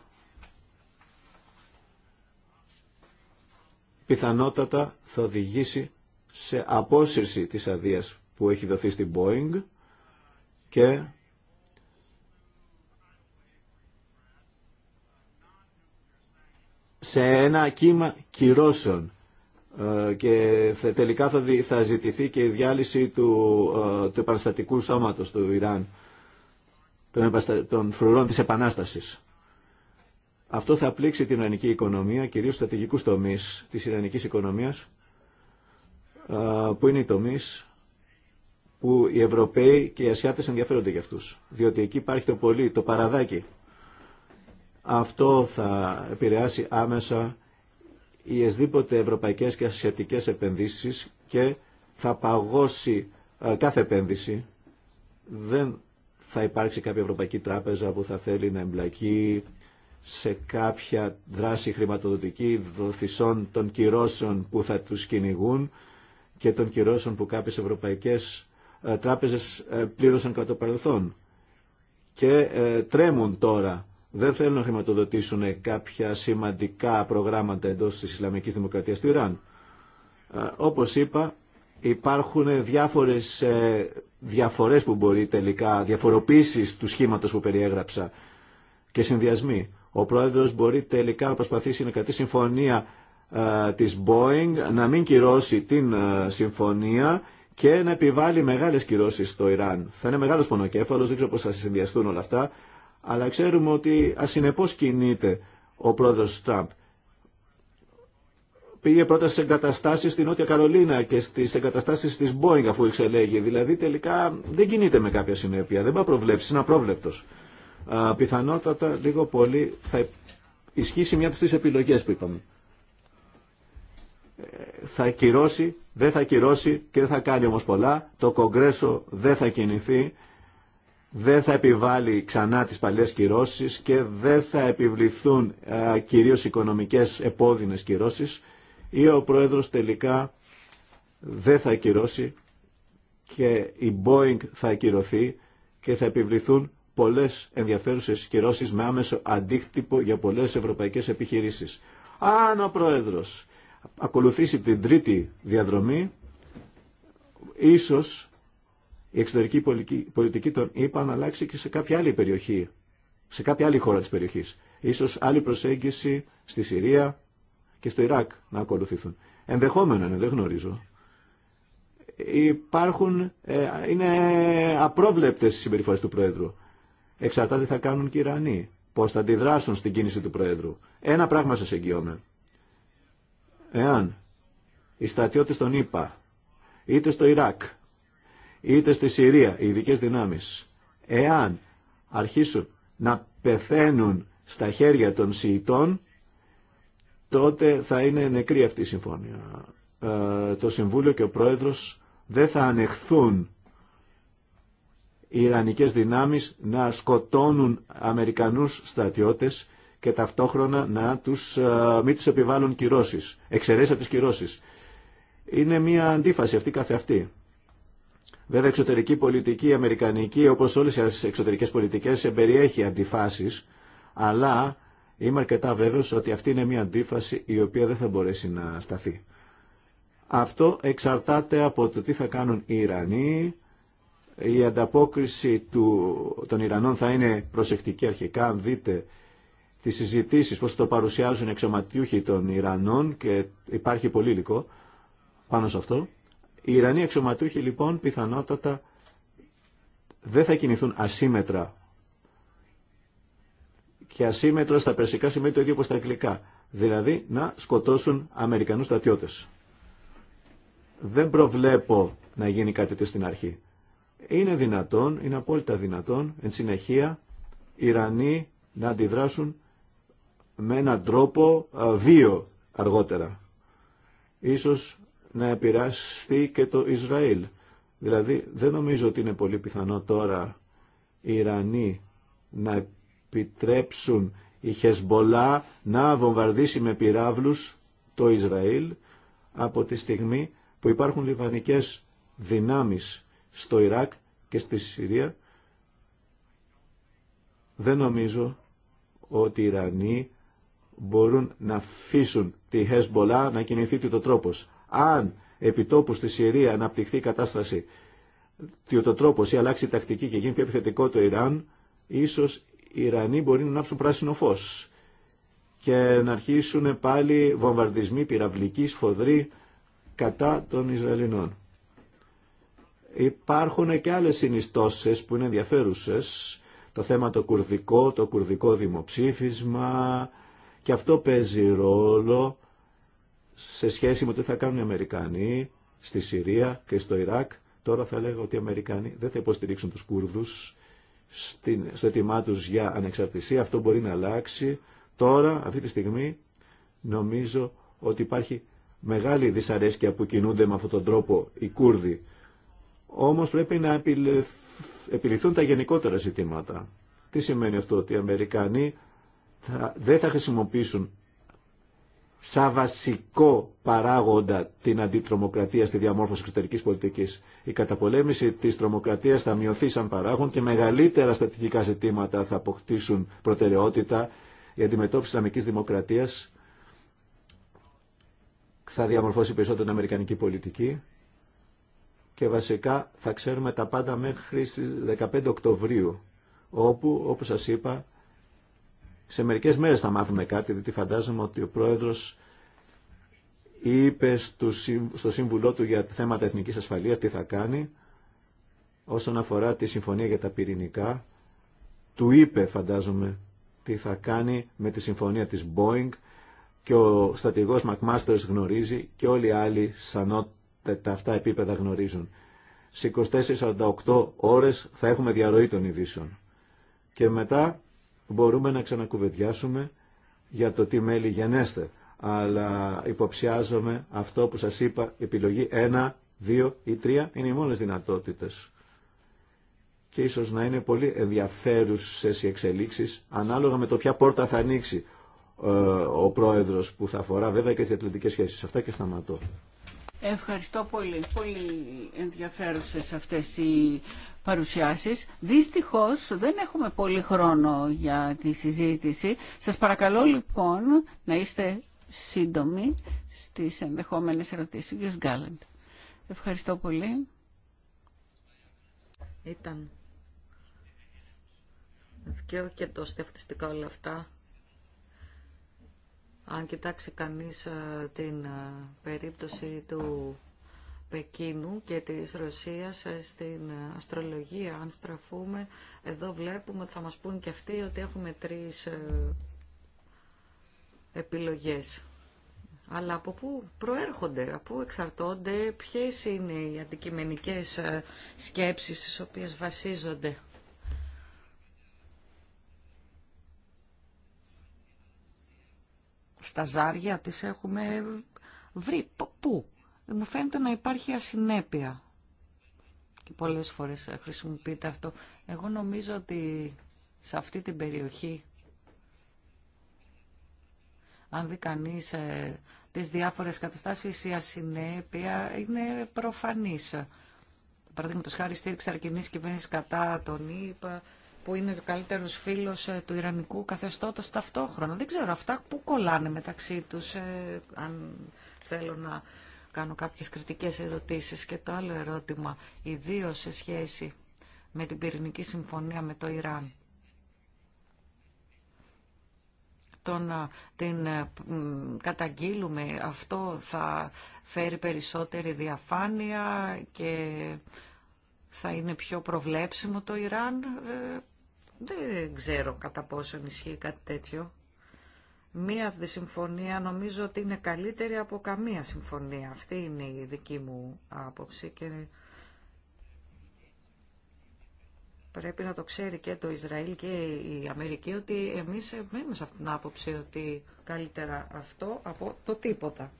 S3: πιθανότατα θα οδηγήσει σε απόσυρση της αδείας που έχει δοθεί στην Boeing και σε ένα κύμα κυρώσεων ε, και τελικά θα, θα ζητηθεί και η διάλυση του, ε, του επαναστατικού σώματος του Ιράν των, των φρουρών της Επανάστασης. Αυτό θα πλήξει την Ιρανική οικονομία, κυρίως στρατηγικούς τομείς της Ιρανικής οικονομίας, ε, που είναι οι τομείς που οι Ευρωπαίοι και οι Ασιάτες ενδιαφέρονται για αυτούς. Διότι εκεί υπάρχει το πολύ, το παραδάκι αυτό θα επηρεάσει άμεσα οι εσδήποτε ευρωπαϊκές και ασιατικές επενδύσεις και θα παγώσει ε, κάθε επένδυση. Δεν θα υπάρξει κάποια ευρωπαϊκή τράπεζα που θα θέλει να εμπλακεί σε κάποια δράση χρηματοδοτική δοθησών των κυρώσεων που θα τους κυνηγούν και των κυρώσεων που κάποιες ευρωπαϊκές ε, τράπεζες ε, πλήρωσαν κατά το παρελθόν. Και τρέμουν τώρα δεν θέλουν να χρηματοδοτήσουν κάποια σημαντικά προγράμματα εντός της Ισλαμικής Δημοκρατίας του Ιράν. Ε, όπως είπα, υπάρχουν διάφορες ε, διαφορές που μπορεί τελικά, διαφοροποιήσει του σχήματος που περιέγραψα και συνδυασμοί. Ο πρόεδρος μπορεί τελικά να προσπαθήσει να κρατήσει συμφωνία ε, της Boeing, να μην κυρώσει την συμφωνία και να επιβάλλει μεγάλες κυρώσεις στο Ιράν. Θα είναι μεγάλος πονοκέφαλος, δεν ξέρω πώς θα συνδυαστούν όλα αυτά αλλά ξέρουμε ότι ασυνεπώς κινείται ο πρόεδρος Τραμπ. Πήγε πρώτα σε εγκαταστάσει στη Νότια Καρολίνα και στις εγκαταστάσεις της Boeing αφού εξελέγει. Δηλαδή τελικά δεν κινείται με κάποια συνέπεια. Δεν πάει προβλέψει, είναι Α, Πιθανότατα λίγο πολύ θα ισχύσει μια από τις επιλογές που είπαμε. Θα κυρώσει, δεν θα κυρώσει και δεν θα κάνει όμως πολλά. Το Κογκρέσο δεν θα κινηθεί δεν θα επιβάλλει ξανά τις παλιές κυρώσεις και δεν θα επιβληθούν κυρίως οικονομικές επώδυνες κυρώσεις ή ο Πρόεδρος τελικά δεν θα κυρώσει και η Boeing θα ακυρωθεί και θα επιβληθούν πολλές ενδιαφέρουσες κυρώσεις με άμεσο αντίκτυπο για πολλές ευρωπαϊκές επιχειρήσεις. Αν ο Πρόεδρος ακολουθήσει την τρίτη διαδρομή, ίσως η εξωτερική πολιτική των ΗΠΑ να αλλάξει και σε κάποια άλλη περιοχή, σε κάποια άλλη χώρα της περιοχής. Ίσως άλλη προσέγγιση στη Συρία και στο Ιράκ να ακολουθηθούν. Ενδεχόμενο είναι, δεν γνωρίζω. Υπάρχουν, ε, είναι απρόβλεπτες οι συμπεριφορές του Πρόεδρου. Εξαρτάται θα κάνουν και οι Ιρανοί. Πώς θα αντιδράσουν στην κίνηση του Πρόεδρου. Ένα πράγμα σας εγγυώμαι. Εάν οι στρατιώτες των ΗΠΑ, είτε στο Ιράκ, είτε στη Συρία, οι ειδικέ δυνάμεις, εάν αρχίσουν να πεθαίνουν στα χέρια των Σιητών, τότε θα είναι νεκρή αυτή η συμφωνία. Ε, το Συμβούλιο και ο Πρόεδρος δεν θα ανεχθούν οι Ιρανικές δυνάμεις να σκοτώνουν Αμερικανούς στρατιώτες και ταυτόχρονα να τους, ε, μην τους επιβάλλουν κυρώσεις, εξαιρέσα τις κυρώσεις. Είναι μια αντίφαση αυτή καθε Βέβαια, εξωτερική πολιτική, αμερικανική, όπως όλες οι εξωτερικές πολιτικές, περιέχει αντιφάσεις, αλλά είμαι αρκετά βέβαιος ότι αυτή είναι μια αντίφαση η οποία δεν θα μπορέσει να σταθεί. Αυτό εξαρτάται από το τι θα κάνουν οι Ιρανοί. Η ανταπόκριση του, των Ιρανών θα είναι προσεκτική αρχικά, αν δείτε τις συζητήσεις, πώς το παρουσιάζουν εξωματιούχοι των Ιρανών και υπάρχει πολύ υλικό πάνω σε αυτό. Οι Ιρανοί αξιωματούχοι λοιπόν πιθανότατα δεν θα κινηθούν ασύμετρα και ασύμετρο στα περσικά σημαίνει το ίδιο όπως τα αγγλικά. Δηλαδή να σκοτώσουν Αμερικανούς στρατιώτες. Δεν προβλέπω να γίνει κάτι τέτοιο στην αρχή. Είναι δυνατόν, είναι απόλυτα δυνατόν, εν συνεχεία, οι Ιρανοί να αντιδράσουν με έναν τρόπο βίο αργότερα. Ίσως να επηρεαστεί και το Ισραήλ. Δηλαδή δεν νομίζω ότι είναι πολύ πιθανό τώρα οι Ιρανοί να επιτρέψουν η Χεσμπολά να βομβαρδίσει με πυράβλους το Ισραήλ από τη στιγμή που υπάρχουν λιβανικές δυνάμεις στο Ιράκ και στη Συρία. Δεν νομίζω ότι οι Ιρανοί μπορούν να αφήσουν τη Χεσμπολά να κινηθεί το τρόπος αν επιτόπου στη Συρία αναπτυχθεί η κατάσταση διότι ο τρόπο ή αλλάξει η τακτική και γίνει πιο επιθετικό το Ιράν, ίσω οι Ιρανοί μπορεί να ανάψουν πράσινο φω και να αρχίσουν πάλι βομβαρδισμοί πυραυλικοί σφοδροί κατά των Ισραηλινών. Υπάρχουν και άλλες συνιστώσεις που είναι ενδιαφέρουσες. Το θέμα το κουρδικό, το κουρδικό δημοψήφισμα και αυτό παίζει ρόλο σε σχέση με το τι θα κάνουν οι Αμερικανοί στη Συρία και στο Ιράκ. Τώρα θα λέγω ότι οι Αμερικανοί δεν θα υποστηρίξουν τους Κούρδους στο αίτημά του για ανεξαρτησία. Αυτό μπορεί να αλλάξει. Τώρα, αυτή τη στιγμή, νομίζω ότι υπάρχει μεγάλη δυσαρέσκεια που κινούνται με αυτόν τον τρόπο οι Κούρδοι. Όμως πρέπει να επιληθούν τα γενικότερα ζητήματα. Τι σημαίνει αυτό, ότι οι Αμερικανοί θα, δεν θα χρησιμοποιήσουν σαν βασικό παράγοντα την αντιτρομοκρατία στη διαμόρφωση εξωτερική πολιτική. Η καταπολέμηση τη τρομοκρατία θα μειωθεί σαν παράγον και μεγαλύτερα στατικικά ζητήματα θα αποκτήσουν προτεραιότητα. Η αντιμετώπιση Ισλαμική Δημοκρατία θα διαμορφώσει περισσότερο την Αμερικανική πολιτική και βασικά θα ξέρουμε τα πάντα μέχρι στις 15 Οκτωβρίου όπου, όπως σας είπα, σε μερικές μέρες θα μάθουμε κάτι, διότι φαντάζομαι ότι ο πρόεδρος είπε στο σύμβουλό του για θέματα εθνικής ασφαλείας τι θα κάνει όσον αφορά τη συμφωνία για τα πυρηνικά. Του είπε, φαντάζομαι, τι θα κάνει με τη συμφωνία της Boeing και ο στρατηγός Μακμάστερς γνωρίζει και όλοι οι άλλοι τα αυτά επίπεδα γνωρίζουν. Σε 24-48 ώρες θα έχουμε διαρροή των ειδήσεων. Και μετά μπορούμε να ξανακουβεντιάσουμε για το τι μέλη γενέστε. Αλλά υποψιάζομαι αυτό που σας είπα, επιλογή 1, 2 ή 3 είναι οι μόνες δυνατότητες. Και ίσως να είναι πολύ ενδιαφέρουσες οι εξελίξεις ανάλογα με το ποια πόρτα θα ανοίξει ε, ο πρόεδρος που θα αφορά βέβαια και τις διατλητικές σχέσεις. Αυτά και σταματώ.
S1: Ευχαριστώ πολύ. Πολύ ενδιαφέρουσες αυτές οι παρουσιάσεις. Δυστυχώς δεν έχουμε πολύ χρόνο για τη συζήτηση. Σας παρακαλώ λοιπόν να είστε σύντομοι στις ενδεχόμενες ερωτήσεις. Γιος Ευχαριστώ πολύ. Ήταν δικαίω
S2: και το στεφτιστικά όλα αυτά. Αν κοιτάξει κανείς ε, την ε, περίπτωση του Πεκίνου και της Ρωσίας στην αστρολογία. Αν στραφούμε, εδώ βλέπουμε ότι θα μας πούν και αυτοί ότι έχουμε τρεις ε, επιλογές. Αλλά από πού προέρχονται, από πού εξαρτώνται, ποιες είναι οι αντικειμενικές ε, σκέψεις στις οποίες βασίζονται. Στα ζάρια τις έχουμε βρει. Πού, μου φαίνεται να υπάρχει ασυνέπεια. Και πολλές φορές χρησιμοποιείται αυτό. Εγώ νομίζω ότι σε αυτή την περιοχή, αν δει κανείς ε, τις διάφορες καταστάσεις, η ασυνέπεια είναι προφανής. Παραδείγματο χάρη στήριξη αρκινής κυβέρνηση κατά τον ΙΠΑ, που είναι ο καλύτερο φίλο ε, του Ιρανικού καθεστώτος ταυτόχρονα. Δεν ξέρω αυτά που κολλάνε μεταξύ τους, ε, αν θέλω να κάνω κάποιες κριτικές ερωτήσεις. Και το άλλο ερώτημα, Ιδίω σε σχέση με την πυρηνική συμφωνία με το Ιράν. Το να την ε, καταγγείλουμε, αυτό θα φέρει περισσότερη διαφάνεια και θα είναι πιο προβλέψιμο το Ιράν. Ε, δεν ξέρω κατά πόσο ισχύει κάτι τέτοιο μία συμφωνία νομίζω ότι είναι καλύτερη από καμία συμφωνία. Αυτή είναι η δική μου άποψη και πρέπει να το ξέρει και το Ισραήλ και η Αμερική ότι εμείς μένουμε σε αυτήν την άποψη ότι καλύτερα αυτό από το τίποτα.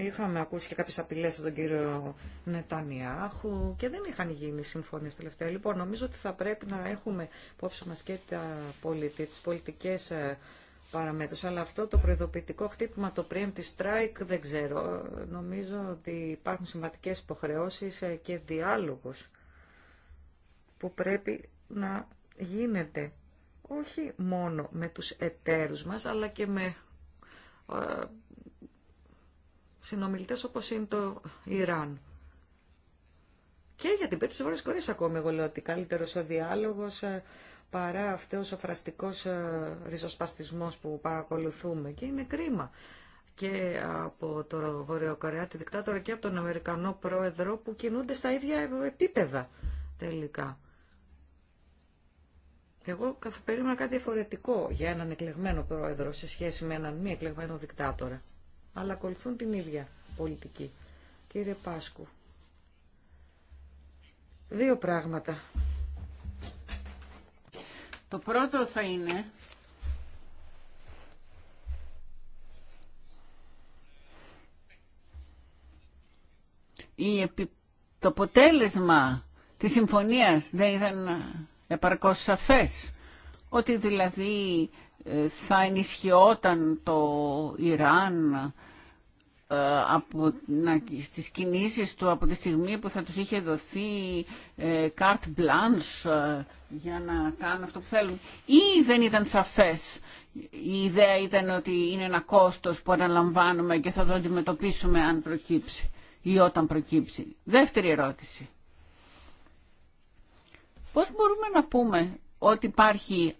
S2: Είχαμε ακούσει και κάποιε απειλέ από τον κύριο Νετανιάχου και δεν είχαν γίνει συμφωνίε τελευταία. Λοιπόν, νομίζω ότι θα πρέπει να έχουμε υπόψη μα και τα πολιτι, τις πολιτικές ε, παραμέτρους. Αλλά αυτό το προειδοποιητικό χτύπημα, το preemptive strike, δεν ξέρω. Νομίζω ότι υπάρχουν σημαντικέ υποχρεώσει ε, και διάλογο που πρέπει να γίνεται όχι μόνο με τους εταίρους μας, αλλά και με ε, συνομιλητές όπως είναι το Ιράν. Και για την περίπτωση Βόρειας ακόμη εγώ λέω ότι καλύτερος ο διάλογος ε, παρά αυτός ο φραστικός ε, ριζοσπαστισμός που παρακολουθούμε και είναι κρίμα και από το Βορειοκορεάτη δικτάτορα και από τον Αμερικανό πρόεδρο που κινούνται στα ίδια επίπεδα τελικά. Εγώ καθ' περίμενα κάτι διαφορετικό για έναν εκλεγμένο πρόεδρο σε σχέση με έναν μη εκλεγμένο δικτάτορα αλλά ακολουθούν την ίδια πολιτική. Κύριε Πάσκου, δύο πράγματα.
S1: Το πρώτο θα είναι η το αποτέλεσμα της συμφωνίας δεν ήταν επαρκώς σαφές. Ότι δηλαδή ε, θα ενισχυόταν το Ιράν ε, από, να, στις κινήσεις του από τη στιγμή που θα τους είχε δοθεί ε, carte blanche ε, για να κάνουν αυτό που θέλουν ή δεν ήταν σαφές η ιδέα ήταν ότι είναι ένα κόστος που αναλαμβάνουμε και θα το αντιμετωπίσουμε αν προκύψει ή όταν προκύψει. Δεύτερη ερώτηση. Πώς μπορούμε να πούμε ότι υπάρχει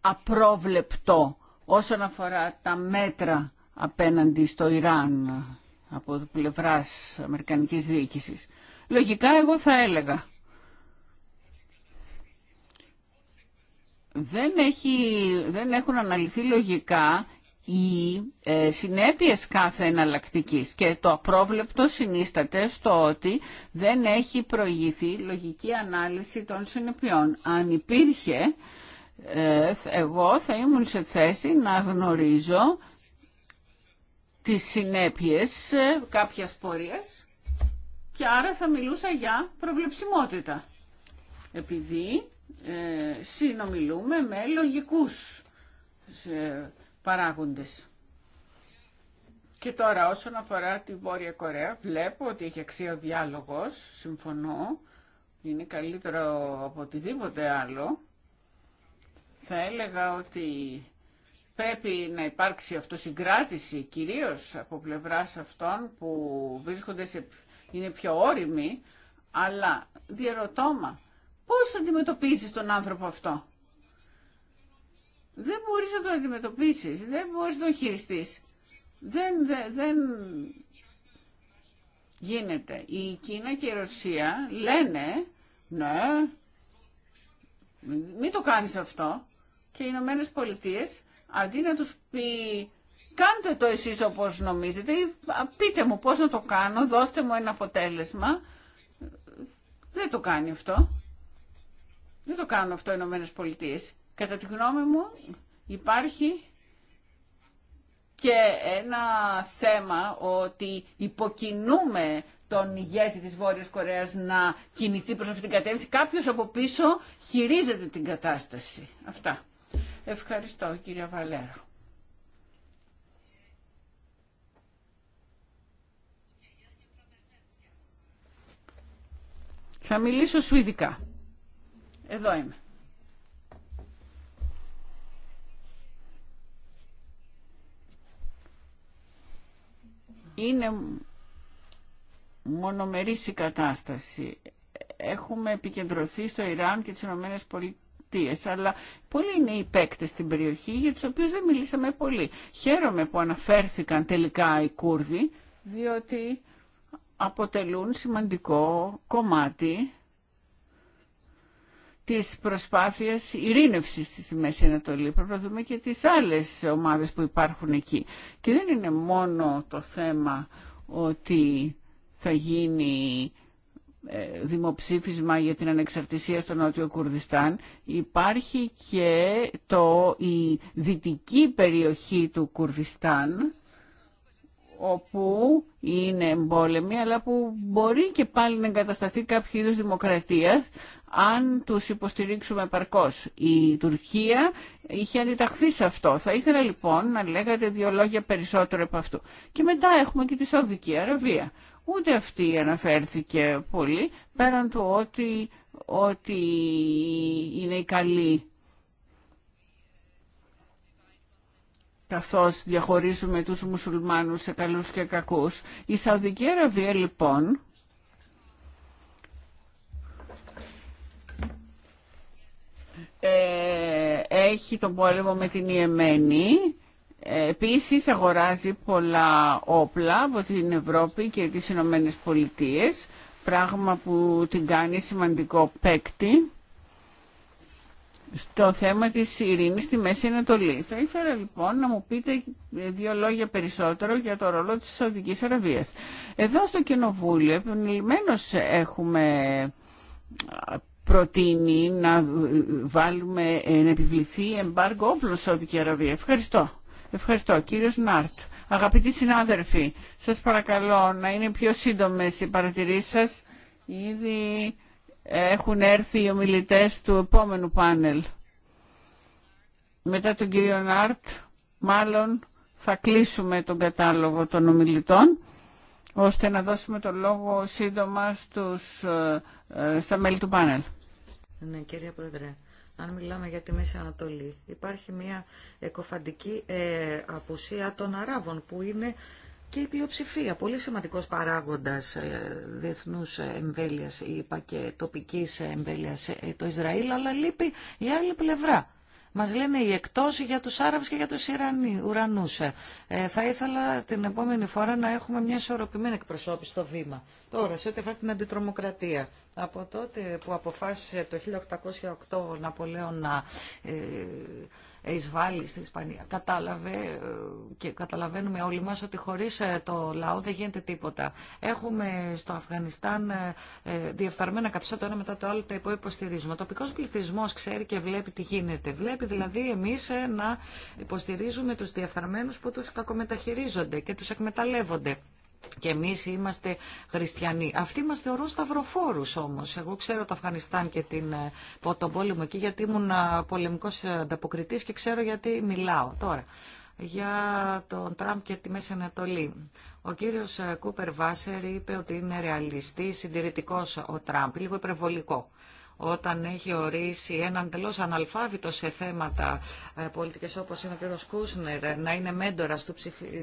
S1: απρόβλεπτο όσον αφορά τα μέτρα απέναντι στο Ιράν από πλευράς Αμερικανικής διοίκησης. Λογικά εγώ θα έλεγα. Δεν, έχει, δεν έχουν αναλυθεί λογικά οι ε, συνέπειες κάθε εναλλακτική και το απρόβλεπτο συνίσταται στο ότι δεν έχει προηγηθεί λογική ανάλυση των συνεπειών. Αν υπήρχε, ε, εγώ θα ήμουν σε θέση να γνωρίζω τις συνέπειες ε, κάποιας πορείας και άρα θα μιλούσα για προβλεψιμότητα. Επειδή ε, συνομιλούμε με λογικούς σε παράγοντες. Και τώρα όσον αφορά τη Βόρεια Κορέα, βλέπω ότι έχει αξία ο διάλογος, συμφωνώ, είναι καλύτερο από οτιδήποτε άλλο. Θα έλεγα ότι πρέπει να υπάρξει αυτοσυγκράτηση κυρίως από πλευράς αυτών που βρίσκονται είναι πιο όριμοι, αλλά διαρωτώμα πώς αντιμετωπίζεις τον άνθρωπο αυτό. Δεν μπορείς να τον αντιμετωπίσεις, δεν μπορείς να τον χειριστείς. Δεν, δεν, δεν γίνεται. Η Κίνα και η Ρωσία λένε, ναι, μην το κάνεις αυτό. Και οι Ηνωμένε Πολιτείες αντί να τους πει κάντε το εσείς όπως νομίζετε ή πείτε μου πώς να το κάνω, δώστε μου ένα αποτέλεσμα, δεν το κάνει αυτό. Δεν το κάνουν αυτό οι Ηνωμένες Πολιτείες. Κατά τη γνώμη μου υπάρχει και ένα θέμα ότι υποκινούμε τον ηγέτη της Βόρειας Κορέας να κινηθεί προς αυτή την κατεύθυνση. Κάποιος από πίσω χειρίζεται την κατάσταση. Αυτά. Ευχαριστώ κύριε Βαλέρα. Θα μιλήσω σουηδικά. Εδώ είμαι. Είναι μονομερής η κατάσταση. Έχουμε επικεντρωθεί στο Ιράν και τις ΗΠΑ αλλά πολλοί είναι οι παίκτε στην περιοχή για του οποίου δεν μιλήσαμε πολύ. Χαίρομαι που αναφέρθηκαν τελικά οι Κούρδοι, διότι αποτελούν σημαντικό κομμάτι της προσπάθειας ειρήνευσης στη Μέση Ανατολή. Πρέπει να δούμε και τις άλλες ομάδες που υπάρχουν εκεί. Και δεν είναι μόνο το θέμα ότι θα γίνει ε, δημοψήφισμα για την ανεξαρτησία στο Νότιο Κουρδιστάν υπάρχει και το, η δυτική περιοχή του Κουρδιστάν όπου είναι εμπόλεμη αλλά που μπορεί και πάλι να εγκατασταθεί κάποιο είδους δημοκρατία αν τους υποστηρίξουμε παρκώς. Η Τουρκία είχε αντιταχθεί σε αυτό. Θα ήθελα λοιπόν να λέγατε δύο λόγια περισσότερο από αυτού. Και μετά έχουμε και τη Σαουδική Αραβία Ούτε αυτή αναφέρθηκε πολύ, πέραν του ότι, ότι είναι η καλή. Καθώς διαχωρίζουμε τους μουσουλμάνους σε καλούς και κακούς. Η Σαουδική Αραβία λοιπόν ε, έχει τον πόλεμο με την Ιεμένη Επίσης αγοράζει πολλά όπλα από την Ευρώπη και τις Ηνωμένε Πολιτείες, πράγμα που την κάνει σημαντικό παίκτη στο θέμα της ειρήνης στη Μέση Ανατολή. Θα ήθελα λοιπόν να μου πείτε δύο λόγια περισσότερο για το ρόλο της Σαουδικής Αραβίας. Εδώ στο Κοινοβούλιο επανειλημμένως έχουμε προτείνει να βάλουμε, να επιβληθεί εμπάργο όπλων Αραβία. Ευχαριστώ. Ευχαριστώ. Κύριος Νάρτ. Αγαπητοί συνάδελφοι, σας παρακαλώ να είναι πιο σύντομες οι παρατηρήσεις σας. Ήδη έχουν έρθει οι ομιλητές του επόμενου πάνελ. Μετά τον κύριο Νάρτ, μάλλον θα κλείσουμε τον κατάλογο των ομιλητών, ώστε να δώσουμε τον λόγο σύντομα στους, ε, στα μέλη του πάνελ. Ναι, κύριε Πρόεδρε, αν μιλάμε
S2: για τη Μέση Ανατολή. Υπάρχει μια εκοφαντική ε, απουσία των Αράβων που είναι και η πλειοψηφία, πολύ σημαντικός παράγοντας ε, διεθνούς εμβέλειας, είπα και τοπικής εμβέλειας ε, το Ισραήλ, αλλά λείπει η άλλη πλευρά. Μας λένε οι εκτός για τους Άραβες και για τους ουρανού. Ε, θα ήθελα την επόμενη φορά να έχουμε μια ισορροπημένη εκπροσώπηση στο βήμα. Τώρα, σε ό,τι αφορά την αντιτρομοκρατία. Από τότε που αποφάσισε το 1808 ο Ναπολέον να... Ε, εισβάλλει στην Ισπανία. Κατάλαβε ε, και καταλαβαίνουμε όλοι μας ότι χωρίς ε, το λαό δεν γίνεται τίποτα. Έχουμε στο Αφγανιστάν ε, διεφθαρμένα καθιστά το ένα μετά το άλλο τα υποϋποστηρίζουμε. Ο τοπικός πληθυσμός ξέρει και βλέπει τι γίνεται. Βλέπει δηλαδή εμείς να υποστηρίζουμε τους διεφθαρμένους που τους κακομεταχειρίζονται και τους εκμεταλλεύονται και εμείς είμαστε χριστιανοί. Αυτοί μας θεωρούν σταυροφόρους όμως. Εγώ ξέρω το Αφγανιστάν και την, ε, τον πόλεμο εκεί γιατί ήμουν ε, πολεμικός ανταποκριτής και ξέρω γιατί μιλάω τώρα. Για τον Τραμπ και τη Μέση Ανατολή. Ο κύριος ε, Κούπερ Βάσερ είπε ότι είναι ρεαλιστή, συντηρητικός ο Τραμπ, λίγο υπερβολικό όταν έχει ορίσει έναν τελώ αναλφάβητο σε θέματα ε, πολιτικές όπω είναι ο κ. Κούσνερ ε, να είναι μέντορα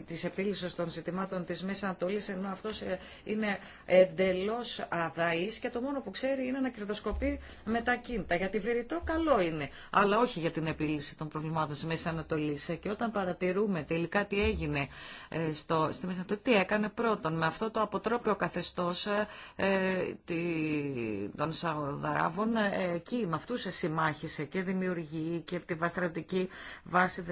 S2: τη επίλυση των ζητημάτων τη Μέση Ανατολή, ενώ αυτός ε, είναι εντελώ αδαής και το μόνο που ξέρει είναι να κερδοσκοπεί με τα κίνητα. Γιατί βηρητό καλό είναι, αλλά όχι για την επίλυση των προβλημάτων της Μέσης Ανατολή. Και όταν παρατηρούμε τελικά τι έγινε στο, στη Μέση Ανατολή, τι έκανε πρώτον με αυτό το αποτρόπιο καθεστώς ε, των Σαουδαράβων λοιπόν ε, εκεί με αυτούς συμμάχησε και δημιουργεί και τη στρατιωτική βάση,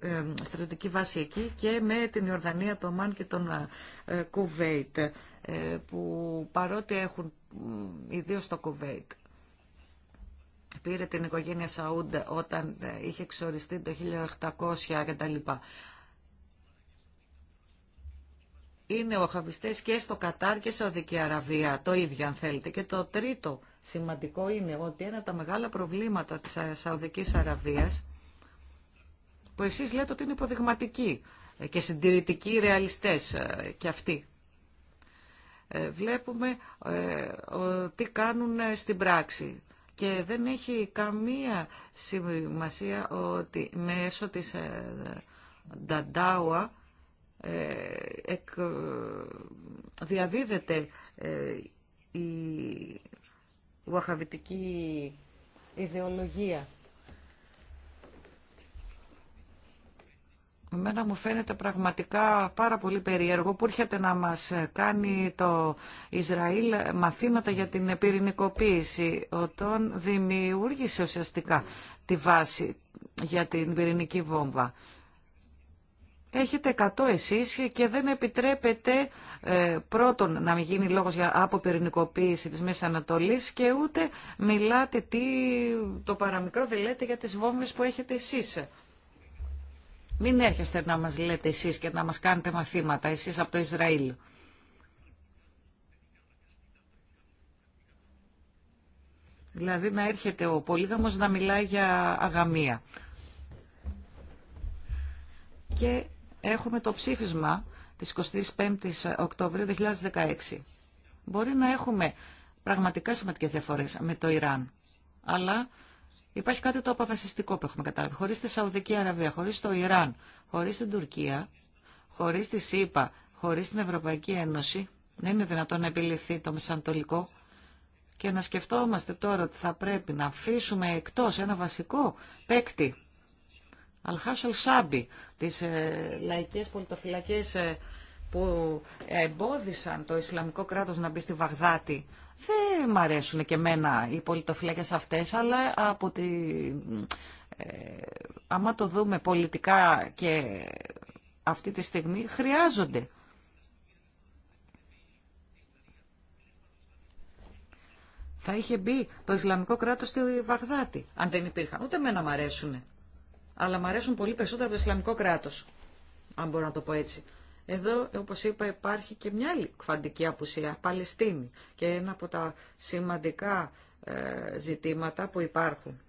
S2: ε, στρατιωτική βάση εκεί και με την Ιορδανία, το ΜΑΝ και τον ε, Κουβέιτ που παρότι έχουν ιδίως το Κουβέιτ πήρε την οικογένεια Σαούντ όταν είχε εξοριστεί το 1800 κτλ είναι ο οχαβιστές και στο Κατάρ και σε Οδική Αραβία, το ίδιο αν θέλετε. Και το τρίτο σημαντικό είναι ότι ένα από τα μεγάλα προβλήματα της Σαουδικής Αραβίας, που εσείς λέτε ότι είναι υποδειγματικοί και συντηρητικοί ρεαλιστές ε, και αυτοί, ε, βλέπουμε ε, τι κάνουν στην πράξη. Και δεν έχει καμία σημασία ότι μέσω της Νταντάουα ε, διαδίδεται ε, η βαχαβητική ιδεολογία. Εμένα μου φαίνεται πραγματικά πάρα πολύ περίεργο που έρχεται να μας κάνει το Ισραήλ μαθήματα για την πυρηνικοποίηση. όταν δημιούργησε ουσιαστικά τη βάση για την πυρηνική βόμβα. Έχετε 100 εσείς και δεν επιτρέπετε πρώτον να μην γίνει λόγος για αποπυρηνικοποίηση της Μέσης Ανατολής και ούτε μιλάτε τι, το παραμικρό δεν λέτε για τις βόμβες που έχετε εσείς. Μην έρχεστε να μας λέτε εσείς και να μας κάνετε μαθήματα εσείς από το Ισραήλ. Δηλαδή να έρχεται ο πολύγαμος να μιλάει για αγαμία. Και έχουμε το ψήφισμα της 25ης Οκτωβρίου 2016. Μπορεί να έχουμε πραγματικά σημαντικές διαφορές με το Ιράν, αλλά υπάρχει κάτι το αποφασιστικό που έχουμε κατάλαβει. Χωρίς τη Σαουδική Αραβία, χωρίς το Ιράν, χωρίς την Τουρκία, χωρίς τη ΣΥΠΑ, χωρίς την Ευρωπαϊκή Ένωση, δεν είναι δυνατόν να επιληθεί το Μεσαντολικό και να σκεφτόμαστε τώρα ότι θα πρέπει να αφήσουμε εκτός ένα βασικό παίκτη Αλχάσελ Σάμπι, τις ε, λαϊκές πολιτοφυλακές ε, που εμπόδισαν το Ισλαμικό κράτος να μπει στη Βαγδάτη. Δεν μ' αρέσουν και εμένα οι πολιτοφυλακές αυτές, αλλά από τη... Ε, άμα το δούμε πολιτικά και αυτή τη στιγμή, χρειάζονται. Θα είχε μπει το Ισλαμικό κράτος στη Βαγδάτη, αν δεν υπήρχαν. Ούτε εμένα μ' αρέσουν αλλά μου αρέσουν πολύ περισσότερο από το Ισλαμικό κράτος, αν μπορώ να το πω έτσι. Εδώ, όπως είπα, υπάρχει και μια άλλη κφαντική απουσία, Παλαιστίνη, και ένα από τα σημαντικά ε, ζητήματα που υπάρχουν.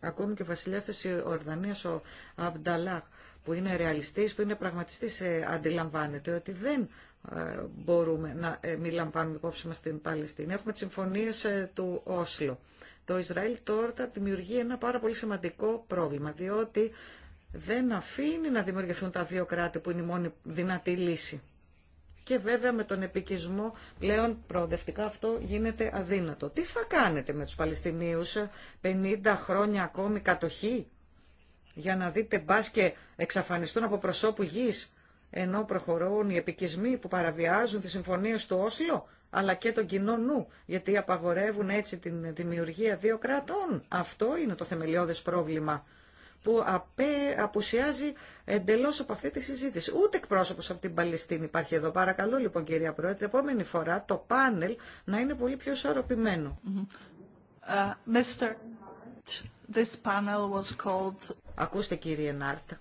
S2: Ακόμη και ο Βασιλιά τη ορδανία, ο Αμπνταλάχ, που είναι ρεαλιστή, που είναι πραγματιστής, ε, αντιλαμβάνεται ότι δεν ε, μπορούμε να ε, μην λαμβάνουμε υπόψη μας την Παλαιστίνη. Έχουμε τις συμφωνίες ε, του Όσλο. Το Ισραήλ τώρα δημιουργεί ένα πάρα πολύ σημαντικό πρόβλημα, διότι δεν αφήνει να δημιουργηθούν τα δύο κράτη που είναι η μόνη δυνατή λύση. Και βέβαια με τον επικισμό πλέον προοδευτικά αυτό γίνεται αδύνατο. Τι θα κάνετε με τους Παλαιστινίους 50 χρόνια ακόμη κατοχή για να δείτε μπας και εξαφανιστούν από προσώπου γης ενώ προχωρούν οι επικισμοί που παραβιάζουν τις συμφωνίες του Όσλο, αλλά και τον κοινό νου, γιατί απαγορεύουν έτσι την δημιουργία δύο κρατών. Αυτό είναι το θεμελιώδες πρόβλημα που απέ, απουσιάζει εντελώ από αυτή τη συζήτηση. Ούτε εκπρόσωπος από την Παλαιστίνη υπάρχει εδώ. Παρακαλώ λοιπόν, κυρία Πρόεδρε, επόμενη φορά το πάνελ να είναι πολύ πιο ισορροπημένο.
S4: Mr.
S2: Mm-hmm. Uh, this panel was called... Ακούστε, κύριε Νάρτα.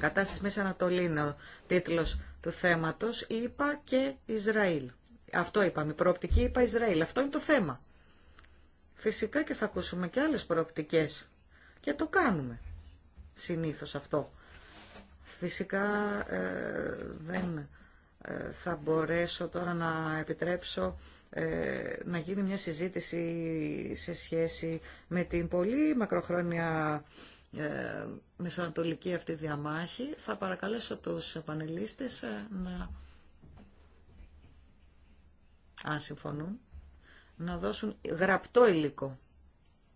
S2: Κατάσταση Μέση Ανατολή είναι ο τίτλος του θέματος, είπα και Ισραήλ. Αυτό είπαμε, προοπτική είπα Ισραήλ. Αυτό είναι το θέμα. Φυσικά και θα ακούσουμε και άλλες προοπτικές και το κάνουμε συνήθως αυτό. Φυσικά ε, δεν ε, θα μπορέσω τώρα να επιτρέψω ε, να γίνει μια συζήτηση σε σχέση με την πολύ μακροχρόνια ε, μεσανατολική αυτή διαμάχη. Θα παρακαλέσω τους πανελίστες ε, να, αν συμφωνούν, να δώσουν γραπτό υλικό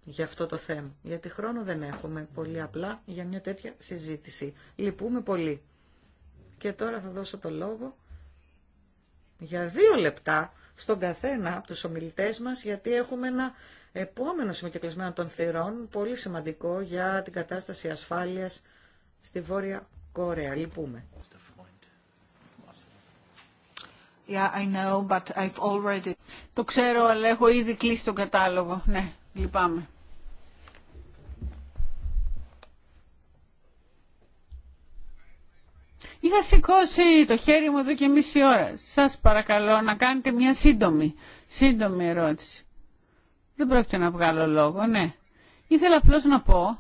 S2: για αυτό το θέμα. Γιατί χρόνο δεν έχουμε πολύ απλά για μια τέτοια συζήτηση. Λυπούμε πολύ. Και τώρα θα δώσω το λόγο για δύο λεπτά στον καθένα από τους ομιλητές μας, γιατί έχουμε ένα Επόμενο κλεισμένο των θηρών, πολύ σημαντικό για την κατάσταση
S1: ασφάλειας στη Βόρεια Κορέα. Λυπούμε. Yeah, I know, but I've already... Το ξέρω, αλλά έχω ήδη κλείσει τον κατάλογο. Ναι, λυπάμαι. Είχα σηκώσει το χέρι μου εδώ και μισή ώρα. Σας παρακαλώ να κάνετε μια σύντομη, σύντομη ερώτηση. Δεν πρόκειται να βγάλω λόγο, ναι. Ήθελα απλώς να πω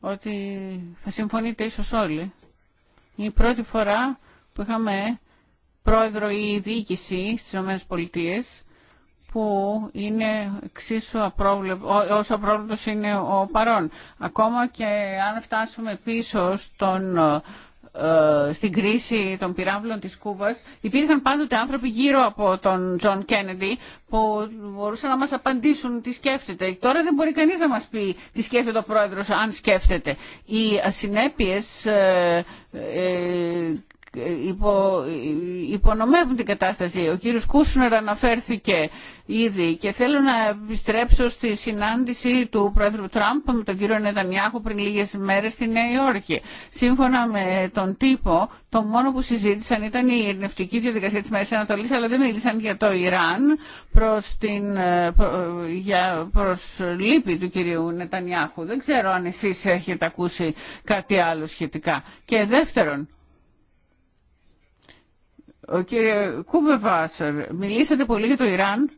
S1: ότι θα συμφωνείτε ίσως όλοι. η πρώτη φορά που είχαμε πρόεδρο ή διοίκηση στις ΗΠΑ που είναι εξίσου απρόβλεπτο, όσο απρόβλεπτος είναι ο παρόν. Ακόμα και αν φτάσουμε πίσω στον ε, στην κρίση των πυράβλων της Κούβας υπήρχαν πάντοτε άνθρωποι γύρω από τον Τζον Κέννεντι που μπορούσαν να μας απαντήσουν τι σκέφτεται. Τώρα δεν μπορεί κανείς να μας πει τι σκέφτεται ο πρόεδρος αν σκέφτεται. Οι ασυνέπειες ε, ε, υπο, υπονομεύουν την κατάσταση. Ο κύριος Κούσνερ αναφέρθηκε ήδη και θέλω να επιστρέψω στη συνάντηση του πρόεδρου Τραμπ με τον κύριο Νετανιάχου πριν λίγες μέρες στη Νέα Υόρκη. Σύμφωνα με τον τύπο, το μόνο που συζήτησαν ήταν η ειρηνευτική διαδικασία της Μέσης Ανατολής, αλλά δεν μίλησαν για το Ιράν προς, την, για, προς λύπη του κυρίου Νετανιάχου. Δεν ξέρω αν εσείς έχετε ακούσει κάτι άλλο σχετικά. Και δεύτερον, ο κύριε Κούμπεβάσορ, μιλήσατε πολύ για το Ιράν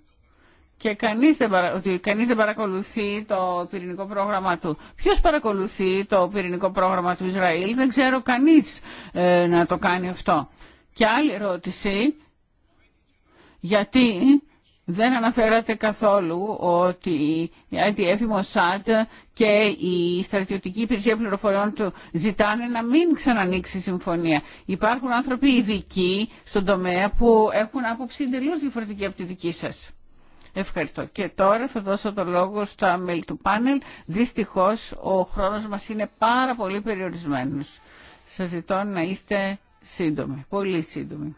S1: και κανείς δεν, ότι κανείς δεν παρακολουθεί το πυρηνικό πρόγραμμα του. Ποιος παρακολουθεί το πυρηνικό πρόγραμμα του Ισραήλ, δεν ξέρω κανείς ε, να το κάνει αυτό. Και άλλη ερώτηση, γιατί δεν αναφέρατε καθόλου ότι η IDF, η Mossad και η στρατιωτική υπηρεσία πληροφοριών του ζητάνε να μην ξανανοίξει η συμφωνία. Υπάρχουν άνθρωποι ειδικοί στον τομέα που έχουν άποψη εντελώ διαφορετική από τη δική σας. Ευχαριστώ. Και τώρα θα δώσω το λόγο στα μέλη του πάνελ. Δυστυχώ ο χρόνος μας είναι πάρα πολύ περιορισμένο. Σα ζητώ να είστε σύντομοι, πολύ σύντομοι.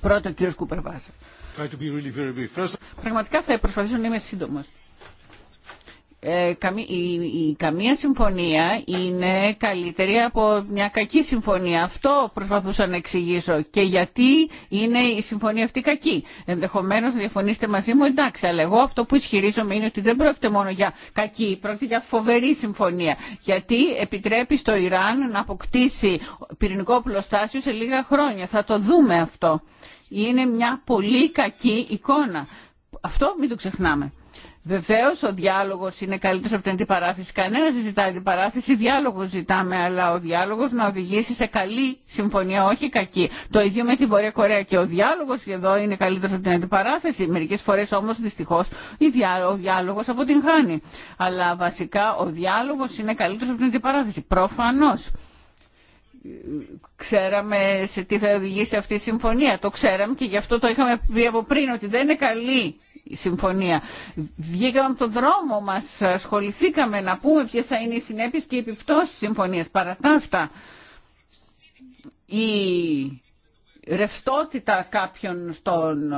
S1: Πρώτο κύριο Κούπερ Πραγματικά θα προσπαθήσω να είμαι σύντομος. Ε, η, καμία συμφωνία είναι καλύτερη από μια κακή συμφωνία. Αυτό προσπαθούσα να εξηγήσω. Και γιατί είναι η συμφωνία αυτή κακή. Ενδεχομένω να διαφωνήσετε μαζί μου, εντάξει, αλλά εγώ αυτό που ισχυρίζομαι είναι ότι δεν πρόκειται μόνο για κακή, πρόκειται για φοβερή συμφωνία. Γιατί επιτρέπει στο Ιράν να αποκτήσει πυρηνικό πλωστάσιο σε λίγα χρόνια. Θα το δούμε αυτό είναι μια πολύ κακή εικόνα. Αυτό μην το ξεχνάμε. Βεβαίω ο διάλογο είναι καλύτερο από την αντιπαράθεση. Κανένα δεν ζητάει αντιπαράθεση, διάλογο ζητάμε, αλλά ο διάλογο να οδηγήσει σε καλή συμφωνία, όχι κακή. Το ίδιο με την Βορεια Κορέα και ο διάλογο εδώ είναι καλύτερο από την αντιπαράθεση. Μερικέ φορέ όμω δυστυχώ ο διάλογο αποτυγχάνει. Αλλά βασικά ο διάλογο είναι καλύτερο από την αντιπαράθεση. Προφανώ ξέραμε σε τι θα οδηγήσει αυτή η συμφωνία. Το ξέραμε και γι' αυτό το είχαμε πει από πριν ότι δεν είναι καλή η συμφωνία. Βγήκαμε από τον δρόμο μας, ασχοληθήκαμε να πούμε ποιες θα είναι οι συνέπειες και οι επιπτώσεις της συμφωνίας. Παρά τα αυτά, η ρευστότητα κάποιων στον,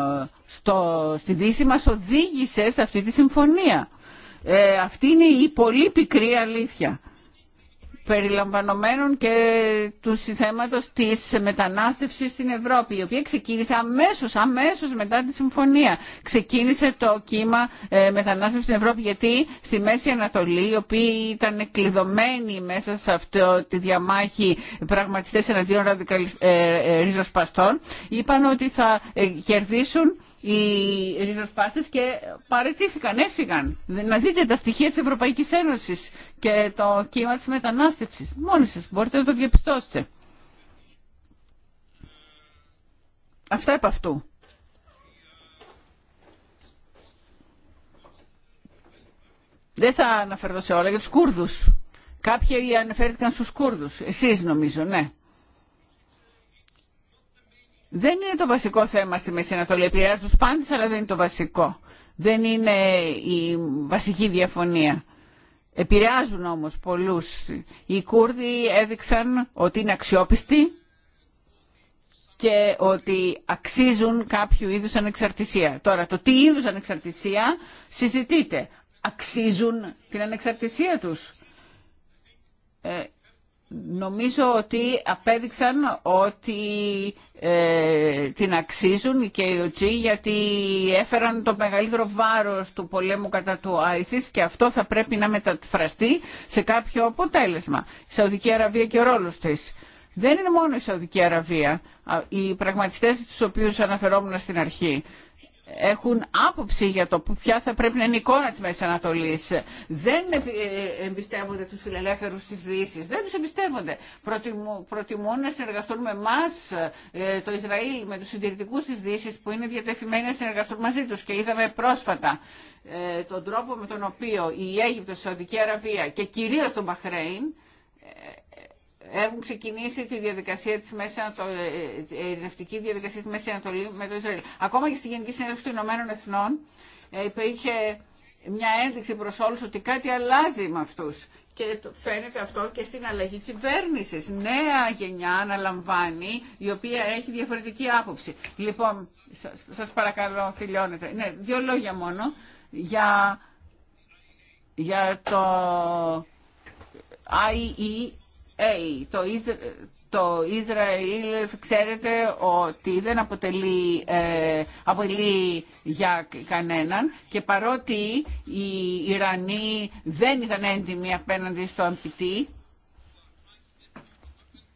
S1: στο, στη Δύση μας οδήγησε σε αυτή τη συμφωνία. Ε, αυτή είναι η πολύ πικρή αλήθεια περιλαμβανομένων και του θέματος της μετανάστευσης στην Ευρώπη, η οποία ξεκίνησε αμέσω, αμέσω, μετά τη συμφωνία. Ξεκίνησε το κύμα ε, μετανάστευση στην Ευρώπη, γιατί στη Μέση Ανατολή, οι οποίοι ήταν κλειδωμένοι μέσα σε αυτό τη διαμάχη πραγματιστές εναντίον ε, ε, ριζοσπαστών, είπαν ότι θα ε, κερδίσουν οι ριζοσπάστε και παρετήθηκαν, έφυγαν. Να δείτε τα στοιχεία τη Ευρωπαϊκή Ένωση και το κύμα τη μετανάστευση. Μόνοι σα. μπορείτε να το διαπιστώσετε. Αυτά επ' αυτού. Δεν θα αναφερθώ σε όλα για τους Κούρδους. Κάποιοι αναφέρθηκαν στους Κούρδους. Εσείς νομίζω, ναι δεν είναι το βασικό θέμα στη Μέση Ανατολή. Επηρεάζει τους πάντες, αλλά δεν είναι το βασικό. Δεν είναι η βασική διαφωνία. Επηρεάζουν όμως πολλούς. Οι Κούρδοι έδειξαν ότι είναι αξιόπιστοι και ότι αξίζουν κάποιο είδους ανεξαρτησία. Τώρα, το τι είδους ανεξαρτησία συζητείτε. Αξίζουν την ανεξαρτησία τους. Ε, νομίζω ότι απέδειξαν ότι ε, την αξίζουν οι KOG γιατί έφεραν το μεγαλύτερο βάρος του πολέμου κατά του ISIS και αυτό θα πρέπει να μεταφραστεί σε κάποιο αποτέλεσμα. Η Σαουδική Αραβία και ο ρόλος της. Δεν είναι μόνο η Σαουδική Αραβία, οι πραγματιστές τους οποίους αναφερόμουν στην αρχή έχουν άποψη για το ποια θα πρέπει να είναι η εικόνα της Μέσης Ανατολής. Δεν ε, εμπιστεύονται τους φιλελεύθερους της Δύσης. Δεν τους εμπιστεύονται. Προτιμούν, προτιμούν να συνεργαστούν με εμά, ε, το Ισραήλ, με τους συντηρητικούς της Δύσης που είναι διατεθειμένοι να συνεργαστούν μαζί τους. Και είδαμε πρόσφατα ε, τον τρόπο με τον οποίο η Αίγυπτος, η Σαουδική Αραβία και κυρίως τον Μπαχρέιν έχουν ξεκινήσει τη διαδικασία της Μέσης Ανατολή, ειρηνευτική ε, διαδικασία της Μέσης Ανατολή με το Ισραήλ. Ακόμα και στη Γενική Συνέλευση των Ηνωμένων Εθνών ε, υπήρχε μια ένδειξη προς όλους ότι κάτι αλλάζει με αυτούς. Και φαίνεται αυτό και στην αλλαγή κυβέρνηση. Νέα γενιά αναλαμβάνει, η οποία έχει διαφορετική άποψη. Λοιπόν, σας, σας παρακαλώ, τελειώνετε. Ναι, δύο λόγια μόνο για, για το IE hey, το, το Ισραήλ ξέρετε ότι δεν αποτελεί, ε, αποτελεί για κανέναν και παρότι οι Ιρανοί δεν ήταν έντιμοι απέναντι στο MPT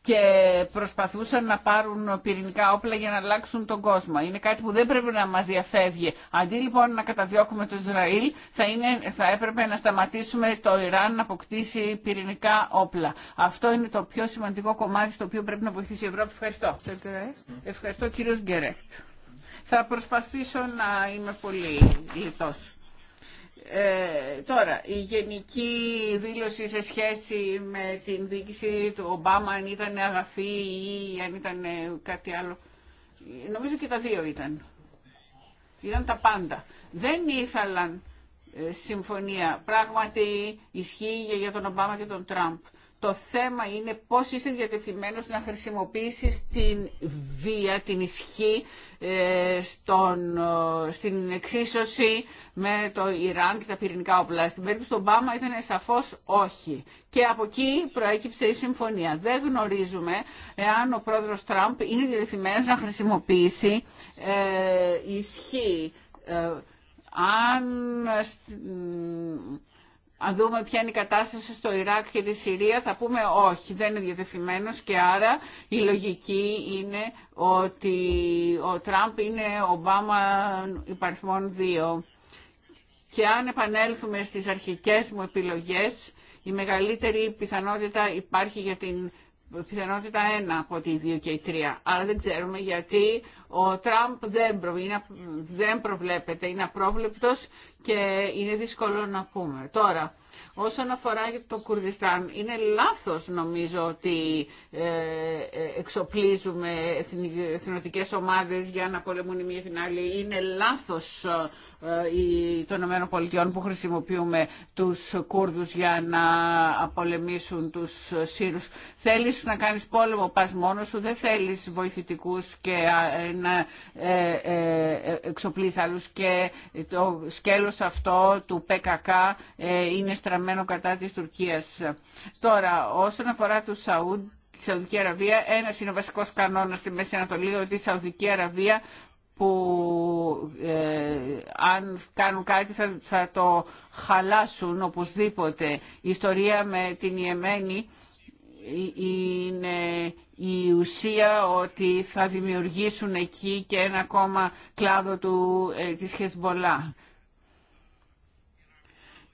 S1: και προσπαθούσαν να πάρουν πυρηνικά όπλα για να αλλάξουν τον κόσμο. Είναι κάτι που δεν πρέπει να μας διαφεύγει. Αντί λοιπόν να καταδιώκουμε το Ισραήλ, θα, είναι, θα έπρεπε να σταματήσουμε το Ιράν να αποκτήσει πυρηνικά όπλα. Αυτό είναι το πιο σημαντικό κομμάτι στο οποίο πρέπει να βοηθήσει η Ευρώπη. Ευχαριστώ. Ευχαριστώ κύριο Γκερέκτ. Θα προσπαθήσω να είμαι πολύ λιτός. Ε, τώρα, η γενική δήλωση σε σχέση με την δίκηση του Ομπάμα, αν ήταν αγαθή ή αν ήταν ε, κάτι άλλο, νομίζω και τα δύο ήταν. Ήταν τα πάντα. Δεν ήθελαν ε, συμφωνία. Πράγματι ισχύει για τον Ομπάμα και τον Τραμπ. Το θέμα είναι πώς είσαι διατεθειμένος να χρησιμοποιήσεις την βία, την ισχύ ε, στον, ε, στην εξίσωση με το Ιράν και τα πυρηνικά όπλα. Στην περίπτωση του Ομπάμα ήταν σαφώς όχι. Και από εκεί προέκυψε η συμφωνία. Δεν γνωρίζουμε εάν ο πρόεδρος Τραμπ είναι διατεθειμένος να χρησιμοποιήσει ε, ισχύ. Ε, αν αν δούμε ποια είναι η κατάσταση στο Ιράκ και τη Συρία, θα πούμε όχι, δεν είναι διατεθειμένος και άρα η λογική είναι ότι ο Τραμπ είναι Ομπάμα υπαριθμών 2. Και αν επανέλθουμε στις αρχικές μου επιλογές, η μεγαλύτερη πιθανότητα υπάρχει για την πιθανότητα ένα από τη δύο και η τρία. Άρα δεν ξέρουμε γιατί ο Τραμπ δεν, δεν προβλέπεται, είναι απρόβλεπτος και είναι δύσκολο να πούμε. Τώρα, όσον αφορά το Κουρδιστάν, είναι λάθος νομίζω ότι ε, ε, εξοπλίζουμε εθνικές ομάδες για να πολεμούν η μία την άλλη. Είναι λάθος ε, των Πολιτειών που χρησιμοποιούμε τους Κούρδους για να απολεμήσουν τους Σύρους. Θέλεις να κάνεις πόλεμο, πας μόνος σου, δεν θέλεις βοηθητικούς και ε, να ε, εξοπλείς άλλους και το σκέλος αυτό του ΠΚΚ είναι στραμμένο κατά της Τουρκίας. Τώρα, όσον αφορά τους Σαουδική Αραβία. Ένα είναι ο βασικό κανόνα στη Μέση Ανατολή ότι η Σαουδική Αραβία που ε, αν κάνουν κάτι θα, το χαλάσουν οπωσδήποτε. Η ιστορία με την Ιεμένη είναι η ουσία ότι θα δημιουργήσουν εκεί και ένα ακόμα κλάδο του, ε, της Χεσμολά.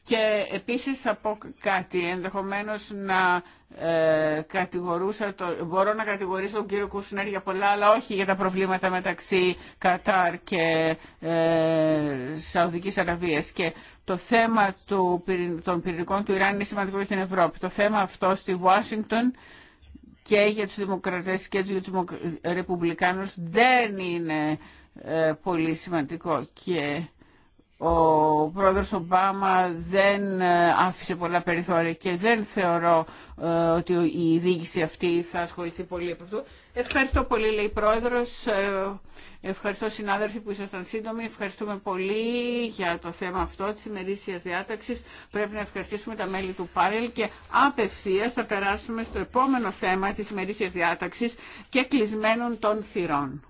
S1: Και επίσης θα πω κάτι, ενδεχομένως να ε, κατηγορούσα, το, μπορώ να κατηγορήσω τον κύριο Κουσνέρ για πολλά, αλλά όχι για τα προβλήματα μεταξύ Κατάρ και ε, Σαουδικής Αραβίας. Και το θέμα του, των πυρηνικών του Ιράν είναι σημαντικό για την Ευρώπη. Το θέμα αυτό στη Βάσινγκτον και για τους δημοκρατές και για τους ρεπουμπλικάνους δεν είναι ε, πολύ σημαντικό. Και ο πρόεδρος Ομπάμα δεν ε, άφησε πολλά περιθώρια και δεν θεωρώ ε, ότι η διοίκηση αυτή θα ασχοληθεί πολύ από αυτό. Ευχαριστώ πολύ, λέει η πρόεδρος. Ε, ευχαριστώ συνάδελφοι που ήσασταν σύντομοι. Ευχαριστούμε πολύ για το θέμα αυτό της ημερήσιας διάταξης. Πρέπει να ευχαριστήσουμε τα μέλη του ΠΑΡΕΛ και απευθεία θα περάσουμε στο επόμενο θέμα της ημερήσιας διάταξης και κλεισμένων των θυρών.